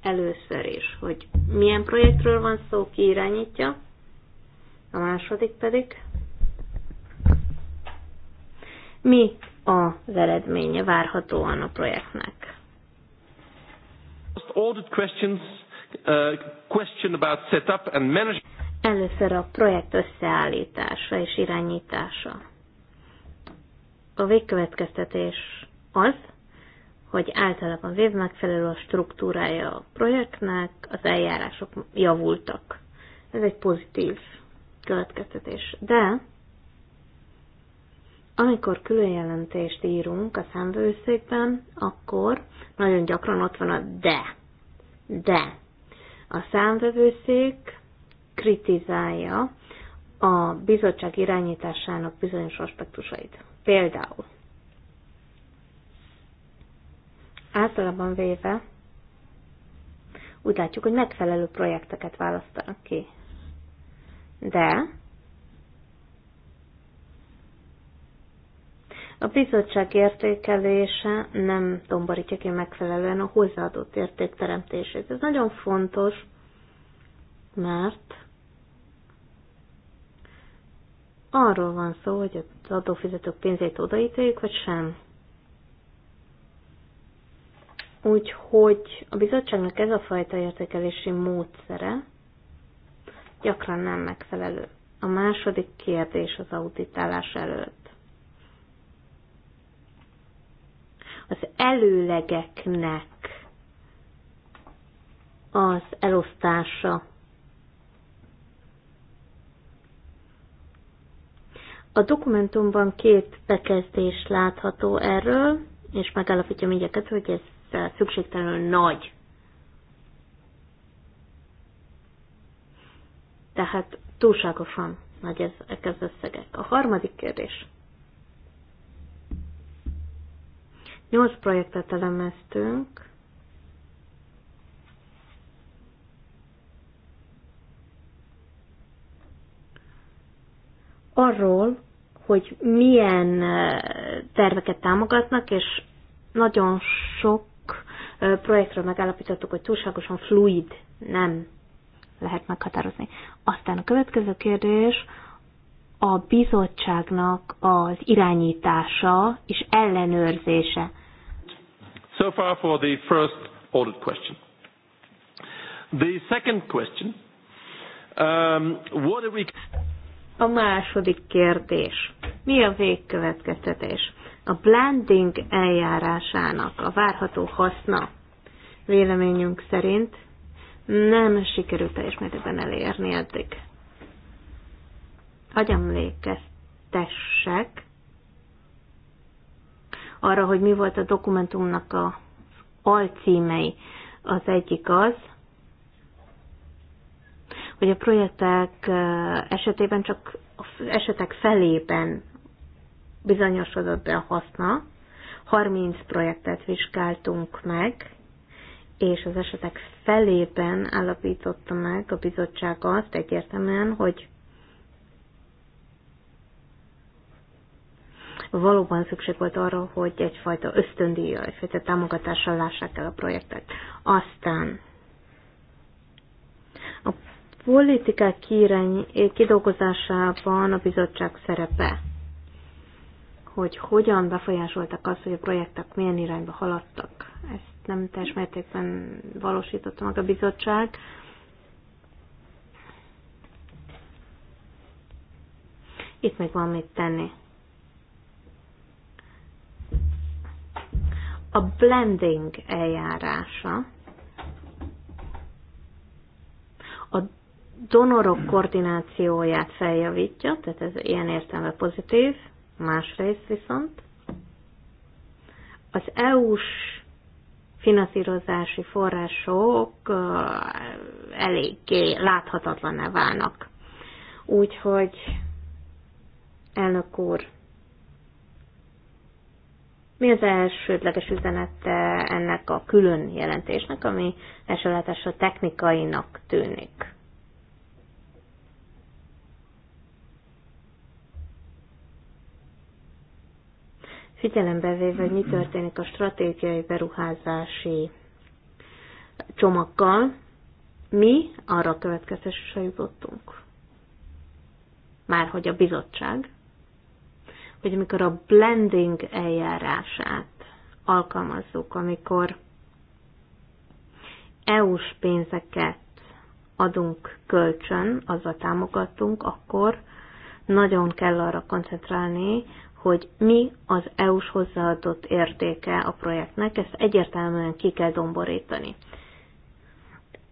Először is, hogy milyen projektről van szó, ki irányítja, a második pedig, mi az eredménye várhatóan a projektnek. Uh, Először a projekt összeállítása és irányítása a végkövetkeztetés az, hogy általában véve megfelelő a struktúrája a projektnek, az eljárások javultak. Ez egy pozitív következtetés. De amikor különjelentést írunk a számvőszékben, akkor nagyon gyakran ott van a de. De. A számvevőszék kritizálja a bizottság irányításának bizonyos aspektusait. Például általában véve úgy látjuk, hogy megfelelő projekteket választanak ki. De a bizottság értékelése nem domborítja ki megfelelően a hozzáadott értékteremtését, Ez nagyon fontos, mert arról van szó, hogy az adófizetők pénzét odaítéljük, vagy sem. Úgyhogy a bizottságnak ez a fajta értékelési módszere gyakran nem megfelelő. A második kérdés az auditálás előtt. Az előlegeknek az elosztása A dokumentumban két bekezdés látható erről, és megállapítja mindjárt, hogy ez szükségtelenül nagy. Tehát túlságosan nagy ezek az összegek. A harmadik kérdés. Nyolc projektet elemeztünk, arról, hogy milyen terveket támogatnak, és nagyon sok projektről megállapítottuk, hogy túlságosan fluid nem lehet meghatározni. Aztán a következő kérdés, a bizottságnak az irányítása és ellenőrzése. So far for the first audit question. The second question. Um, what are we... A második kérdés. Mi a végkövetkeztetés? A blending eljárásának a várható haszna véleményünk szerint nem sikerült teljes mértékben elérni eddig. Hagy emlékeztessek arra, hogy mi volt a dokumentumnak a alcímei. Az egyik az, hogy a projektek esetében csak az esetek felében bizonyosodott be a haszna. 30 projektet vizsgáltunk meg, és az esetek felében állapította meg a bizottság azt egyértelműen, hogy valóban szükség volt arra, hogy egyfajta ösztöndíjjal, egyfajta támogatással lássák el a projektet. Aztán politikák kirány, kidolgozásában a bizottság szerepe, hogy hogyan befolyásoltak azt, hogy a projektek milyen irányba haladtak. Ezt nem teljes mértékben valósította meg a bizottság. Itt még van mit tenni. A blending eljárása a donorok koordinációját feljavítja, tehát ez ilyen értelme pozitív, másrészt viszont az EU-s finanszírozási források eléggé láthatatlaná válnak. Úgyhogy, elnök úr, mi az elsődleges üzenete ennek a külön jelentésnek, ami a technikainak tűnik? figyelembe véve, hogy mi történik a stratégiai beruházási csomaggal, mi arra a következtetésre jutottunk. hogy a bizottság, hogy amikor a blending eljárását alkalmazzuk, amikor EU-s pénzeket adunk kölcsön, azzal támogatunk, akkor nagyon kell arra koncentrálni, hogy mi az EU-s hozzáadott értéke a projektnek, ezt egyértelműen ki kell domborítani.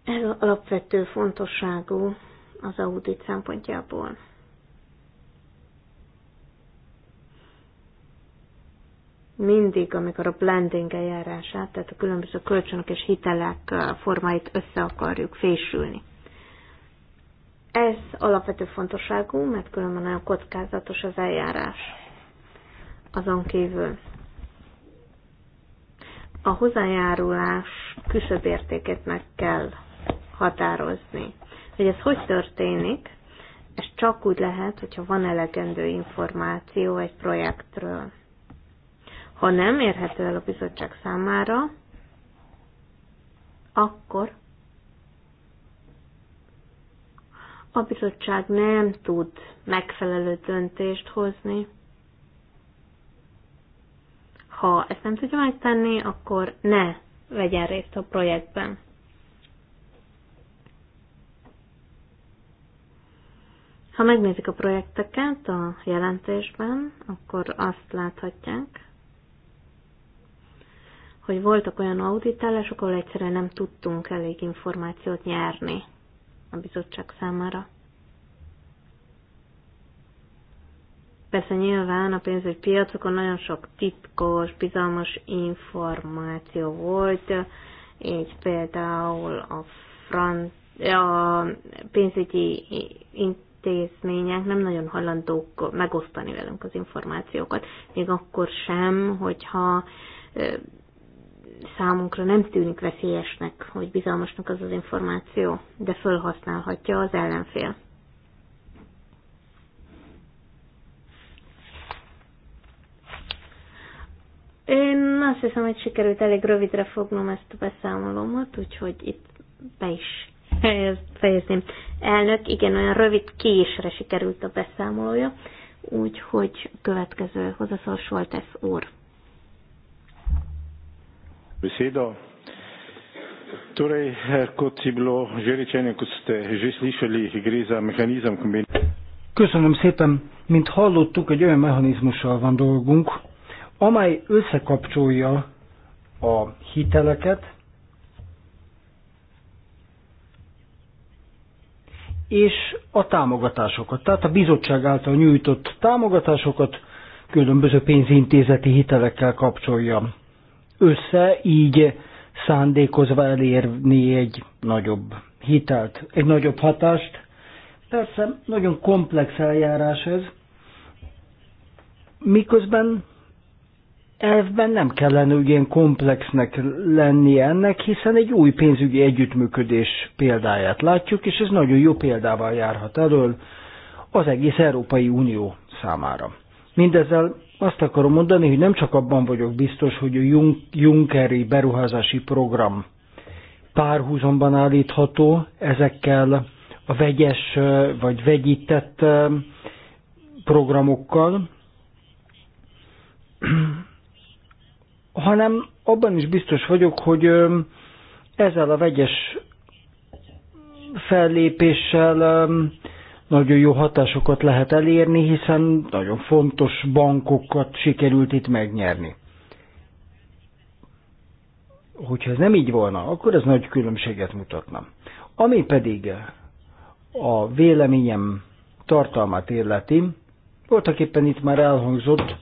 Ez alapvető fontosságú az audit szempontjából. Mindig, amikor a blending eljárását, tehát a különböző kölcsönök és hitelek formáit össze akarjuk fésülni. Ez alapvető fontosságú, mert különben nagyon kockázatos az eljárás azon kívül a hozzájárulás küszöbértékét meg kell határozni. Hogy ez hogy történik, ez csak úgy lehet, hogyha van elegendő információ egy projektről. Ha nem érhető el a bizottság számára, akkor a bizottság nem tud megfelelő döntést hozni. Ha ezt nem tudja megtenni, akkor ne vegyen részt a projektben. Ha megnézik a projekteket a jelentésben, akkor azt láthatják, hogy voltak olyan auditálások, ahol egyszerűen nem tudtunk elég információt nyerni a bizottság számára. Persze nyilván a pénzügyi piacokon nagyon sok titkos, bizalmas információ volt, így például a, fran- a pénzügyi intézmények nem nagyon hajlandók megosztani velünk az információkat, még akkor sem, hogyha számunkra nem tűnik veszélyesnek, hogy bizalmasnak az az információ, de fölhasználhatja az ellenfél. Én azt hiszem, hogy sikerült elég rövidre fognom ezt a beszámolómat, úgyhogy itt be is fejezném. Elnök, igen, olyan rövid késre sikerült a beszámolója, úgyhogy következő hozzászól Soltesz úr. Besedo. Torej, eh, kot je bilo že rečeno, kot ste že slišali, gre za mehanizem kombinacije. Köszönöm szépen. Mint hallottuk, egy olyan mechanizmussal van dolgunk, amely összekapcsolja a hiteleket és a támogatásokat, tehát a bizottság által nyújtott támogatásokat különböző pénzintézeti hitelekkel kapcsolja össze, így szándékozva elérni egy nagyobb hitelt, egy nagyobb hatást. Persze nagyon komplex eljárás ez, miközben elvben nem kellene ilyen komplexnek lenni ennek, hiszen egy új pénzügyi együttműködés példáját látjuk, és ez nagyon jó példával járhat elől az egész Európai Unió számára. Mindezzel azt akarom mondani, hogy nem csak abban vagyok biztos, hogy a Junckeri beruházási program párhuzamban állítható ezekkel a vegyes vagy vegyített programokkal, hanem abban is biztos vagyok, hogy ezzel a vegyes fellépéssel nagyon jó hatásokat lehet elérni, hiszen nagyon fontos bankokat sikerült itt megnyerni. Hogyha ez nem így volna, akkor ez nagy különbséget mutatna. Ami pedig a véleményem tartalmát illeti, voltak éppen itt már elhangzott,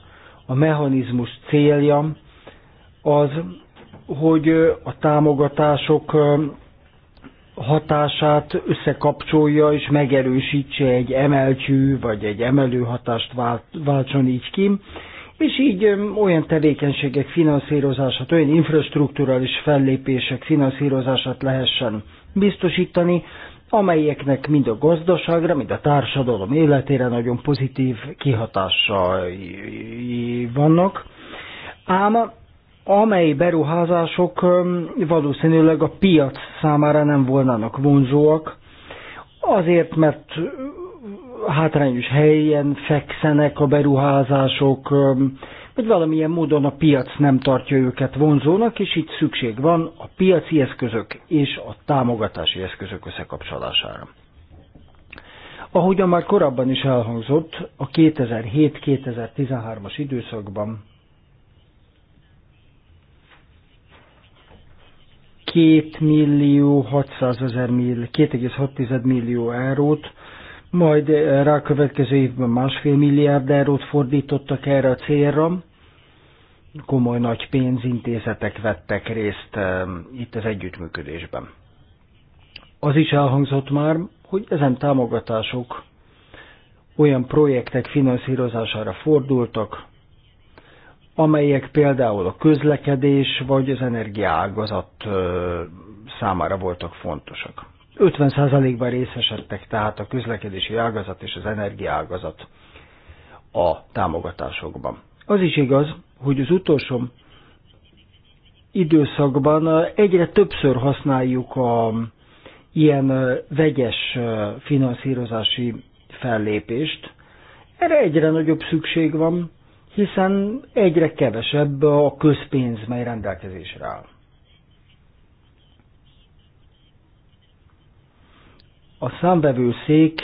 a mechanizmus célja az, hogy a támogatások hatását összekapcsolja és megerősítse egy emelcsű vagy egy emelő hatást vált, váltson így ki, és így olyan tevékenységek finanszírozását, olyan infrastruktúrális fellépések finanszírozását lehessen biztosítani, amelyeknek mind a gazdaságra, mind a társadalom életére nagyon pozitív kihatásai vannak. Ám amely beruházások valószínűleg a piac számára nem volnának vonzóak, azért, mert hátrányos helyen fekszenek a beruházások, vagy valamilyen módon a piac nem tartja őket vonzónak, és itt szükség van a piaci eszközök és a támogatási eszközök összekapcsolására. Ahogyan már korábban is elhangzott, a 2007-2013-as időszakban 2 millió 600 2,6 millió eurót, majd rá a következő évben másfél milliárd eurót fordítottak erre a célra, komoly nagy pénzintézetek vettek részt itt az együttműködésben. Az is elhangzott már, hogy ezen támogatások olyan projektek finanszírozására fordultak, amelyek például a közlekedés vagy az energiaágazat számára voltak fontosak. 50%-ban részesedtek tehát a közlekedési ágazat és az energiaágazat a támogatásokban. Az is igaz, hogy az utolsó időszakban egyre többször használjuk a ilyen vegyes finanszírozási fellépést. Erre egyre nagyobb szükség van, hiszen egyre kevesebb a közpénz, mely rendelkezésre áll. A számvevőszék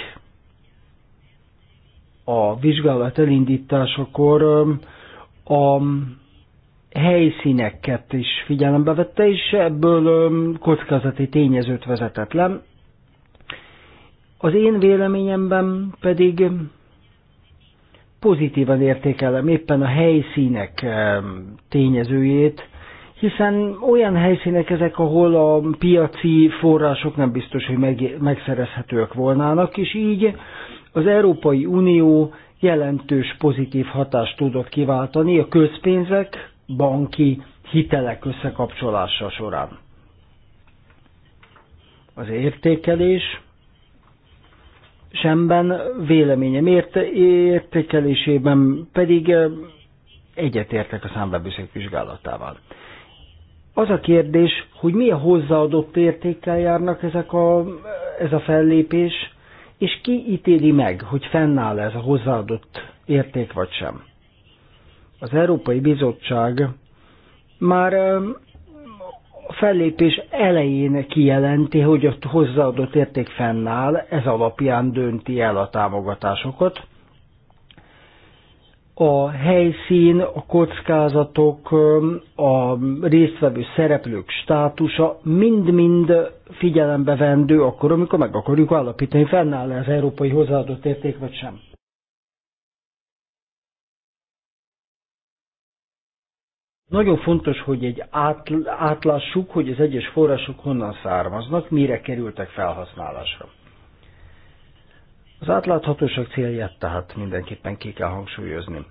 a vizsgálat elindításakor a helyszíneket is figyelembe vette, és ebből kockázati tényezőt vezetett le. Az én véleményemben pedig pozitívan értékelem éppen a helyszínek tényezőjét, hiszen olyan helyszínek ezek, ahol a piaci források nem biztos, hogy meg, megszerezhetőek volnának, és így az Európai Unió jelentős pozitív hatást tudott kiváltani a közpénzek, banki hitelek összekapcsolása során. Az értékelés semben véleményem ért, értékelésében pedig egyetértek a számvevőszék vizsgálatával. Az a kérdés, hogy milyen hozzáadott értékkel járnak ezek a, ez a fellépés, és ki ítéli meg, hogy fennáll ez a hozzáadott érték vagy sem. Az Európai Bizottság már a fellépés elején kijelenti, hogy a hozzáadott érték fennáll, ez alapján dönti el a támogatásokat. A helyszín, a kockázatok, a résztvevő szereplők státusa mind-mind figyelembe vendő akkor, amikor meg akarjuk állapítani, fennáll -e az európai hozzáadott érték vagy sem. Nagyon fontos, hogy egy át, átlássuk, hogy az egyes források honnan származnak, mire kerültek felhasználásra. Az átláthatóság célját tehát mindenképpen ki kell hangsúlyozni.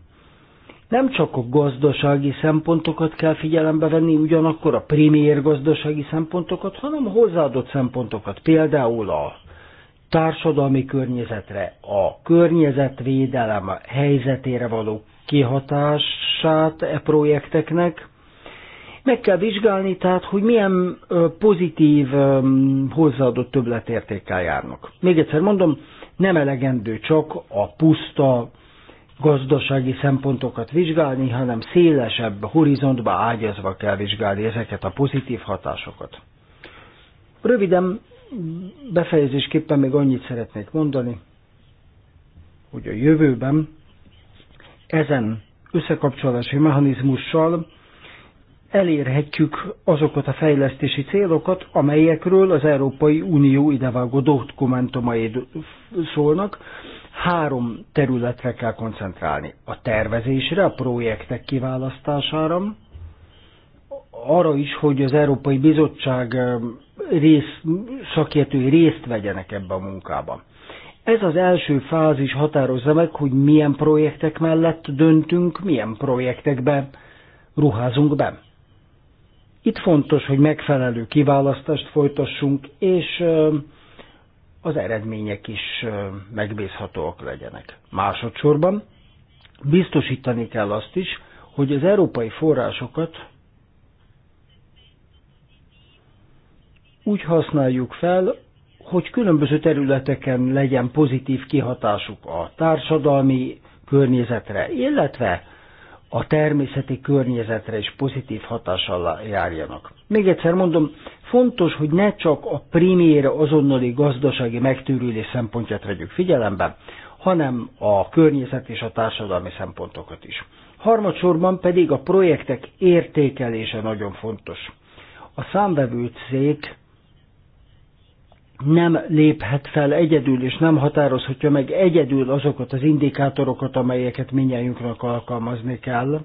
Nem csak a gazdasági szempontokat kell figyelembe venni, ugyanakkor a primér gazdasági szempontokat, hanem a hozzáadott szempontokat, például a társadalmi környezetre, a környezetvédelem helyzetére való kihatását e projekteknek. Meg kell vizsgálni tehát, hogy milyen pozitív hozzáadott többletértékkel járnak. Még egyszer mondom, nem elegendő csak a puszta gazdasági szempontokat vizsgálni, hanem szélesebb horizontba ágyazva kell vizsgálni ezeket a pozitív hatásokat. Röviden befejezésképpen még annyit szeretnék mondani, hogy a jövőben ezen összekapcsolási mechanizmussal elérhetjük azokat a fejlesztési célokat, amelyekről az Európai Unió idevágó dokumentumai szólnak. Három területre kell koncentrálni. A tervezésre, a projektek kiválasztására, arra is, hogy az Európai Bizottság rész, szakértői részt vegyenek ebbe a munkában. Ez az első fázis határozza meg, hogy milyen projektek mellett döntünk, milyen projektekbe ruházunk be. Itt fontos, hogy megfelelő kiválasztást folytassunk, és az eredmények is megbízhatóak legyenek. Másodszorban biztosítani kell azt is, hogy az európai forrásokat úgy használjuk fel, hogy különböző területeken legyen pozitív kihatásuk a társadalmi környezetre, illetve a természeti környezetre is pozitív hatással járjanak. Még egyszer mondom, fontos, hogy ne csak a primér azonnali gazdasági megtűrülés szempontját vegyük figyelembe, hanem a környezet és a társadalmi szempontokat is. Harmadsorban pedig a projektek értékelése nagyon fontos. A számvevőt szék nem léphet fel egyedül, és nem határozhatja meg egyedül azokat az indikátorokat, amelyeket minnyájunknak alkalmazni kell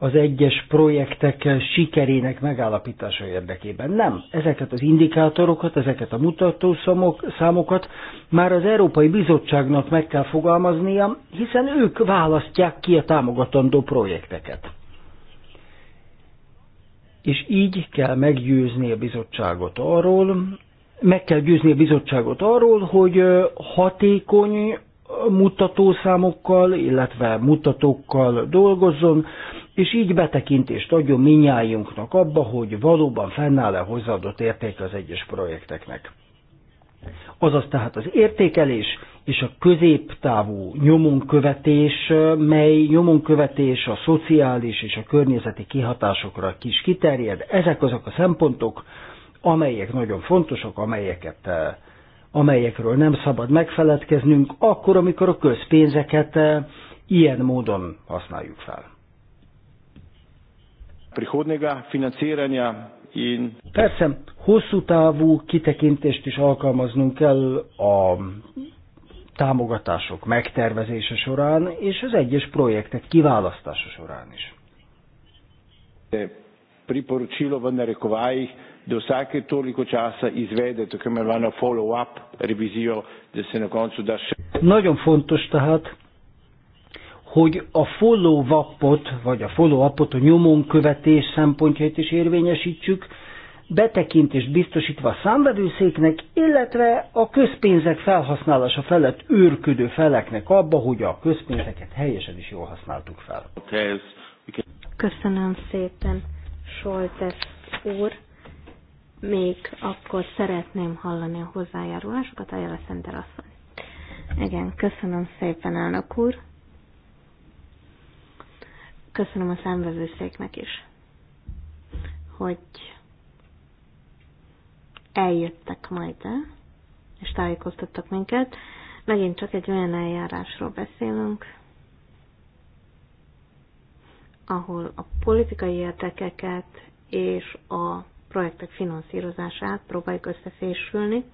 az egyes projektek sikerének megállapítása érdekében. Nem, ezeket az indikátorokat, ezeket a mutatószámokat már az Európai Bizottságnak meg kell fogalmaznia, hiszen ők választják ki a támogatandó projekteket. És így kell meggyőzni a bizottságot arról, meg kell győzni a bizottságot arról, hogy hatékony mutatószámokkal, illetve mutatókkal dolgozzon, és így betekintést adjon minnyájunknak abba, hogy valóban fennáll-e hozzáadott érték az egyes projekteknek. Azaz tehát az értékelés és a középtávú nyomonkövetés, mely nyomonkövetés a szociális és a környezeti kihatásokra kis kiterjed, ezek azok a szempontok, amelyek nagyon fontosak, amelyeket, eh, amelyekről nem szabad megfeledkeznünk, akkor, amikor a közpénzeket eh, ilyen módon használjuk fel. Persze, hosszú távú kitekintést is alkalmaznunk kell a támogatások megtervezése során, és az egyes projektek kiválasztása során is. Priporočilo v vsake toliko časa izvede tako imenovano follow-up revizijo, da se na koncu da še. Nagyon fontos tehát, hogy a follow-upot, vagy a follow-upot a nyomon követés szempontjait is érvényesítsük, betekintést biztosítva a számvevőszéknek, illetve a közpénzek felhasználása felett őrködő feleknek abba, hogy a közpénzeket helyesen is jól használtuk fel. Köszönöm szépen, Soltes úr még akkor szeretném hallani a hozzájárulásokat, a Szenter asszony. Igen, köszönöm szépen, elnök úr. Köszönöm a számvevőszéknek is, hogy eljöttek majd el, és tájékoztattak minket. Megint csak egy olyan eljárásról beszélünk, ahol a politikai érdekeket és a projektek finanszírozását próbáljuk összefésülni.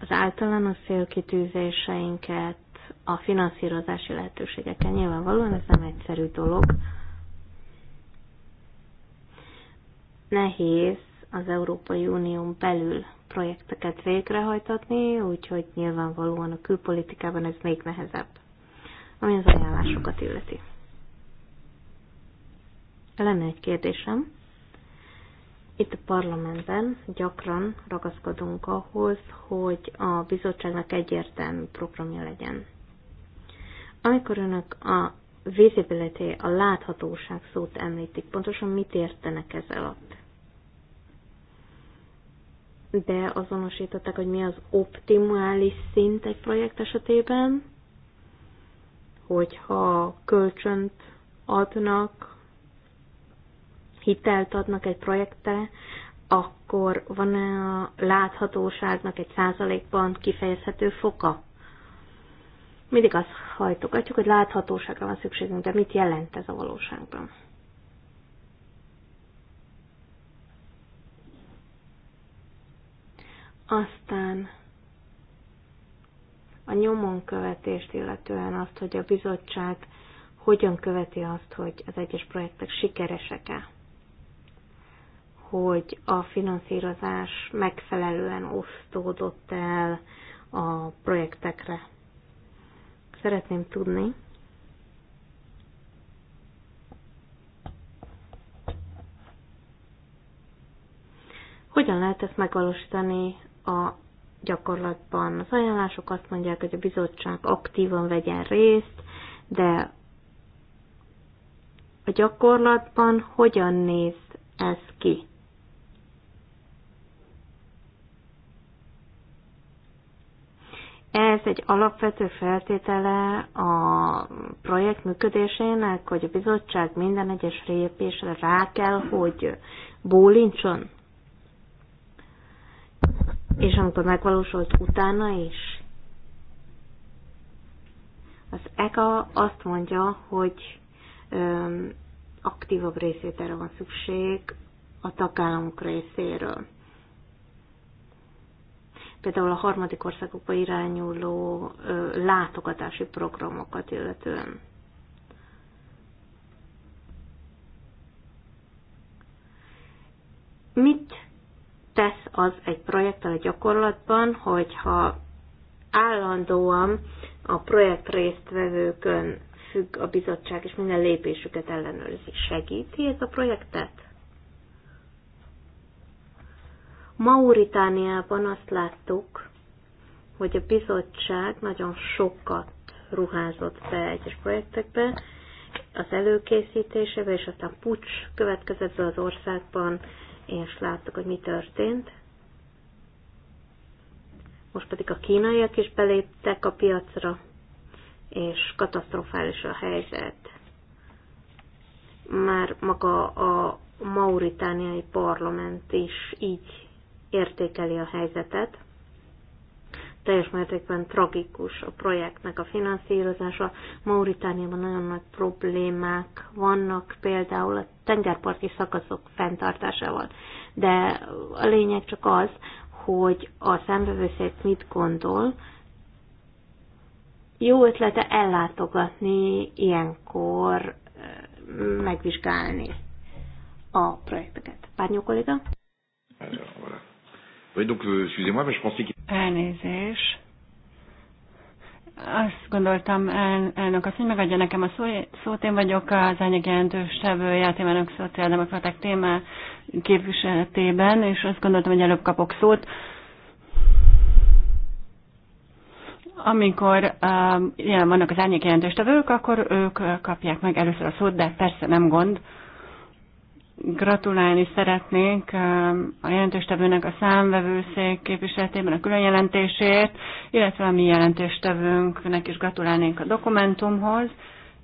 Az általános célkitűzéseinket, a finanszírozási lehetőségeken nyilvánvalóan ez nem egyszerű dolog. Nehéz az Európai Unión belül projekteket végrehajtatni, úgyhogy nyilvánvalóan a külpolitikában ez még nehezebb, ami az ajánlásokat illeti. Lenne egy kérdésem. Itt a parlamentben gyakran ragaszkodunk ahhoz, hogy a bizottságnak egyértelmű programja legyen. Amikor önök a visibility, a láthatóság szót említik, pontosan mit értenek ez alatt? De azonosították, hogy mi az optimális szint egy projekt esetében, hogyha kölcsönt adnak hitelt adnak egy projektre, akkor van -e a láthatóságnak egy százalékban kifejezhető foka? Mindig azt hajtogatjuk, hogy láthatóságra van szükségünk, de mit jelent ez a valóságban? Aztán a nyomon követést, illetően azt, hogy a bizottság hogyan követi azt, hogy az egyes projektek sikeresek-e hogy a finanszírozás megfelelően osztódott el a projektekre. Szeretném tudni, hogyan lehet ezt megvalósítani a gyakorlatban. Az ajánlások azt mondják, hogy a bizottság aktívan vegyen részt, de a gyakorlatban hogyan néz ez ki? Ez egy alapvető feltétele a projekt működésének, hogy a bizottság minden egyes lépésre rá kell, hogy bólincson. És amikor megvalósult utána is. Az ECA azt mondja, hogy öm, aktívabb részvételre van szükség a tagállamok részéről például a harmadik országokba irányuló ö, látogatási programokat illetően. Mit tesz az egy projekttel a gyakorlatban, hogyha állandóan a projekt résztvevőkön függ a bizottság, és minden lépésüket ellenőrzi? Segíti ez a projektet? Mauritániában azt láttuk, hogy a bizottság nagyon sokat ruházott be egyes projektekbe, az előkészítésebe, és aztán pucs következett be az országban, és láttuk, hogy mi történt. Most pedig a kínaiak is beléptek a piacra, és katasztrofális a helyzet. Már maga a mauritániai parlament is így értékeli a helyzetet. Teljes mértékben tragikus a projektnek a finanszírozása. Mauritániában nagyon nagy problémák vannak, például a tengerparti szakaszok fenntartásával. De a lényeg csak az, hogy a szembevőszék mit gondol, jó ötlete ellátogatni ilyenkor, megvizsgálni a projekteket. Párnyó kolléga? Hello, Oui, donc, euh, excusez-moi, mais je pensais qu'il... Elnézés. Azt gondoltam, el, elnök azt, hogy megadja nekem a szó, szót, én vagyok az anyagjelentős tevője a témának szociáldemokraták témá képviseletében, és azt gondoltam, hogy előbb kapok szót. Amikor uh, jelen vannak az árnyék jelentős tevők, akkor ők kapják meg először a szót, de persze nem gond. Uh, Gratulálni szeretnék um, a jelentéstevőnek a számvevőszék képviseletében a külön jelentésért, illetve a mi jelentéstevőnknek is gratulálnénk a dokumentumhoz.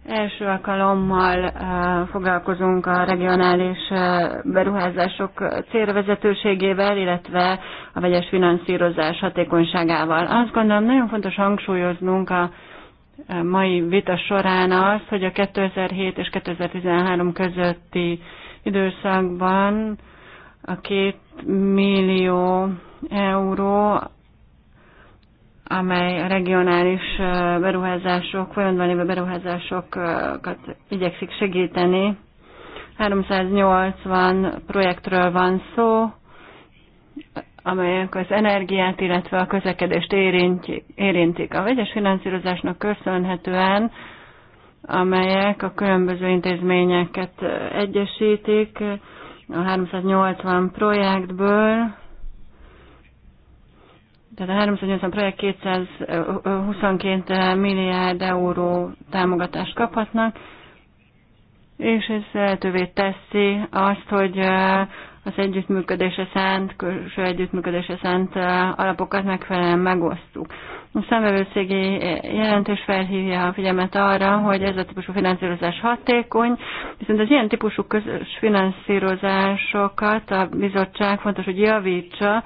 Első alkalommal uh, foglalkozunk a regionális uh, beruházások célvezetőségével, illetve a vegyes finanszírozás hatékonyságával. Azt gondolom nagyon fontos hangsúlyoznunk a mai vita során az, hogy a 2007 és 2013 közötti időszakban a két millió euró, amely a regionális beruházások, folyamatban lévő beruházásokat igyekszik segíteni. 380 projektről van szó, amelyek az energiát, illetve a közlekedést érintik. A vegyes finanszírozásnak köszönhetően amelyek a különböző intézményeket egyesítik a 380 projektből, tehát a 380 projekt 222 milliárd euró támogatást kaphatnak, és ez lehetővé teszi azt, hogy az együttműködésre szánt, külső együttműködésre szánt alapokat megfelelően megosztjuk. A számvevőszégi jelentés felhívja a figyelmet arra, hogy ez a típusú finanszírozás hatékony, viszont az ilyen típusú közös finanszírozásokat a bizottság fontos, hogy javítsa,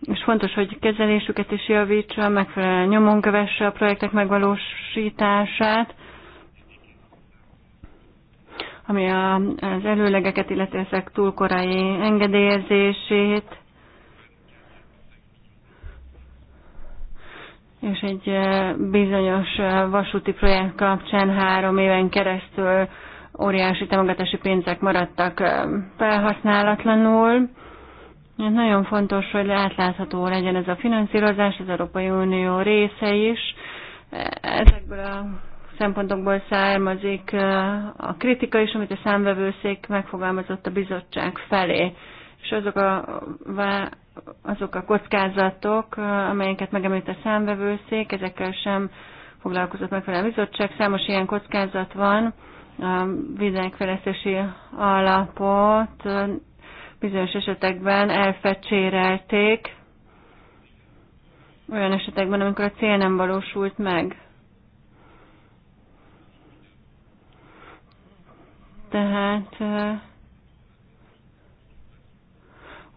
és fontos, hogy kezelésüket is javítsa, megfelelően nyomon kövesse a projektek megvalósítását, ami az előlegeket, illetve ezek túl korai engedélyezését, és egy eh, bizonyos eh, vasúti projekt kapcsán három éven keresztül óriási támogatási pénzek maradtak eh, felhasználatlanul. Nagyon fontos, hogy átlátható legyen ez a finanszírozás, az Európai Unió része is. Ezekből a szempontokból származik a kritika is, amit a számvevőszék megfogalmazott a bizottság felé, és azok a, azok a kockázatok, amelyeket megemlít a számvevőszék, ezekkel sem foglalkozott megfelelő bizottság. Számos ilyen kockázat van, a vidékfejlesztési alapot bizonyos esetekben elfecsérelték, olyan esetekben, amikor a cél nem valósult meg. Tehát,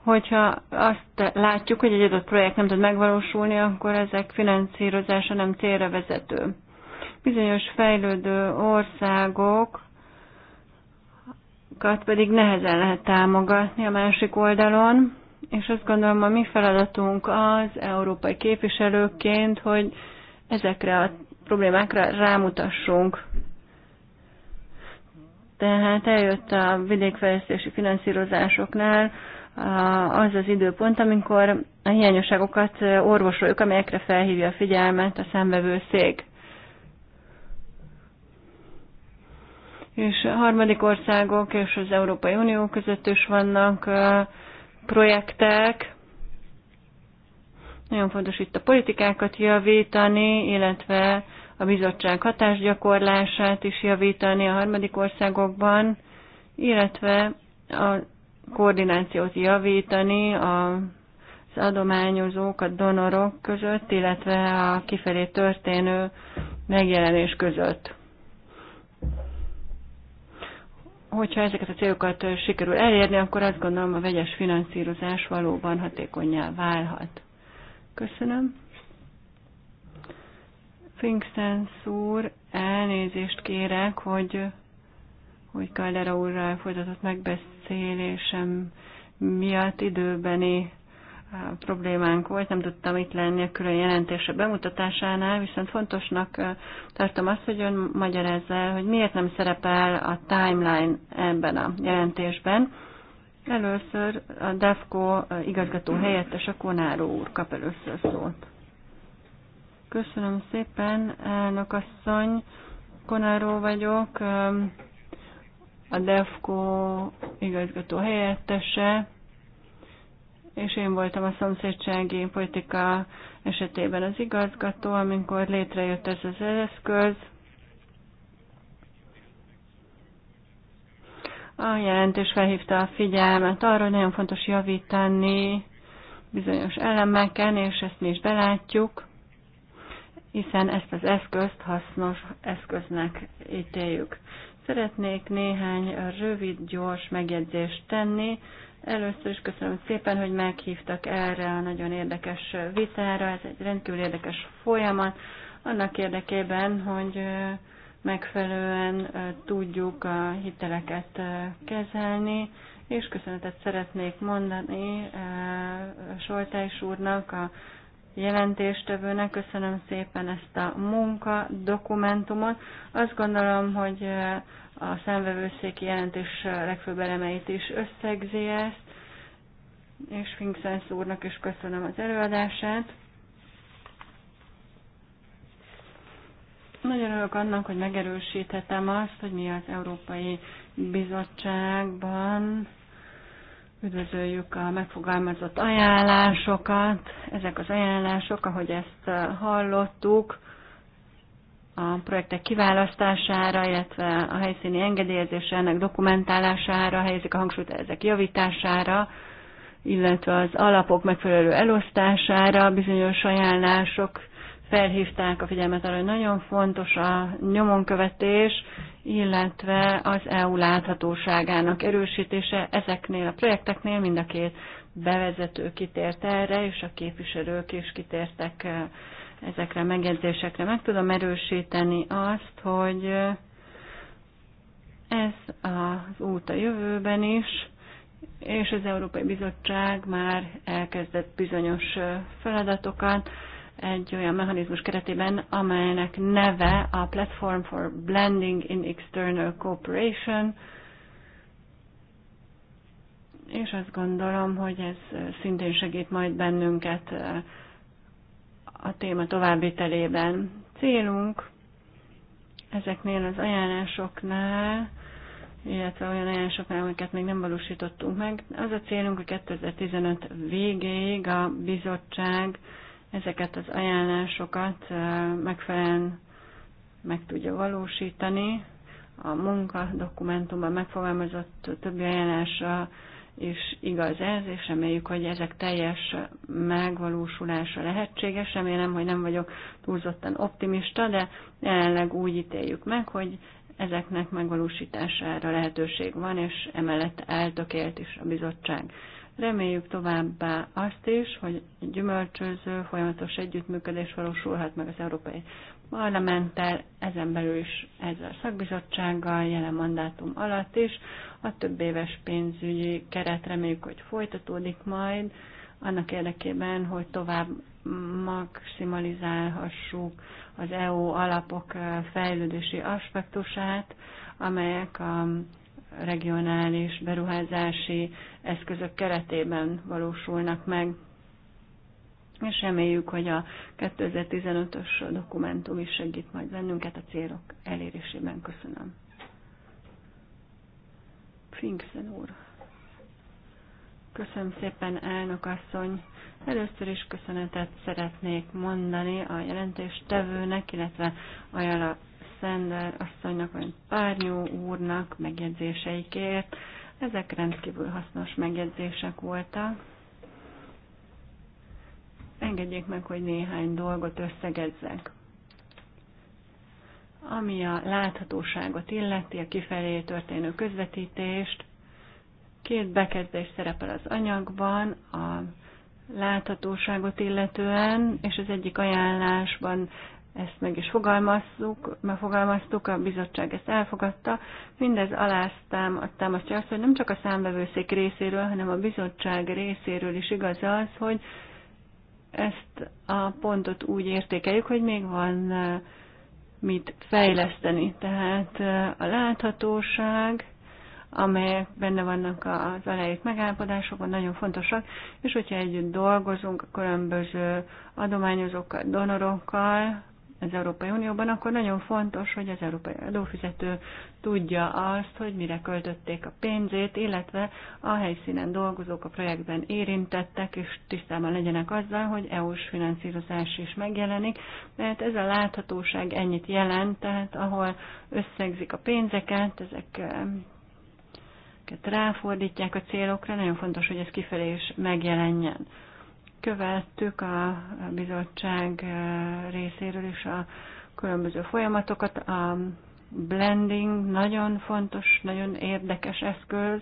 hogyha azt látjuk, hogy egy adott projekt nem tud megvalósulni, akkor ezek finanszírozása nem célra vezető. Bizonyos fejlődő országok pedig nehezen lehet támogatni a másik oldalon, és azt gondolom a mi feladatunk az európai képviselőként, hogy ezekre a problémákra rámutassunk. Tehát eljött a vidékfejlesztési finanszírozásoknál az az időpont, amikor a hiányosságokat orvosoljuk, amelyekre felhívja a figyelmet a szék. És a harmadik országok és az Európai Unió között is vannak projektek. Nagyon fontos itt a politikákat javítani, illetve a bizottság hatásgyakorlását is javítani a harmadik országokban, illetve a koordinációt javítani az adományozók, a donorok között, illetve a kifelé történő megjelenés között. Hogyha ezeket a célokat sikerül elérni, akkor azt gondolom a vegyes finanszírozás valóban hatékonyá válhat. Köszönöm. Finksens úr, elnézést kérek, hogy, hogy Kaldera úrral folytatott megbeszélésem miatt időbeni problémánk volt, nem tudtam itt lenni a külön jelentése bemutatásánál, viszont fontosnak tartom azt, hogy ön magyarázza el, hogy miért nem szerepel a timeline ebben a jelentésben. Először a DEFCO igazgató helyettes, a Konáró úr kap először szót. Köszönöm szépen, elnök asszony. Konáró vagyok, um, a DEFCO igazgató helyettese, és én voltam a szomszédsági politika esetében az igazgató, amikor létrejött ez az eszköz. A jelentés felhívta a figyelmet arra, hogy nagyon fontos javítani bizonyos elemeken, és ezt mi is belátjuk hiszen ezt az eszközt hasznos eszköznek ítéljük. Szeretnék néhány rövid, gyors megjegyzést tenni. Először is köszönöm szépen, hogy meghívtak erre a nagyon érdekes vitára. Ez egy rendkívül érdekes folyamat. Annak érdekében, hogy megfelelően tudjuk a hiteleket kezelni, és köszönetet szeretnék mondani Soltás úrnak a jelentéstevőnek. Köszönöm szépen ezt a munka dokumentumot. Azt gondolom, hogy a szemvevőszéki jelentés legfőbb elemeit is összegzi ezt, és Finkszensz úrnak is köszönöm az előadását. Nagyon örülök annak, hogy megerősíthetem azt, hogy mi az Európai Bizottságban Üdvözöljük a megfogalmazott ajánlásokat. Ezek az ajánlások, ahogy ezt eh, hallottuk, a projektek kiválasztására, illetve a helyszíni engedélyezésének ennek dokumentálására helyezik a hangsúlyt ezek javítására, illetve az alapok megfelelő elosztására bizonyos ajánlások felhívták a figyelmet arra, hogy nagyon fontos a nyomonkövetés, illetve az EU láthatóságának erősítése ezeknél a projekteknél mind a két bevezető kitért erre, és a képviselők is kitértek eh, ezekre a megjegyzésekre. Meg tudom erősíteni azt, hogy eh, ez az út a jövőben is, és az Európai Bizottság már elkezdett bizonyos eh, feladatokat, egy olyan mechanizmus keretében, amelynek neve a Platform for Blending in External Cooperation, és azt gondolom, hogy ez szintén segít majd bennünket a téma további telében. Célunk ezeknél az ajánlásoknál, illetve olyan ajánlásoknál, amiket még nem valósítottunk meg, az a célunk, hogy 2015 végéig a bizottság ezeket az ajánlásokat megfelelően meg tudja valósítani. A munka dokumentumban megfogalmazott többi ajánlása és igaz ez, és reméljük, hogy ezek teljes megvalósulása lehetséges. Remélem, hogy nem vagyok túlzottan optimista, de jelenleg úgy ítéljük meg, hogy ezeknek megvalósítására lehetőség van, és emellett eltökélt is a bizottság. Reméljük továbbá azt is, hogy gyümölcsöző, folyamatos együttműködés valósulhat meg az Európai Parlamenttel, ezen belül is ezzel a szakbizottsággal, jelen mandátum alatt is. A több éves pénzügyi keret reméljük, hogy folytatódik majd, annak érdekében, hogy tovább maximalizálhassuk az EU alapok fejlődési aspektusát, amelyek a regionális beruházási eszközök keretében valósulnak meg. És reméljük, hogy a 2015-ös dokumentum is segít majd bennünket a célok elérésében. Köszönöm. Pfingsten úr. Köszönöm szépen, elnök asszony. Először is köszönetet szeretnék mondani a jelentéstevőnek, illetve a Szender asszonynak, vagy Párnyó úrnak megjegyzéseikért. Ezek rendkívül hasznos megjegyzések voltak. Engedjék meg, hogy néhány dolgot összegezzek. Ami a láthatóságot illeti, a kifelé történő közvetítést, két bekezdés szerepel az anyagban, a láthatóságot illetően, és az egyik ajánlásban ezt meg is fogalmazzuk, megfogalmaztuk, a bizottság ezt elfogadta. Mindez aláztámasztja azt, hogy nem csak a számbevőszék részéről, hanem a bizottság részéről is igaz az, hogy ezt a pontot úgy értékeljük, hogy még van uh, mit fejleszteni. Tehát uh, a láthatóság, amelyek benne vannak az aláírt megállapodásokban, nagyon fontosak, és hogyha együtt dolgozunk a különböző adományozókkal, donorokkal, az Európai Unióban, akkor nagyon fontos, hogy az európai adófizető tudja azt, hogy mire költötték a pénzét, illetve a helyszínen dolgozók, a projektben érintettek, és tisztában legyenek azzal, hogy EU-s finanszírozás is megjelenik. Tehát ez a láthatóság ennyit jelent, tehát ahol összegzik a pénzeket, ezek ráfordítják a célokra, nagyon fontos, hogy ez kifelé is megjelenjen követtük a bizottság eh, részéről is a különböző folyamatokat. A blending nagyon fontos, nagyon érdekes eszköz,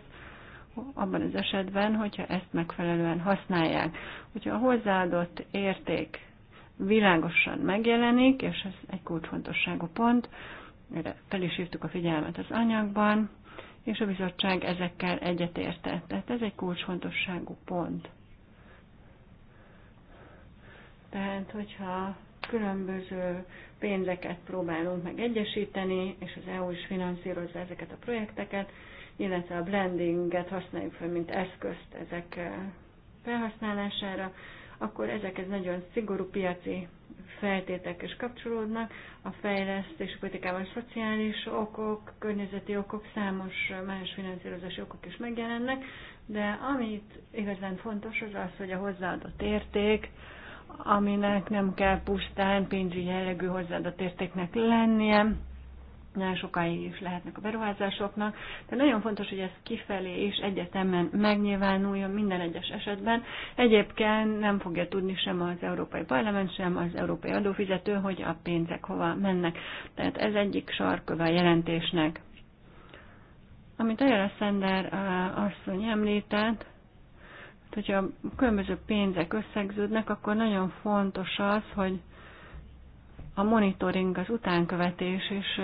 abban az esetben, hogyha ezt megfelelően használják. Hogyha a hozzáadott érték világosan megjelenik, és ez egy kulcsfontosságú pont, erre fel is a figyelmet az anyagban, és a bizottság ezekkel egyetértett. Tehát ez egy kulcsfontosságú pont. Tehát, hogyha különböző pénzeket próbálunk meg egyesíteni, és az EU is finanszírozza ezeket a projekteket, illetve a blendinget használjuk fel, mint eszközt ezek eh, felhasználására, akkor ezekhez nagyon szigorú piaci feltétek is kapcsolódnak. A fejlesztési politikában szociális okok, környezeti okok, számos más finanszírozási okok is megjelennek, de amit igazán fontos az az, hogy a hozzáadott érték, aminek nem kell pusztán pénzügyi jellegű hozzáadott értéknek lennie, nagyon sokáig is lehetnek a beruházásoknak, de nagyon fontos, hogy ez kifelé és egyetemen megnyilvánuljon minden egyes esetben. Egyébként nem fogja tudni sem az Európai Parlament, sem az Európai Adófizető, hogy a pénzek hova mennek. Tehát ez egyik sarköve a jelentésnek. Amit Ajala Szender asszony említett, tehát, hogyha a különböző pénzek összegződnek, akkor nagyon fontos az, hogy a monitoring, az utánkövetés is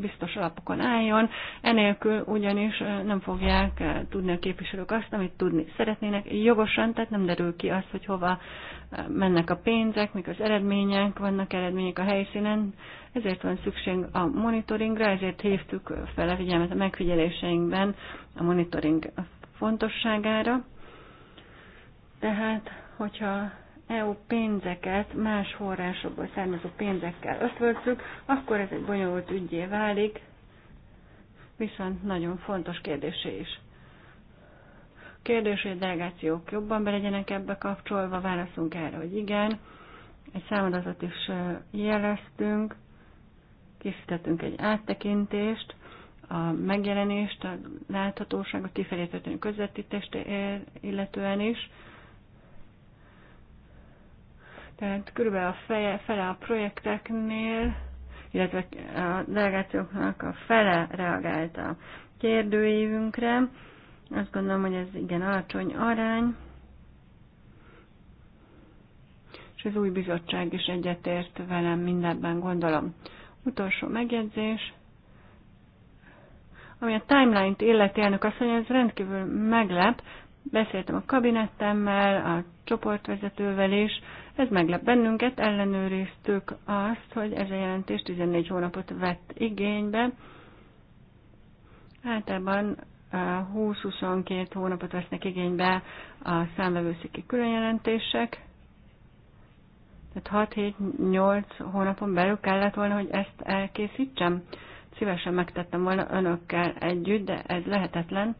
biztos alapokon álljon, enélkül ugyanis nem fogják tudni a képviselők azt, amit tudni szeretnének jogosan, tehát nem derül ki az, hogy hova mennek a pénzek, mik az eredmények, vannak eredmények a helyszínen, ezért van szükség a monitoringra, ezért hívtuk fel a figyelmet a megfigyeléseinkben a monitoring fontosságára. Tehát, hogyha EU pénzeket más forrásokból származó pénzekkel ötvözzük, akkor ez egy bonyolult ügyé válik, viszont nagyon fontos kérdésé is. Kérdés, hogy a delegációk jobban be legyenek ebbe kapcsolva, válaszunk erre, hogy igen. Egy számadatot is jeleztünk, készítettünk egy áttekintést, a megjelenést, a láthatóságot, kifelé történő közvetítést illetően is tehát körülbelül a feje, fele a projekteknél, illetve a delegációknak a fele reagált a kérdőívünkre. Azt gondolom, hogy ez igen alacsony arány. És az új bizottság is egyetért velem mindebben, gondolom. Utolsó megjegyzés. Ami a timeline-t illeti elnök azt mondja, ez rendkívül meglep. Beszéltem a kabinettemmel, a csoportvezetővel is, ez meglep bennünket, ellenőriztük azt, hogy ez a jelentés 14 hónapot vett igénybe. Általában 20-22 hónapot vesznek igénybe a számvevőszéki különjelentések, tehát 6-7-8 hónapon belül kellett volna, hogy ezt elkészítsem. Szívesen megtettem volna önökkel együtt, de ez lehetetlen.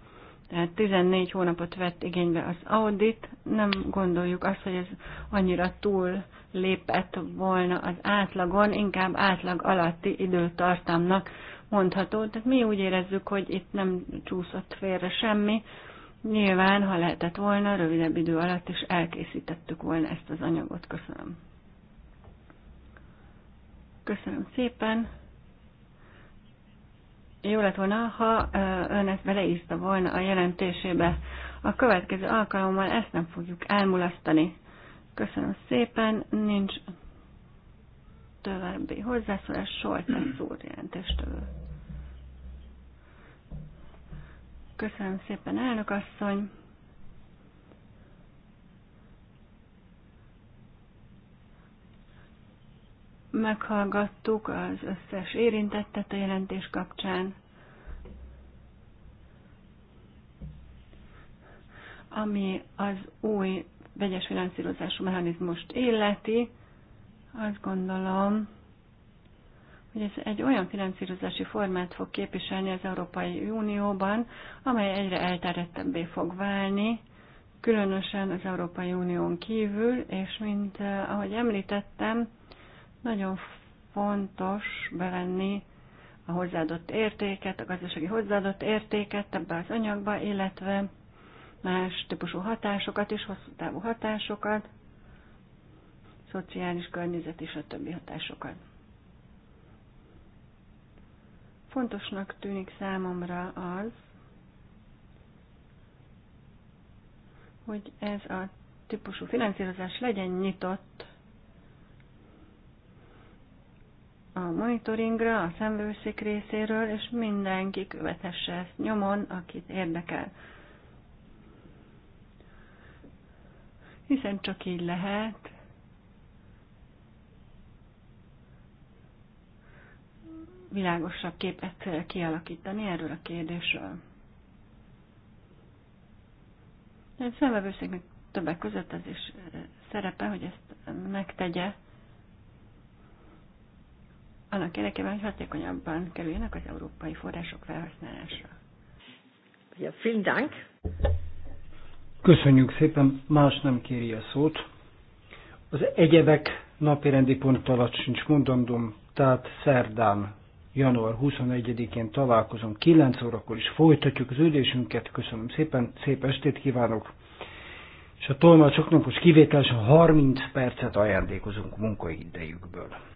Tehát 14 hónapot vett igénybe az audit, nem gondoljuk azt, hogy ez annyira túl lépett volna az átlagon, inkább átlag alatti időtartamnak mondható. Tehát mi úgy érezzük, hogy itt nem csúszott félre semmi. Nyilván, ha lehetett volna, rövidebb idő alatt is elkészítettük volna ezt az anyagot. Köszönöm. Köszönöm szépen jó lett volna, ha ön ezt beleírta volna a jelentésébe. A következő alkalommal ezt nem fogjuk elmulasztani. Köszönöm szépen, nincs további hozzászólás, Soltes úr jelentéstől. Köszönöm szépen, elnök asszony. meghallgattuk az összes érintettet a jelentés kapcsán. Ami az új vegyes finanszírozású mechanizmust illeti, azt gondolom, hogy ez egy olyan finanszírozási formát fog képviselni az Európai Unióban, amely egyre elterjedtebbé fog válni, különösen az Európai Unión kívül, és mint eh, ahogy említettem, nagyon fontos bevenni a hozzáadott értéket, a gazdasági hozzáadott értéket ebbe az anyagba, illetve más típusú hatásokat is, hosszú távú hatásokat, szociális környezet és a többi hatásokat. Fontosnak tűnik számomra az, hogy ez a típusú finanszírozás legyen nyitott a monitoringra, a szemvőszik részéről, és mindenki követhesse ezt nyomon, akit érdekel. Hiszen csak így lehet világosabb képet kialakítani erről a kérdésről. A szemvevőszéknek többek között az is eh, szerepe, hogy ezt megtegye, annak érdekében, hogy hatékonyabban kerüljenek az európai források felhasználásra. Ja, vielen Dank. Köszönjük szépen, más nem kéri a szót. Az egyebek rendi pont alatt sincs mondandom, tehát szerdán, január 21-én találkozom, 9 órakor is folytatjuk az ülésünket. Köszönöm szépen, szép estét kívánok! És a tolmácsoknak most kivételesen 30 percet ajándékozunk munkaidejükből.